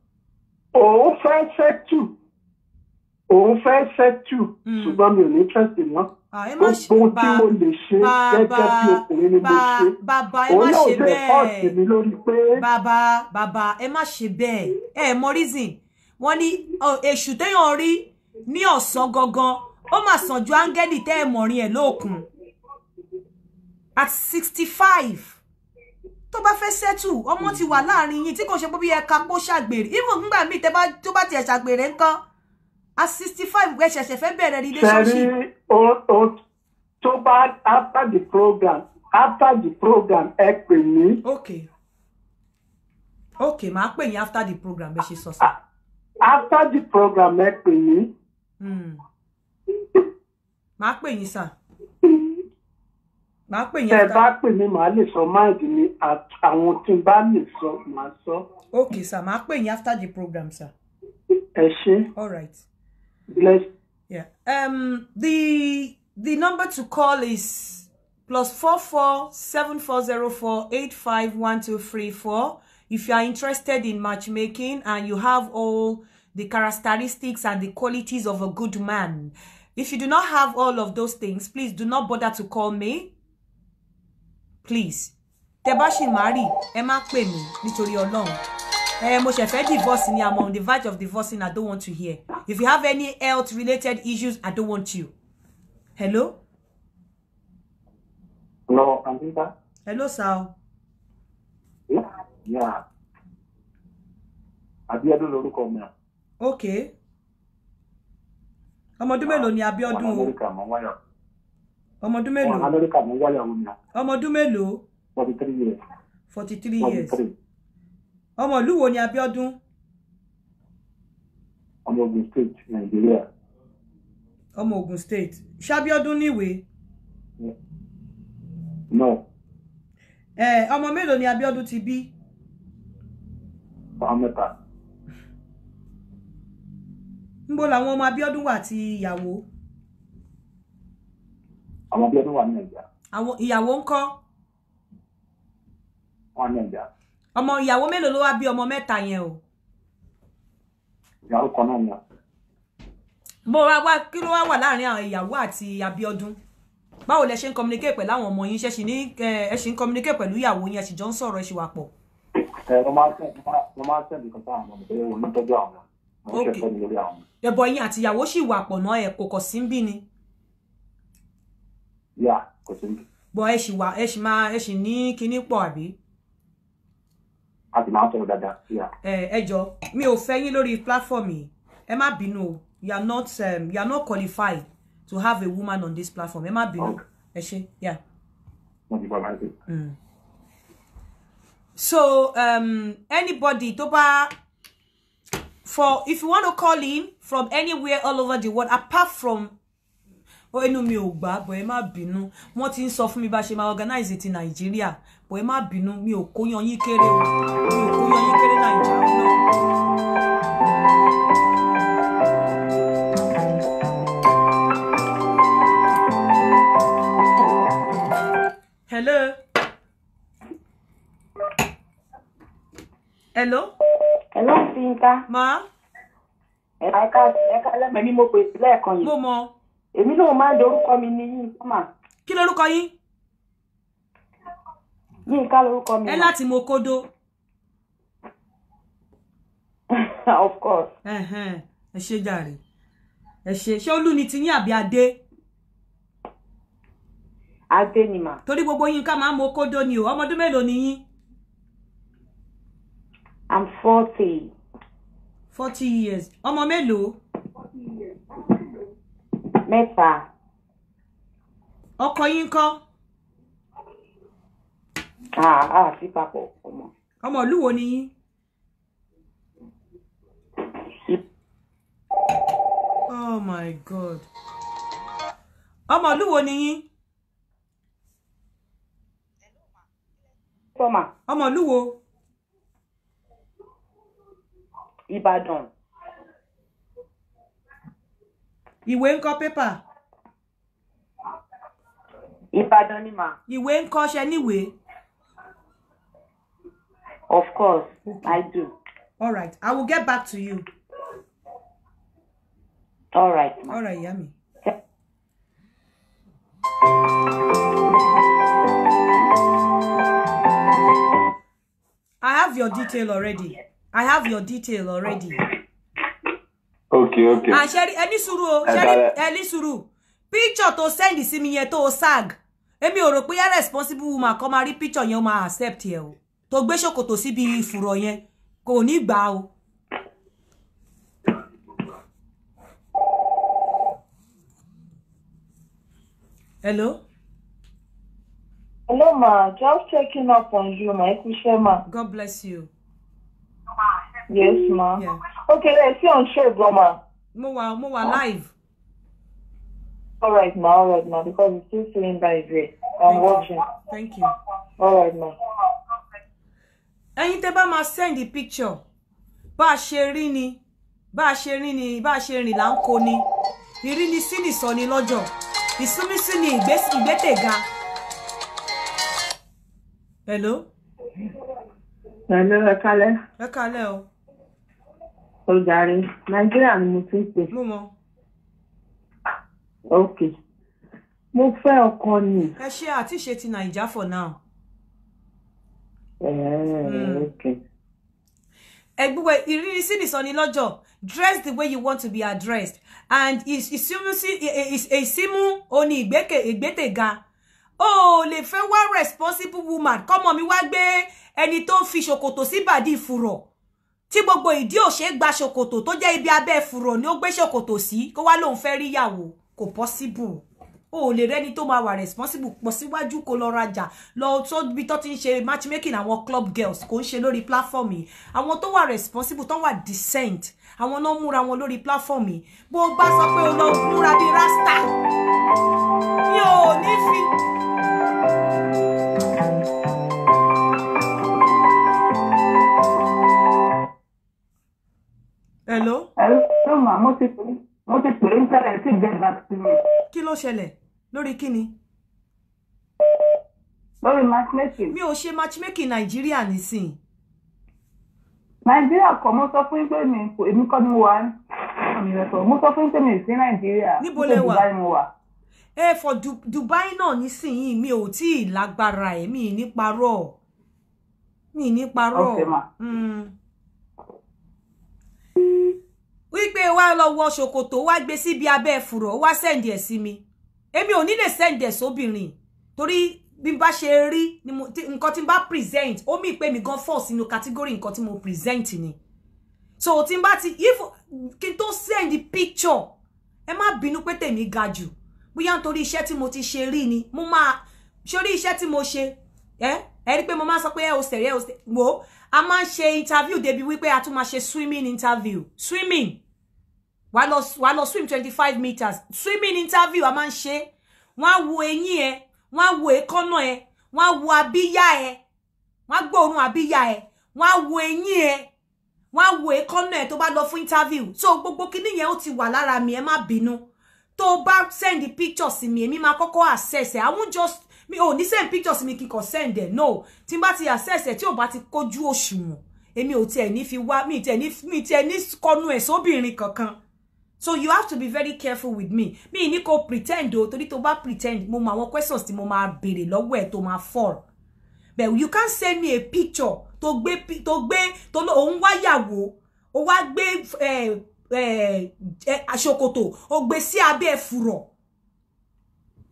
òun fẹ́ sẹ́tù òun fẹ́ sẹ́tù hmm. ṣùgbọ́n mi ò ní tẹ̀sí wọn ah, gbogbo tí mo lè ṣe gẹ́gẹ́ bí ọkùnrin ni mo ṣe òun náà ṣe pọ́ọ̀sì mi lórí pé. bàbá bàbá ẹ má ṣe bẹ́ẹ̀ ẹ mọ reason wọn ní oh, èṣù téèyàn rí ní ọ̀sán gangan ó mà sàn ju áńgẹ́lì tẹ́ ẹ mọ̀rin ẹ̀ lóòkùn at sixty five tó bá fẹ́ sẹ́tù ọmọ ti wà láàrin yín tí kò ṣe bóbi ẹ̀ka pọ̀ ṣàgbèrè even nígbà míì tẹ́ bá tó bá tiẹ̀ ṣàgbèrè ńkan a sixty five ẹ ṣẹ̀ṣẹ̀ fẹ́ bẹ̀rẹ̀ relationship. sẹ́rí o tó bá after the program after the program ẹ pè mí. ok ok màá pè yín after the program ẹ ṣe sọ sí. after the program ẹ pè mí. Hmm. màá pè yín sáà máa pè yín. tẹ́ bá pè mí màá lè sọ máìdì mi àwọn tí n bá lè sọ màá sọ. ok sir màá pè yín after the program sir. ẹ ṣe. all right. bless. Yeah. Um, the the number to call is plus four four seven four zero four eight five one two three four. If you are interested in matchmaking and you have all the characteristics and the qualities of a good man, if you do not have all of those things, please do not bother to call me please tẹ bá ṣì máa rì ẹ má pè mí nítorí ọlọ́run mo ṣe fẹ́ divorce ni i'm on the verge of divorcing i don't want to hear if you have any health related issues i don't want you hello. hello anita. hello sir. yeah yeah abiodun lorúkọ mi. okay ọmọdún mélòó ni abiodun o. ọmọ amẹ́ríkà mọ́ ọmọ ọdún mélòó. amẹ́ríkà ní wáyà wọn ni. ọmọ ọdún mélòó. forty three years. forty three years. ọmọ ìlú wo ni Abíọ́dún. ọmọ Ògùn state Nàìjíríà. ọmọ Ògùn state ṣ'Abíọ́dún níwèé. no. ẹ ọmọ mélòó ni Abíọ́dún ti bí. ọmọ mẹ́ta. níbo làwọn ọmọ Abíọ́dún wà àti ìyàwó àwọn ọmọdé tó wà ní nàìjíríà. àwọn ìyàwó ń kọ́. wọn ní nàìjíríà. ọmọ ìyàwó mélòó ló wá bí ọmọ mẹ́ta yẹn o. ìyàwó kan náà ni. bó wa wá kí ló wá wà láàrin àwọn ìyàwó àti Abíọ́dún báwo lẹ ṣe ń communicate pẹ̀lú àwọn ọmọ yín ṣe ṣì ní ẹ ṣì ń communicate pẹ̀lú ìyàwó yín ẹ ṣì jọ ń sọ̀rọ̀ ẹ ṣì wà pọ̀. ẹ ọ máa ń sẹ́ǹdì kan sáà àwọn ọmọ ìbẹ̀rẹ̀ onítọ́jú àwọn ọmọ ìṣẹ̀fẹ́ ní lórí àwọn ọmọ. ẹbọ yín àtìyàwó ṣì wà pọ̀ náà ẹ kò kọ̀ sí ń bí ni yà kò sí mi. bọ ẹ ṣì wà ẹ ṣì máa ẹ ṣì ní kinní pọ̀ àbí. a sì máa ń sọ̀rọ̀ dáadáa yà. ẹ ẹ jọ mi ò fẹ́ yín lórí platform yìí ẹ má bínú o you are not um, you are not qualified to have a woman on this platform ẹ má bínú ẹ ṣe yà. wọ́n ti bá wa ṣe. so um, anybody tó bá for if you want to call in from anywhere all over the world apart from enu mi ò gbà bọ̀ ẹ má bínú ti ń sọ fún mi bá ṣe máa organize ti nàìjíríà bọ̀ ẹ má bínú mi ò yín kéré o mi ò kóyan yín kéré nàìjíríà náà. Hello. Hello. Hello, Finta. Ma. ẹ̀ka ẹ̀ka lẹ́mẹ̀ẹ́ ni mo pè sí lẹ́ẹ̀kan yìí. Mo mọ. èmi náà máa ń dorúkọ mi ní yínká mà. kí lorúkọ yín. yínká lorúkọ mi. ẹ láti mo kódó. *laughs* of course. ẹ ṣe jàre ẹ ṣe ṣé olú ni ti yín àbí adé. adé ni mà. torí gbogbo yínká máa ń mo kódó ni o ọmọdún mélòó ni yín. i'm forty. forty years ọmọ mélòó mẹ́ta. ọkọ yín kọ́. àá sí papọ̀ ọmọ. ọmọ ìlú ni yín. oh my god. ọmọ ìlú wo ni yín. ọmọ ìlú wo. ìwé ńkọ́ pépà. ìbàdàn ni mà. ìwé ńkọ́ ṣe níwèé. of course okay. i do. all right i will get back to you. all right all right Yami. I have your detail already. I have your detail already okay okay. àṣẹrí ah, ẹni sùúrù o ṣẹrí ẹni sùúrù píkṣọ tó sẹ́ndì sí mi yẹn tó sag èmi ò rò pé yẹn responsible woman kan máa rí píkṣọ yẹn ó máa accept yẹn o tó gbé ṣòkòtò síbi ìfùrọ̀ yẹn kò ní gbà o. Hello? Hello, ma. Just checking up on you, ma. Ẹ kú ma. God bless you. Yes, ma. Yeah. Okay, let's see on show, ma mo wà mo wà ah. live. all right ma all right ma because it's still feeling live here i'm watching. thank you. all right ma. ẹ̀yin tẹ́ bá máa send the picture bá a ṣe rí ni bá a ṣe rí ni bá a ṣe rìn là ń kó ni ìrí ni sí ni sọ ni lọ́jọ́ ìsúnmísí ni ìgbẹ́tẹ̀ga. hello. hello ẹ kálẹ́. ẹ kálẹ́ o olùdarí nàìjíríà ni mo ti ń pè. mo mọ. ok mo fẹ́ ọkọ ni. ẹ ṣe àtìṣe ti naija for now. ẹgbẹ́ ìrírí sí nìsọ̀ni lọ́jọ́ dress the way you want to be addressed and ìsímú oní ìgbẹ́tẹ̀ga o lè fẹ́ wá responsible woman kọ́mọ mi wá gbé ẹni tó fi ṣòkòtò sí bàdí ìfurọ̀ tí gbogbo ìdí ò ṣe gba ṣòkòtò tó jẹ́ ibi abẹ́ fùrọ̀ ni ó gbé ṣòkòtò sí kó wá lóun fẹ́ rí ìyàwó kò possible o ò lè rẹ́ni tó máa responsible pọ̀ síwájú kó lọ rajà lọ tó bí tó ti ń ṣe matchmaking àwọn club girls kò ń ṣe lórí platform yìí àwọn to wa responsible tó wà decent àwọn náà múra wọn lórí platform yìí bó o bá sọ pé o lọ mura bíi rasta mi ò ní fi. hello. hello ma mo ti pè mo ti pè ń tẹ̀lé sí get back to me. kí ló ṣẹlẹ̀ lórí kíni. lórí matchmaking. mi ò ṣe matchmaking nàìjíríà nísìn. nàìjíríà kọ́ mo sọ fún pé mi èmi kọ́ ni mo wà mo sọ fún pé mi sí nàìjíríà níbo lẹ wà ẹ fọ Dubai náà nísìnyí mi ò tí ì lágbára ẹ mi ì ní parọ́ mi ì ní parọ́. ọ̀sẹ̀ mà wípé wá lọ wọ ṣòkòtò wá gbé síbi abẹ́ fùrọ̀ wá sẹ́ǹdì ẹ̀ sí mi èmi ò ní lè sẹ́ǹdì ẹ̀ sóbìnrin torí bí n bá ṣe rí nǹkan tí n bá present ó mì mi gan fall sínú category nǹkan tí mo present ni so tí n bá ti if kí n tó sẹ́ǹdì picture ẹ má bínú pé tèmi ga jù bóyá nítorí iṣẹ́ tí mo ti ṣe rí ni mo máa ṣorí iṣẹ́ tí mo ṣe ẹ ẹ rí pé mo máa sọ pé ẹ ò sẹ̀rí ẹ ò sẹ̀rí wò a máa ń ṣe interview débi wípé a tún máa ṣe swimming interview swimming wàá lọ wàá lọ swim twenty five meters swimming interview a máa ń ṣe wọ́n á wo eyín ẹ wọ́n á wo èékánná ẹ wọ́n á wo abíyá ẹ wọ́n á gbóòórùn abíyá ẹ wọ́n á wo eyín ẹ wọ́n wo èékánná ẹ tó bá lọ fún interview so gbogbo kinní yẹn ó ti wà lára mi ẹ má bínú tó bá send picture sí mi èmi máa kọ́kọ́ access ẹ i won't just mi ò ní send pictures mi kí send ẹ no tí n bá ti access ẹ tí ò bá ti kójú òṣùwọ̀n èmi ò tiẹ̀ ní fi wá mi tiẹ̀ ní mi tiẹ̀ ní kọnu ẹ̀ sóbìnrin kankan so you have to be very careful with me Me, ní kò pretend o torí tó bá pretend mo mọ àwọn questions tí mo máa béèrè lọ́wọ́ ẹ̀ to máa fall but you can't send me a picture To tó to tó to tó lọ òun wáyàwó ó wá gbé eh, ó gbé sí abẹ́ ẹ̀fùrọ̀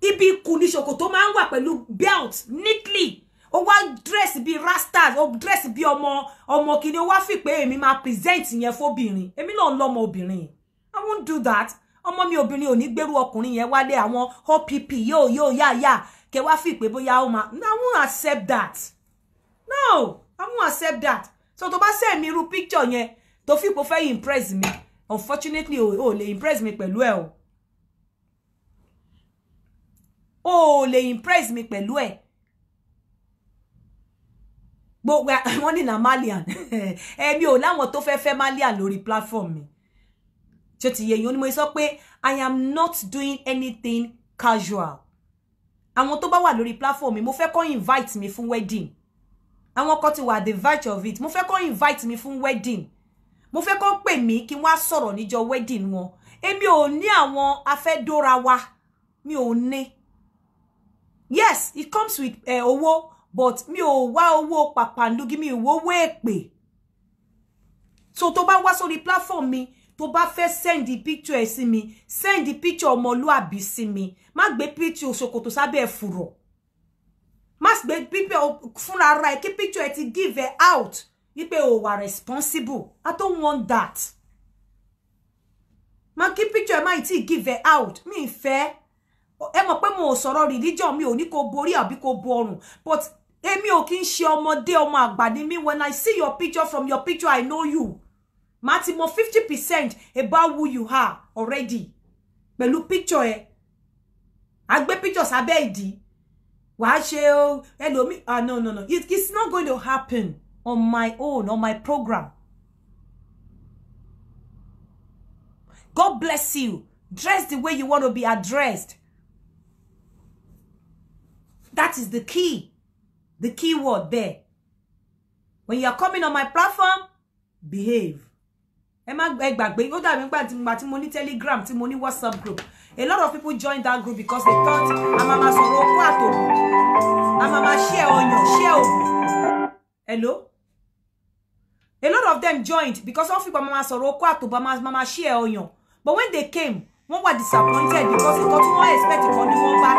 ibi ikùn Ibi ṣòkòtò máa ń wà pẹ̀lú belt neatly ó wá dress bíi rastas ó dress bíi omo? ọmọ kìíní ó wa fi pe èmi ma present yẹn fóbìnrin èmi náà ń lọ́mọ obìnrin I won't do that ọmọ mi obìnrin ò ní gbèrú ọkùnrin yẹn wálé àwọn OPP yóò Yo yá yá kẹ wá fi ìpè bóyá ó máa I won't accept that no I won't accept that so to bá send mi irú picture yẹn To fi ipò fẹ́ impress me. unfortunately o ò lè impress me pẹ̀lú ẹ o o ò lè impress mi pẹ̀lú ẹ gbogbo *laughs* wọn ní a malian *laughs* èmi ò láwọn tó fẹ́ fẹ́ malian lórí platform me tí ó ti yẹ yín ó ní mo sọ pé i am not doing anything casual àwọn tó bá wà lórí platform mi mo fẹ́ kó invite mi fún wedding àwọn kan ti wà the virtue of it mo fẹ́ kó invite mi fún wedding mo fẹ́ kó pè mí kí wọ́n á sọ̀rọ̀ níjọ́ wedding wọn èmi ò ní àwọn afẹ́dóra wa mi ò ní yes it comes with uh, owó but mi ò wá owó pàpàǹdùgí mi ò wówó èpè so tó bá wá sórí platform mi To ba fe send the picture ẹ̀ sí mi send the picture ọmọlúàbí sí mi má gbé picture ṣòkòtò sábẹ́ fùrọ̀ má gbé pípẹ́ fúnra ara ẹ̀ kí picture e ti give ẹ̀ out wípé o wà responsible I don't want that má kí picture ẹ̀ má ti give out mi ì E ẹ mọ̀ pé mo ò sọ̀rọ̀ religion mi ò ní kó borí àbí kó bo ọrùn but èmi ò kí ń ṣe ọmọdé ọmọ ni mi when I see your picture from your picture I know you màá ti mọ fifty percent about who you are already pẹ̀lú picture ẹ àgbé picture sábẹ́ ìdí wàá ṣe o ẹlòmí ah no no no it, it's not going to happen on my own on my program God bless you dress the way you want to be addressed that is the key the key word there when you are coming on my platform behave ẹ má gbàgbé ó dàbí nígbà tí mo ní telegram tí mo ní whatsapp group a lot of people joined that group because they thought amama sọ̀rọ̀ okú àtòkù amama share ọyàn share òògùn hello a lot of them joined because wọ́n fi pa mama sọ̀rọ̀ okú àtòkù mama share ọyàn but when they came wọ́n wà disappointed because nǹkan tí wọ́n expect kan ni wọ́n bá.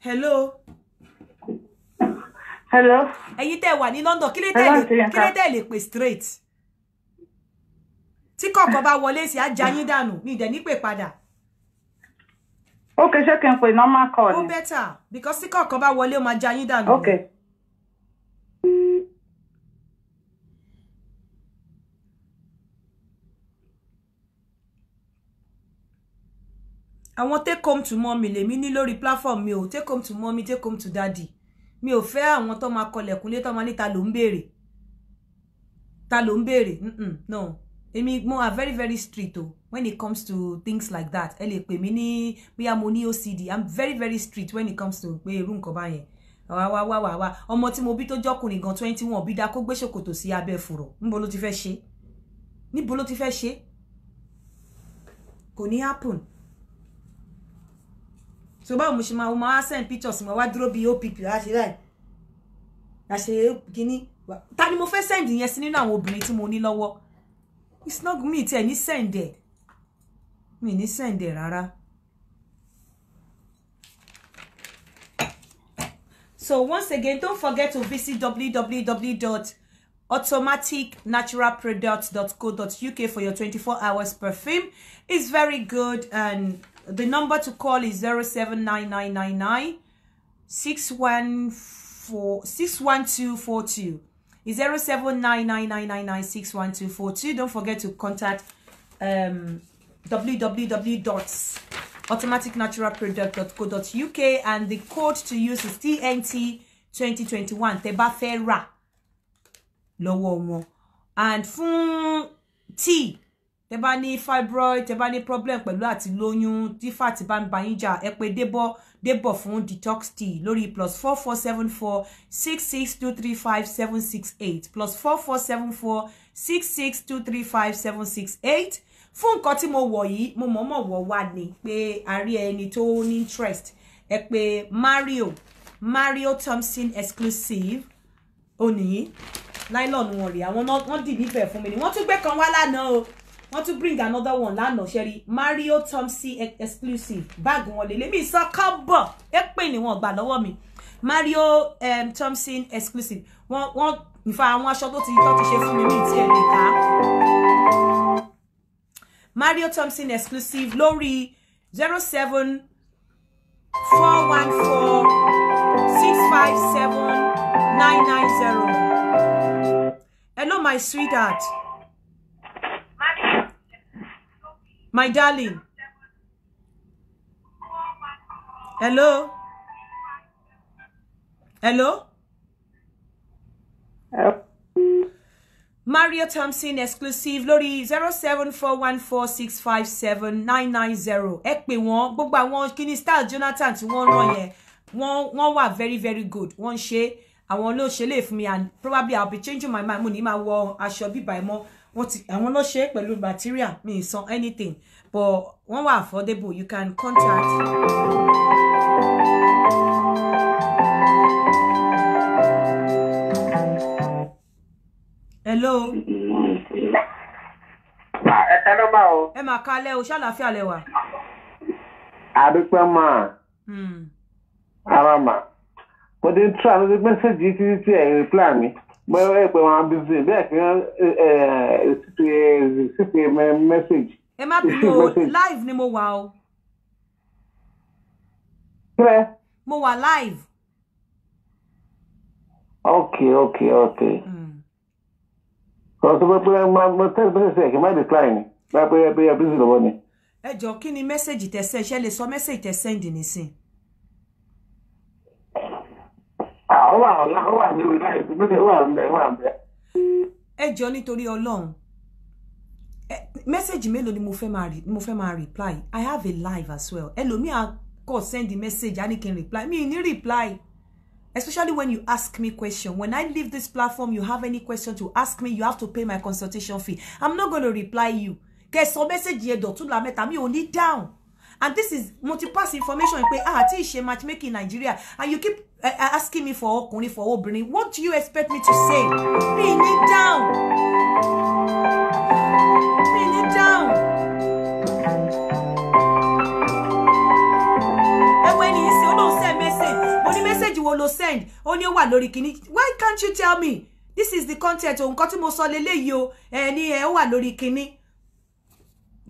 hello hello. ẹ̀yin tẹ́ wà ní London kí lè tẹ́ kí lè tẹ́ lè pè straight tí kọ̀ọ̀kan bá wọlé sí ajá yín dànù ní ìdẹ̀ nípè padà. ok ṣé kí n pè normal call. ó bẹ́tà because tí kọ̀ọ̀kan bá wọlé ó máa já yín dànù. ok. àwọn take home to mommy lèmi ní lórí platform mi ò take home to mommy take home to daddy mi ò fẹ́ àwọn tó máa kọlẹ̀kúnlé tó máa ní ta ló ń béèrè ta ló ń béèrè no èmi mo are very very strict o when it comes to things like that ẹ lè pè mí ní bóyá mo ní OCD i'm very very strict when it comes to pé irú nǹkan báyẹn wá wá wá wá wá ọmọ tí mo bí tó jọkùnrin gan twenty one bí dá kó gbé ṣòkòtò sí abẹ́ fùrọ̀ níbo ló ti fẹ́ ṣe níbo ló ti fẹ́ ṣe kò ní happen so báwo mo ṣe máa wo máa send pictures mo wá dúró bíi opp wá ṣe báyìí wá ṣe kínní ta ni mo fẹ́ send yẹn sí nínú àwọn obìnrin tí mo ní lọ́wọ́ it's not me tiẹ̀ ní send ẹ̀ mi ní send ẹ̀ rárá. So once again, don't forget to visit www.automaticnaturalproducts.co.uk for your 24 hours perfume. It's very good and The number to call is 079999 61242. Is 079999961242. Don't forget to contact um, www.automaticnaturalproduct.co.uk and the code to use is TNT2021 Tebafera, no more lọ́wọ́ and fún T. tẹ bá ní fibroid tẹ bá ní problem pẹ̀lú àti lóyún tífà tí bá ń ba yín jà ẹ pè débọ̀ débọ̀ fún detox tea lórí plus four four seven four six six two three five seven six eight plus four four seven four six six two three five seven six eight fún nǹkan mo wọ̀ mo mọ̀ọ́mọ̀ wọ̀ wá ni pé a rí ẹni tó interest ẹ pè Mario Mario Thompson exclusive òní nylon wọn rèé àwọn wọn dì níbẹ̀ fún mi ni wọ́n tún gbé kan wá lánàá o wọ́n tún bring another one lánàá ṣẹ́rí Mario Thompson exclusive báàgì wọn lè lémi sọ kọ́bọ̀ ẹ pè ní wọn gbà lọ́wọ́ mi Mario um, Thompson exclusive wọ́n wọ́n nfa àwọn aṣọ tó ti tó ti ṣe fún mi ní ti ẹ̀mí ká Mario Thompson exclusive lórí zero seven four one four six five seven nine nine zero hello my sweetheart. My darling. Hello. Hello. Hello. Mario Thompson exclusive lórí zero seven four one four six five seven nine nine zero ẹ pè wọ́n gbogbo àwọn kini star Jonathan tí wọ́n rán yẹn wọ́n wọ́n wà very very good wọ́n ṣe àwọn ló ṣe lè fún mi and probably I'll be changing my mind mo ní máa wọ aṣọ bíbá ẹ mọ́ wọ́n ti àwọn lọ ṣe pẹ̀lú material mi ì san anything but wọ́n wà affordable you can contact. hello. ẹ ká ló máa o. ẹ máa kalẹ̀ o ṣàlàáfíà lẹ wà. àdúpẹ́ máa. àwọn hmm. àmà mo ti ń tún àwọn mẹ́sẹ̀gì títí tí ẹ̀yin reply mi mo rẹ pé wọn busy bẹ́ẹ̀ kí wọn ṣíṣe message. ẹ má bínú o live ni mo wà o. kílẹ̀. mo wà live. ok ok ok. Hmm. ọ̀sán pé pé mo tẹ́lẹ̀ message ẹ̀ kí n má decline bá pé ẹ busy lọ́wọ́ ni. ẹ jọ kí ni mẹ́sẹ̀gì tẹ̀sẹ̀ ṣe lè sọ mẹ́sẹ̀gì tẹ̀sẹ̀ ǹdí nísìn. àwọn wà ọ̀la ó wà ní orí báyìí tó tẹ̀ ẹ jọ nítorí Ọlọ́run mẹ́sẹ̀gì mélòó ni mo fẹ́ máa mo fẹ́ máa reply i have a live as well ẹlòmíà kò send the message a ní can reply Me ní reply especially when you ask me question when i leave this platform you have any question to ask me you have to pay my consultation fee i'm not going to reply you kẹ́ sọ message yẹn dọ̀tún la mẹ́ta mi ò ní down and this is multi pass information pé ah ti ṣe matchmaking nigeria and you keep Eh, eh, asking me for ọkùnrin for obìnrin what do you expect me to say mi ní dáhùn mi ní dáhùn ẹwẹ́ ní ìsìn ó lóun send message mo ní message wo ló send ó ní ó wà lórí kínní why can't you tell me this is the content o nǹkan tí mo sọ leléyìí o ẹ ní ẹ ó wà lórí kínní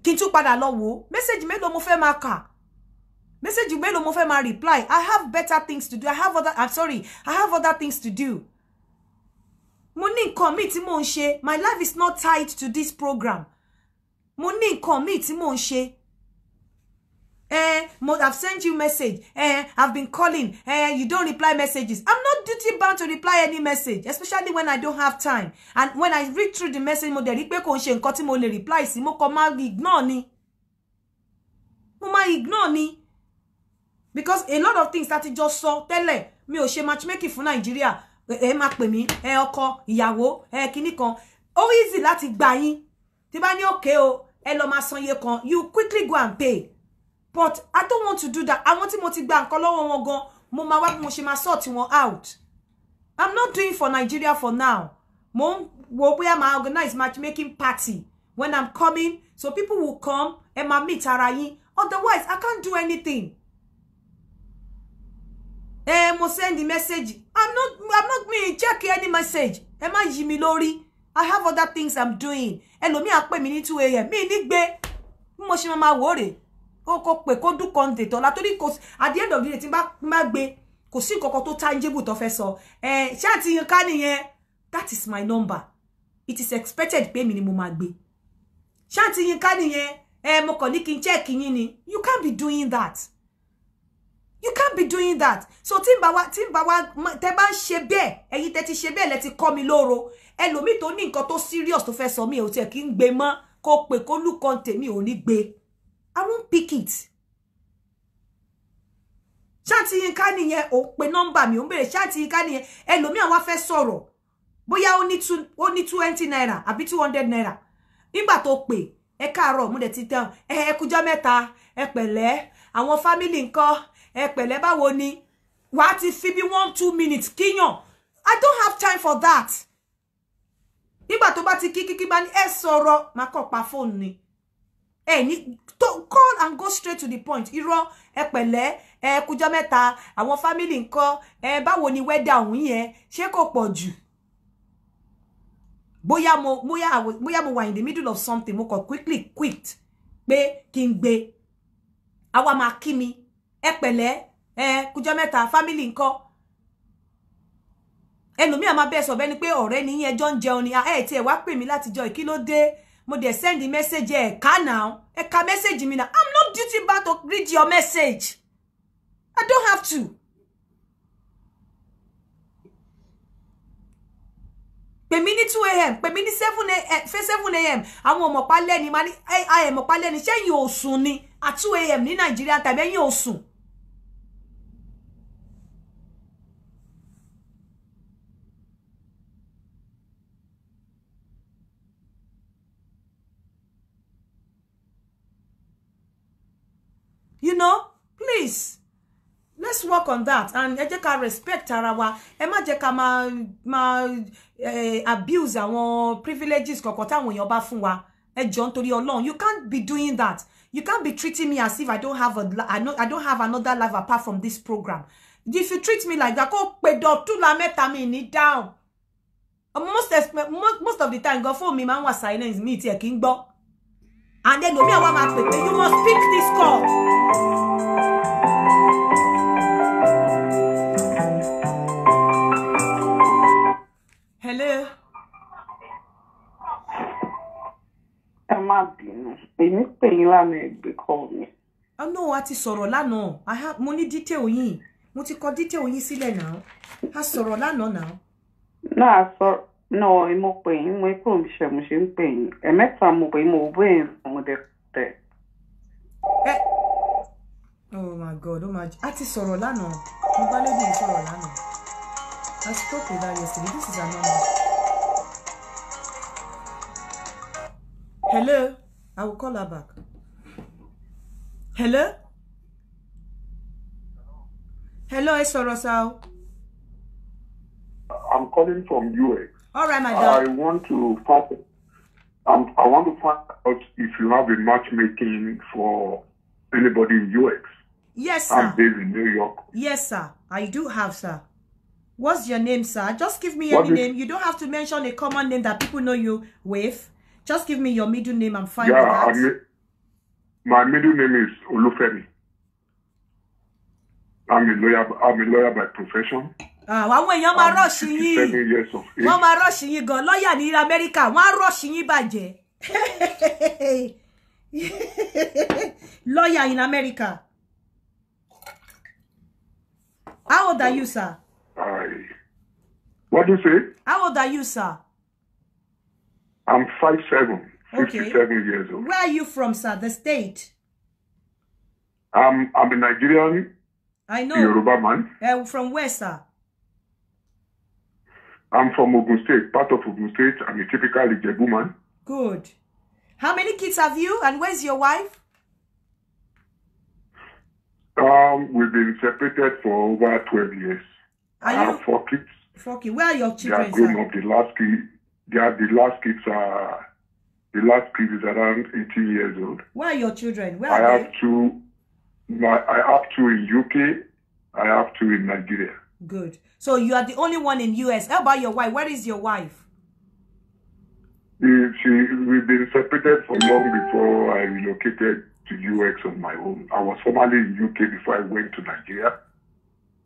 kí n tún padà lọ wò ó message mélòó mo fẹ́ máa kà message mélòó mo fẹ́ máa reply i have better things to do i have other i'm sorry i have other things to do mo ní nǹkan míì tí mò ń ṣe my life is not tied to this program mo ní nǹkan míì tí mò ń ṣe eh mo have sent you message eh i've been calling eh you don't reply messages i'm not duty bound to reply any message especially when i don't have time and when i read through the message mo dẹ̀ rí pé kò ń ṣe nǹkan tí mo lè reply sí mo kàn máa ignore ni mo máa ignore ni because a lot of things that ti just saw, tẹ́lẹ̀ me, ò ṣe matchmaking fún Nigeria? ẹ máa pè mí ẹ ọkọ ìyàwó ẹ kinní kan ó easy láti gbà yín tí bá ní òkè o ẹ lọ máa san kan you quickly go and pay but i don't want to do that I want mo ti gba nǹkan lọ́wọ́ wọn gan mo máa wá bí mo ṣe máa sort wọn out i'm not doing for Nigeria for now mo ń wo bóyá máa organize matchmaking party when i'm coming so people will come and máa meet ara yín otherwise i can't do anything eh mo send the message i'm not i'm not me check any message ẹ má yí mi lórí i have other things i'm doing ẹlòmí á pè mí ní 2 am mi ní gbé mo ṣe máa wò rè o ko pe ko du content ọ̀la torí ko at the end of the day tin bá ma gbé kò sí nǹkankan tó tangible tó fẹ́ sọ eh ṣá ti yan ká nìyẹn that is my number it is expected pé mi ni mo máa gbé ṣá ti yan ká nìyẹn eh mo kàn ní kí check yín ni you can't be doing that you can't be doing that so tí ba wa tí ba wa tẹ bá ń ṣe bẹ́ẹ̀ ẹ̀yin tẹ ti ṣe bẹ́ẹ̀ lẹ ti kọ́ mi lóro ẹlòmíì tó ní nǹkan tó serious tó fẹ́ sọ mí ò tiẹ̀ kí n gbé mọ́ kó pè kó lùkọ́ tèmi ò ní gbé i won't pick it ṣáàtì yín ká nìyẹn ò ń pe nọ́mbà mi ò ń béèrè ṣáàtì yín ká nìyẹn ẹlòmíì àwọn fẹ́ sọ̀rọ̀ bóyá ó tu two ó ní twenty naira àbí two hundred naira nígbà tó pè ẹ káàárọ̀ mo dẹ̀ ti tẹ̀ ẹ ẹ kújọ́ mẹ́ta ẹ pẹ̀lẹ́ àwọn fámìlì ńkọ́ ẹ pẹ̀lẹ́ báwo ni wàá ti fi bí one two minutes kíyàn i don't have time for that nígbà tó bá ti kí kíkí bá ní ẹ sọ̀rọ̀ máa kọ̀ pa fóònù ni ẹ ní to call and go straight to the point irọ́ ẹ pẹ̀lẹ́ ẹ kújọ́ mẹ́ta àwọn fámìlì ńkọ́ ẹ báwo ni wẹ́dà òun yẹn ṣé kò pọ̀ jù bóyá mo bóyá bóyá mo wà in the middle of something mo kàn quickly quit pé kí n gbé àwa máa kí mi ẹ pẹ̀lẹ́ ẹ kújọ mẹ́ta fámìlì ńkọ́ ẹlòmíà máa bẹ́ẹ̀ sọ̀bẹ́ ni pé ni yín ẹjọ́ ń jẹun ni ẹ tiẹ̀ wá pè mí látijọ́ kí ló dé mo dẹ̀ send message ẹ ká now ẹ ka mi na i'm not duty bound to read your message i don't have to. pèmí ní a.m. pèmí ní a.m. fẹ́ seven eh, a.m. àwọn ní ni at two a.m. ní nàìjíríà tàbí ẹ̀yìn let's work on that and ẹ jẹ́ ká respect ara wa ẹ má jẹ́ ká máa máa abuse àwọn privileges kọ̀ọ̀kan táwọn èèyàn bá fún wa ẹ jọ nítorí ọlọ́run you can't be doing that you can't be treating me as if I don't have a I, no, I don't have another life apart from this program if you treat me like that kó pe dọ̀túnla mẹ́ta mi ní down most, most of the time gan fóònù mi máa ń wà silence mi tiẹ̀ kí n gbọ́ and then omi àwa máa pè you must pick this call. Hello. Ẹ má bínú, èmi pè yín lánàá ẹgbẹ́ kọ́ mi. Ọ̀nà wa ti sọ̀rọ̀ lánàá, mo ní detail yín, mo ti kọ detail yín sílẹ̀ náà, a sọ̀rọ̀ lánàá náà. Náà sọ náà mo pè yín, mo kúrò mi ṣe mo ṣe ń pè yín, ẹ̀mẹ́ta mo pè yín, mo bó èèyàn sùn mo tẹ̀. Ẹ Oh my God, ó máa a ti sọ̀rọ̀ lánàá, mo bá lóde ìsọ̀rọ̀ lánàá. I spoke with her Hello? I will call her back. Hello? Hello, ẹ sọ̀rọ̀ sá o. I'm calling from UX. All right, my dad. I want to find, um, I want to find out if you have a matchmaking for anybody in UX. Yes, sir. I'm based in New York. Yes, sir. I do have, sir. What's your name, sir? Just give me what any name. You don't have to mention a common name that people know you with. Just give me your middle name. I'm fine yeah, with that. I'm, my middle name is Olufemi. I'm a lawyer. I'm a lawyer by profession. Ah, àwọn èèyàn máa rọ́ọ̀ṣì yín wọ́n máa rọ́ọ̀ṣì yín gan lọ́ọ̀yà ní Amẹ́ríkà wọ́n á rọ́ọ̀ṣì yín bàjẹ́ Lawyer *laughs* in America. How old are you, sir? I. What do you say? How old are you, sir? I'm five seven, fifty-seven okay. years old. Where are you from, sir? The state? I'm I'm a Nigerian. I know. Yoruba man. Uh, from where, sir? I'm from Ogun State, part of Ogun State. I'm a typical Ijebu man. Good. How many kids have you, and where's your wife? Um, we've been separated for over 12 years. Are I have four kids. Four kids. Where are your children? They are grown up. The last kid, they are the last kids are the last kid is around 18 years old. Where are your children? Where are I they? have two. My, I have two in UK. I have two in Nigeria. Good. So you are the only one in US. How about your wife? Where is your wife? She, we've been separated for long before I relocated to US on my own. I was formerly in UK before I went to Nigeria.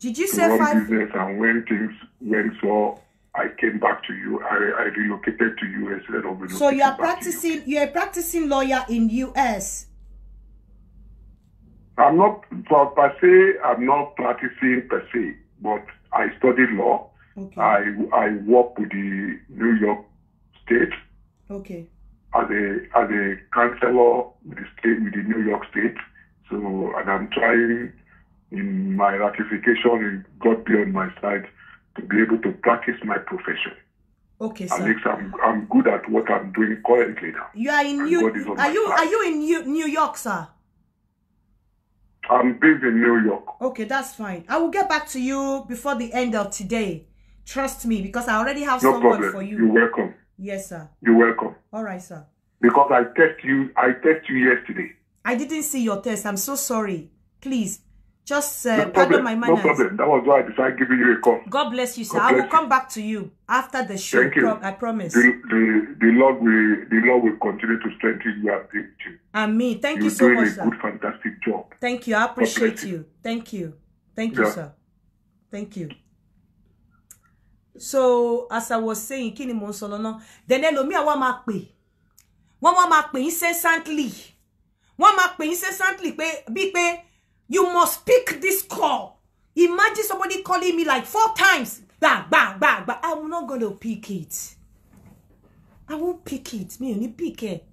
Did you say five? business and when things went so, I came back to you. I, I relocated to US. instead of. So you are practicing. You. are a practicing lawyer in US. I'm not for per se. I'm not practicing per se, but I studied law. Okay. I I work with the New York State. Okay. As a as a counselor with the state with the New York State. So and I'm trying in my ratification, God be on my side to be able to practice my profession. Okay, sir. Alex, I'm, I'm good at what I'm doing currently now. You are in New Are you side. are you in New, New York, sir? I'm based in New York. Okay, that's fine. I will get back to you before the end of today. Trust me, because I already have no someone problem. for you. You're welcome. Yes, sir. You're welcome. All right, sir. Because I text you, I text you yesterday. I didn't see your test. I'm so sorry. Please Just uh, no pardon my manners. No problem. That was why I decided giving you a call. God bless you, sir. Bless I will you. come back to you after the show. Thank you. Pro I promise. The, the, the Lord will the Lord will continue to strengthen you and be And me. Thank You're you so doing much, a sir. Good, fantastic job. Thank you. I appreciate you. you. Thank you. Thank yeah. you, sir. Thank you. So as I was saying, kini monsolono. mò ń awa lọ́nà. Then ẹlòmíì wá máa pè. Wọ́n wá máa pe. incessantly. Wọ́n pe. pè incessantly pé bíi pé. You must pick this call. Imagine somebody calling me like four times. Bang, bang, bang, bang. I'm not going to pick it. I won't pick it. Me only pick it.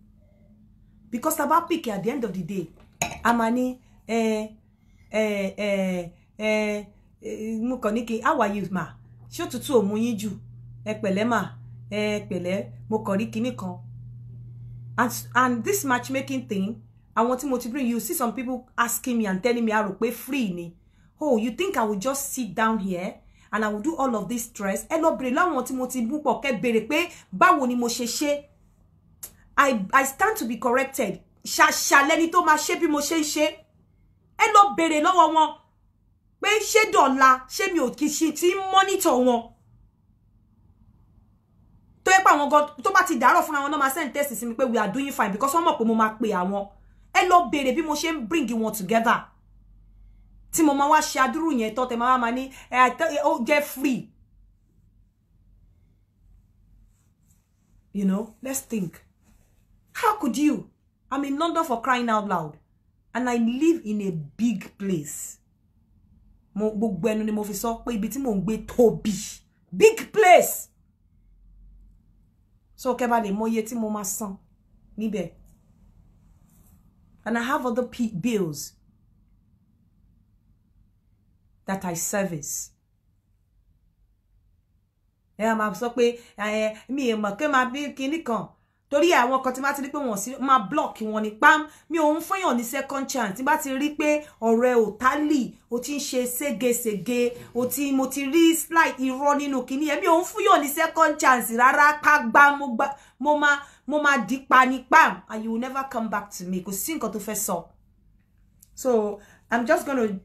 Because about pick it at the end of the day. Amani, eh, eh, eh, eh, mo kàn ní how are you ma ṣé òtútù ò mú yín ma, ẹ pẹ̀lẹ́ mà and and this matchmaking thing àwọn tí mo ti bring you see some people asking me and telling me I rò pé free ni oh you think i will just sit down here and i will do all of this stress ẹ lọ bèrè láwọn tí mo ti bú pọ̀ kẹ́ bèrè pé báwo ni mo ṣe ṣe i i stand to be corrected ṣàṣàlẹ́ni tó máa ṣe bí mo ṣe ń ṣe ẹ lọ bèrè lọ́wọ́ wọn pé ṣé dọ̀la ṣé mi ò kì í ti ń mọ́nítọ̀ wọn tó yẹ pé àwọn gan tó bá ti dàárọ̀ fúnra wọn náà máa send test sí mi pé we are doing fine because wọ́n mọ̀ pé mo máa pe àwọn ẹ lọ béèrè bí mo ṣe ń bring wọn together tí mo máa wá ṣe adúrú yẹn tó tẹ máa máa ní ẹ ó jẹ free you know let's think how could you i'm in london for crying out loud and i live in a big place mo gbogbo ẹnu ni mo fi sọ pé ibi tí mò ń gbé tóbi big place so ke ba le mo iye tí mo máa san níbẹ̀ And I have other bills that I service. Ẹ máa sọ pé mi ò mọ̀ pé máa bí kinní kan torí àwọn kan tí máa ti rí pé wọ́n sì máa block wọn ní pam mi ò ń fẹ́yàn ní second chance tí bá ti rí pé ọ̀rẹ́ ò tálì o ti ń ṣe ségesège o ti mo ti rí slide irọ́ nínú kinní yẹn mi ò ń fúyàn ní second chance Rara ká gbá mo máa mo máa di pa and you will never come back to me kò sí nǹkan to fẹ́ sọ so i'm just gonna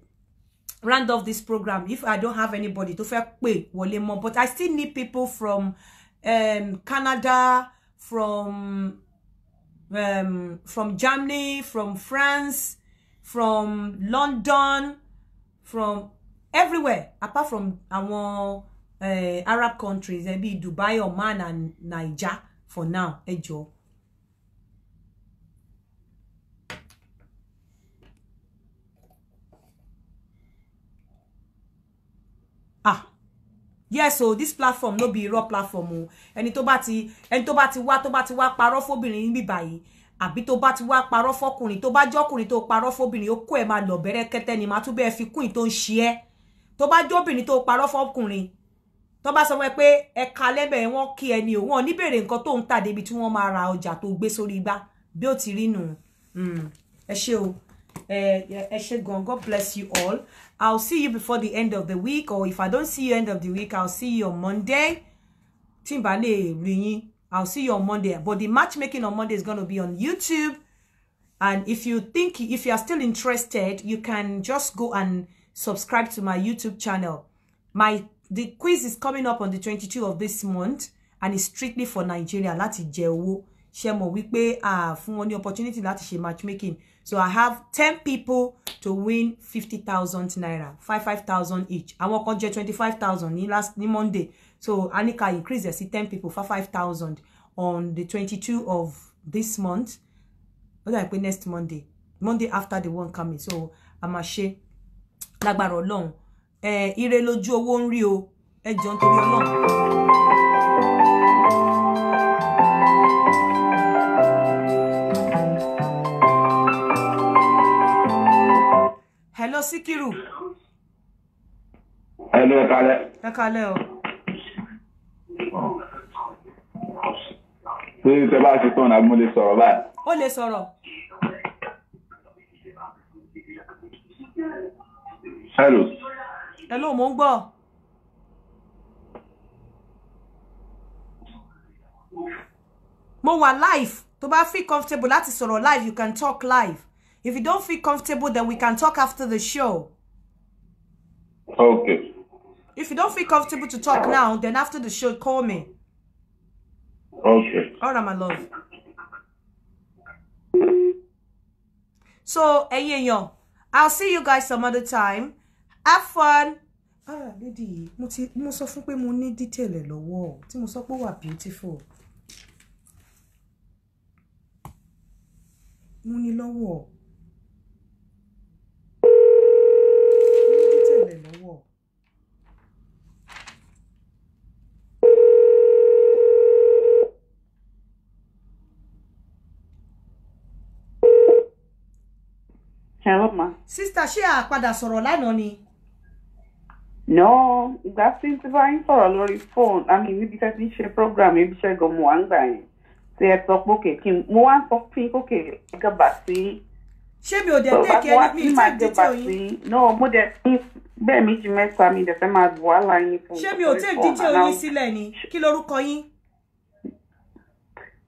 round off this program if i don't have anybody to fẹ́ pè wọlé mọ́ but i still need people from um, canada from um, from germany from france from london from everywhere apart from our uh, eh, arab countries maybe eh, dubai oman and naija for now ẹ jọ̀ọ́. ah yes o so this platform no be raw platform o ẹni tó bá ti ẹni tó bá ti wá tó bá ti wá parọ́ fóbìnrin níbí báyìí àbí tó bá ti wá parọ́ fọkùnrin tó bá jọ́kùnrin tó parọ́ fóbìnrin ó kó ẹ̀ máa lọ bẹ̀rẹ̀ kẹtẹ́ ni màá tún bẹ́ẹ̀ fi kún ì ń ṣe ẹ́ tó bá jọ́bìnrin tó parọ́ fọkùnrin tó bá sọ fún ẹ pé ẹka lẹ́bẹ̀ wọ́n kí ẹni o wọn ò ní bèrè nǹkan tó ń tà débi tí wọ́n ra ọjà tó gbé sórí igbá bí ó ti rí nù hmm, ẹ ṣé o ẹ ṣé God bless you all I'll see you before the end of the week or if I don't see you end of the week I'll see you on Monday tí n bá lè I'll see you on Monday but the matchmaking on Monday is gonna be on YouTube and if you think if you are still interested you can just go and subscribe to my YouTube channel my the quiz is coming up on the twenty-two of this month and it's strictly for Nigeria láti jẹ owó ṣe mọ̀ wípé a fún wọn ní opportunity láti ṣe matchmaking so I have ten people to win fifty thousand naira five five thousand each àwọn kan jẹ twenty five thousand ní last ní Monday so anika increase ẹ sí ten people for five thousand on the twenty-two of this month ó dàbí pé next Monday Monday after the one coming so a máa ṣe lágbára Ọlọ́run ẹ ire lójú owó ń rí o ẹ jọ nítorí Ọlọ́run. hello Sikiru. hello ẹ kalẹ̀. ẹ kalẹ̀ o. ṣé ìṣe bá ṣe tán àbí mo lè sọ̀rọ̀ báyìí. ó lè sọ̀rọ̀. hello hello mò ń gbọ́. mo wà live tó bá feel comfortable láti sọ̀rọ̀ live you can talk live if you don't feel comfortable then we can talk after the show. okay. if you don't feel comfortable to talk now then after the show call me. okay. all right my love. so ẹ̀yin èèyàn I'll see you guys some other time. Have fun, ah, lady. mo ti mo sọ fún pé mo ní detail ẹ lọ́wọ́ tí mo sọ pé ó beautiful. mo ní lọ́wọ́ Hello, ma. Sister, ṣé a padà sọ̀rọ̀ lánàá ni? no ìgbà tí tí bá ń sọ̀rọ̀ lórí fóònù àmì níbi tẹ́ ti ń ṣe program Maybe iṣẹ́ go mo wà ń gbà yẹn tí ẹ sọ pé òkè kí mo wá ń sọ pé òkè gàbà sí. ṣé mi ò dẹ̀ tẹ́kẹ̀ ẹni mi ìtẹ́ ìdíje oyin. no mo dẹ̀ ní bẹ́ẹ̀ méjì mẹ́ta mi dẹ̀ fẹ́ máa wàhálà yín fún. ṣé mi ò tẹ́ ìdíje oyin sílẹ̀ ni kí lorúkọ yín.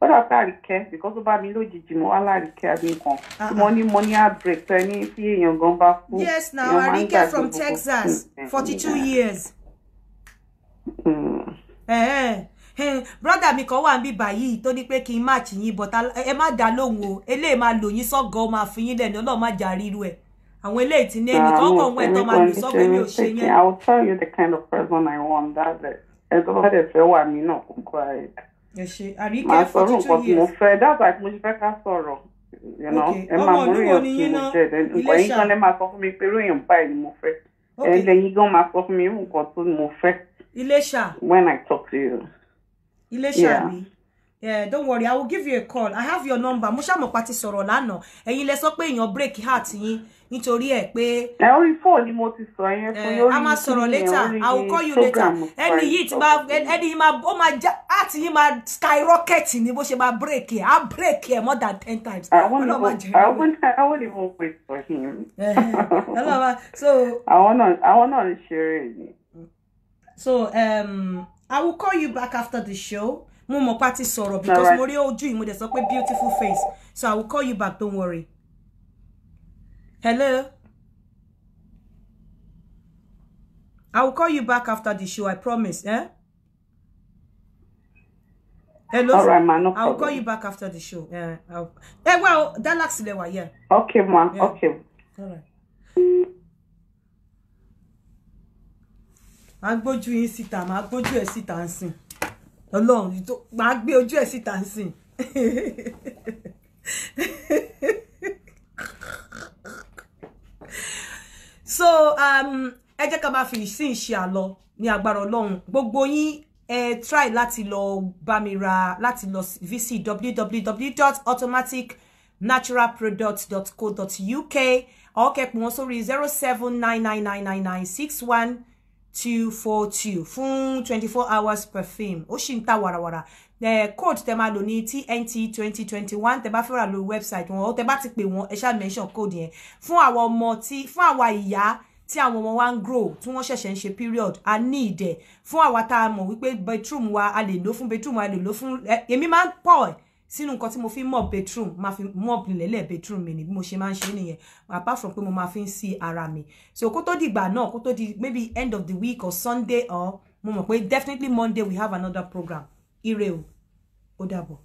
ó dà pé àríkẹ́ because ó bá mi lójijì mo wá láríkẹ́ abínkan tí mo ní mo ní outbreak ẹni tí èèyàn gan bá kú. yes na àríkẹ́ from Texas hmm, hmm, hmm. forty two years. Eh, eh, eh, brọ́dà mi kan wà níbí yìí tó ní pé kí n má yín ẹ má dá lóhùn o eléyìí máa lò yín sọ́gọ̀ọ́ máa fi yín lẹ́nu ọlọ́run má jà ríru ẹ̀ àwọn eléyìí ti ní ẹnì tó I màá sọ̀rọ̀ nǹkan tí mo fẹ́ dábàá tí mo ṣe fẹ́ ká sọ̀rọ̀ ẹ máa mú ríyàn tí mo jẹ nǹkan yín gan lè máa sọ fún mi pé ríyàn báyìí ni mo fẹ́ ẹ lẹ́yìn gan máa sọ fún mi nǹkan tí mo fẹ́. Ilesha. When I talk to you. Ilesha yeah. mi. Yeah, don't worry, I will give you a call. I have your number. Mo ṣàmọ̀pá ti sọ̀rọ̀ lánàá. Ẹ̀yin lẹ sọ pé èèyàn break heart yín nítorí ẹ̀ pé. ẹ orí fóònù ni mo ti sọ yẹn fún yóò rí kí ni ẹ orí program. a máa sọ̀rọ̀ later I will call you later ẹni yìí ti máa ẹni yìí máa ó máa já àti yìí máa skyrocket ni bó ṣe máa break ẹ á break ẹ more than ten times. àwọn ìwọ̀n wait for him. àwọn náà ń ṣeré yìí. So um, I will call you back after the show. Mo mọ̀ pa ti sọ̀rọ̀ because mo rí ojú yìí mo sọ pé beautiful face. So I will call you back, don't worry. Hello? I will call you back after the show, I promise. Eh? Hello? All right, ma. No I will call you back after the show. Yeah, I'll... Eh, well, that lacks lewa, yeah. Okay, ma. Yeah. Okay. All right. Màá gbójú yín síta, màá gbójú ẹ̀ síta ń Alone, you don't. I'll gbé ojú you síta ń sìn. *laughs* so um, ẹ jẹ́ ká máa fi sí ìṣe àlọ ní agbára ọlọ́run gbogbo yín ẹ try láti lọ bá mi ra láti lọ visit www.automaticnaturalproducts.co.uk ọ̀kẹ́pọ̀ wọn sórí zero seven nine nine nine nine nine six one two four two fún twenty four hours perfume ó sì ń ta wàràwàrà eh, code tẹ máa lò ní tnt twenty twenty one tẹ bá fẹ́ lórí website wọn ó tẹ bá ti pè wọn ẹ ṣáà mention code yẹn fún àwọn ọmọ tí fún àwa ìyá tí àwọn ọmọ wa ń grow tí wọ́n ṣẹ̀ṣẹ̀ ń ṣe period a ní ìdẹ̀ fún àwa tá a mọ̀ wípé bedroom wa a lè lò fún bedroom wa a lè lò fún èmi máa ń pọ̀ ẹ̀ sínú nǹkan tí mo fi mop bedroom máa fi mop nílẹ̀lẹ̀ bedroom mi ni bí mo ṣe máa ń ṣe nìyẹn apart from pé mo máa fi ń sí ara mi so kó tó di ìgbà náà kó tó di maybe end of the week or sunday or mo mọ̀ pé definitely monday we have another program ire o. Double.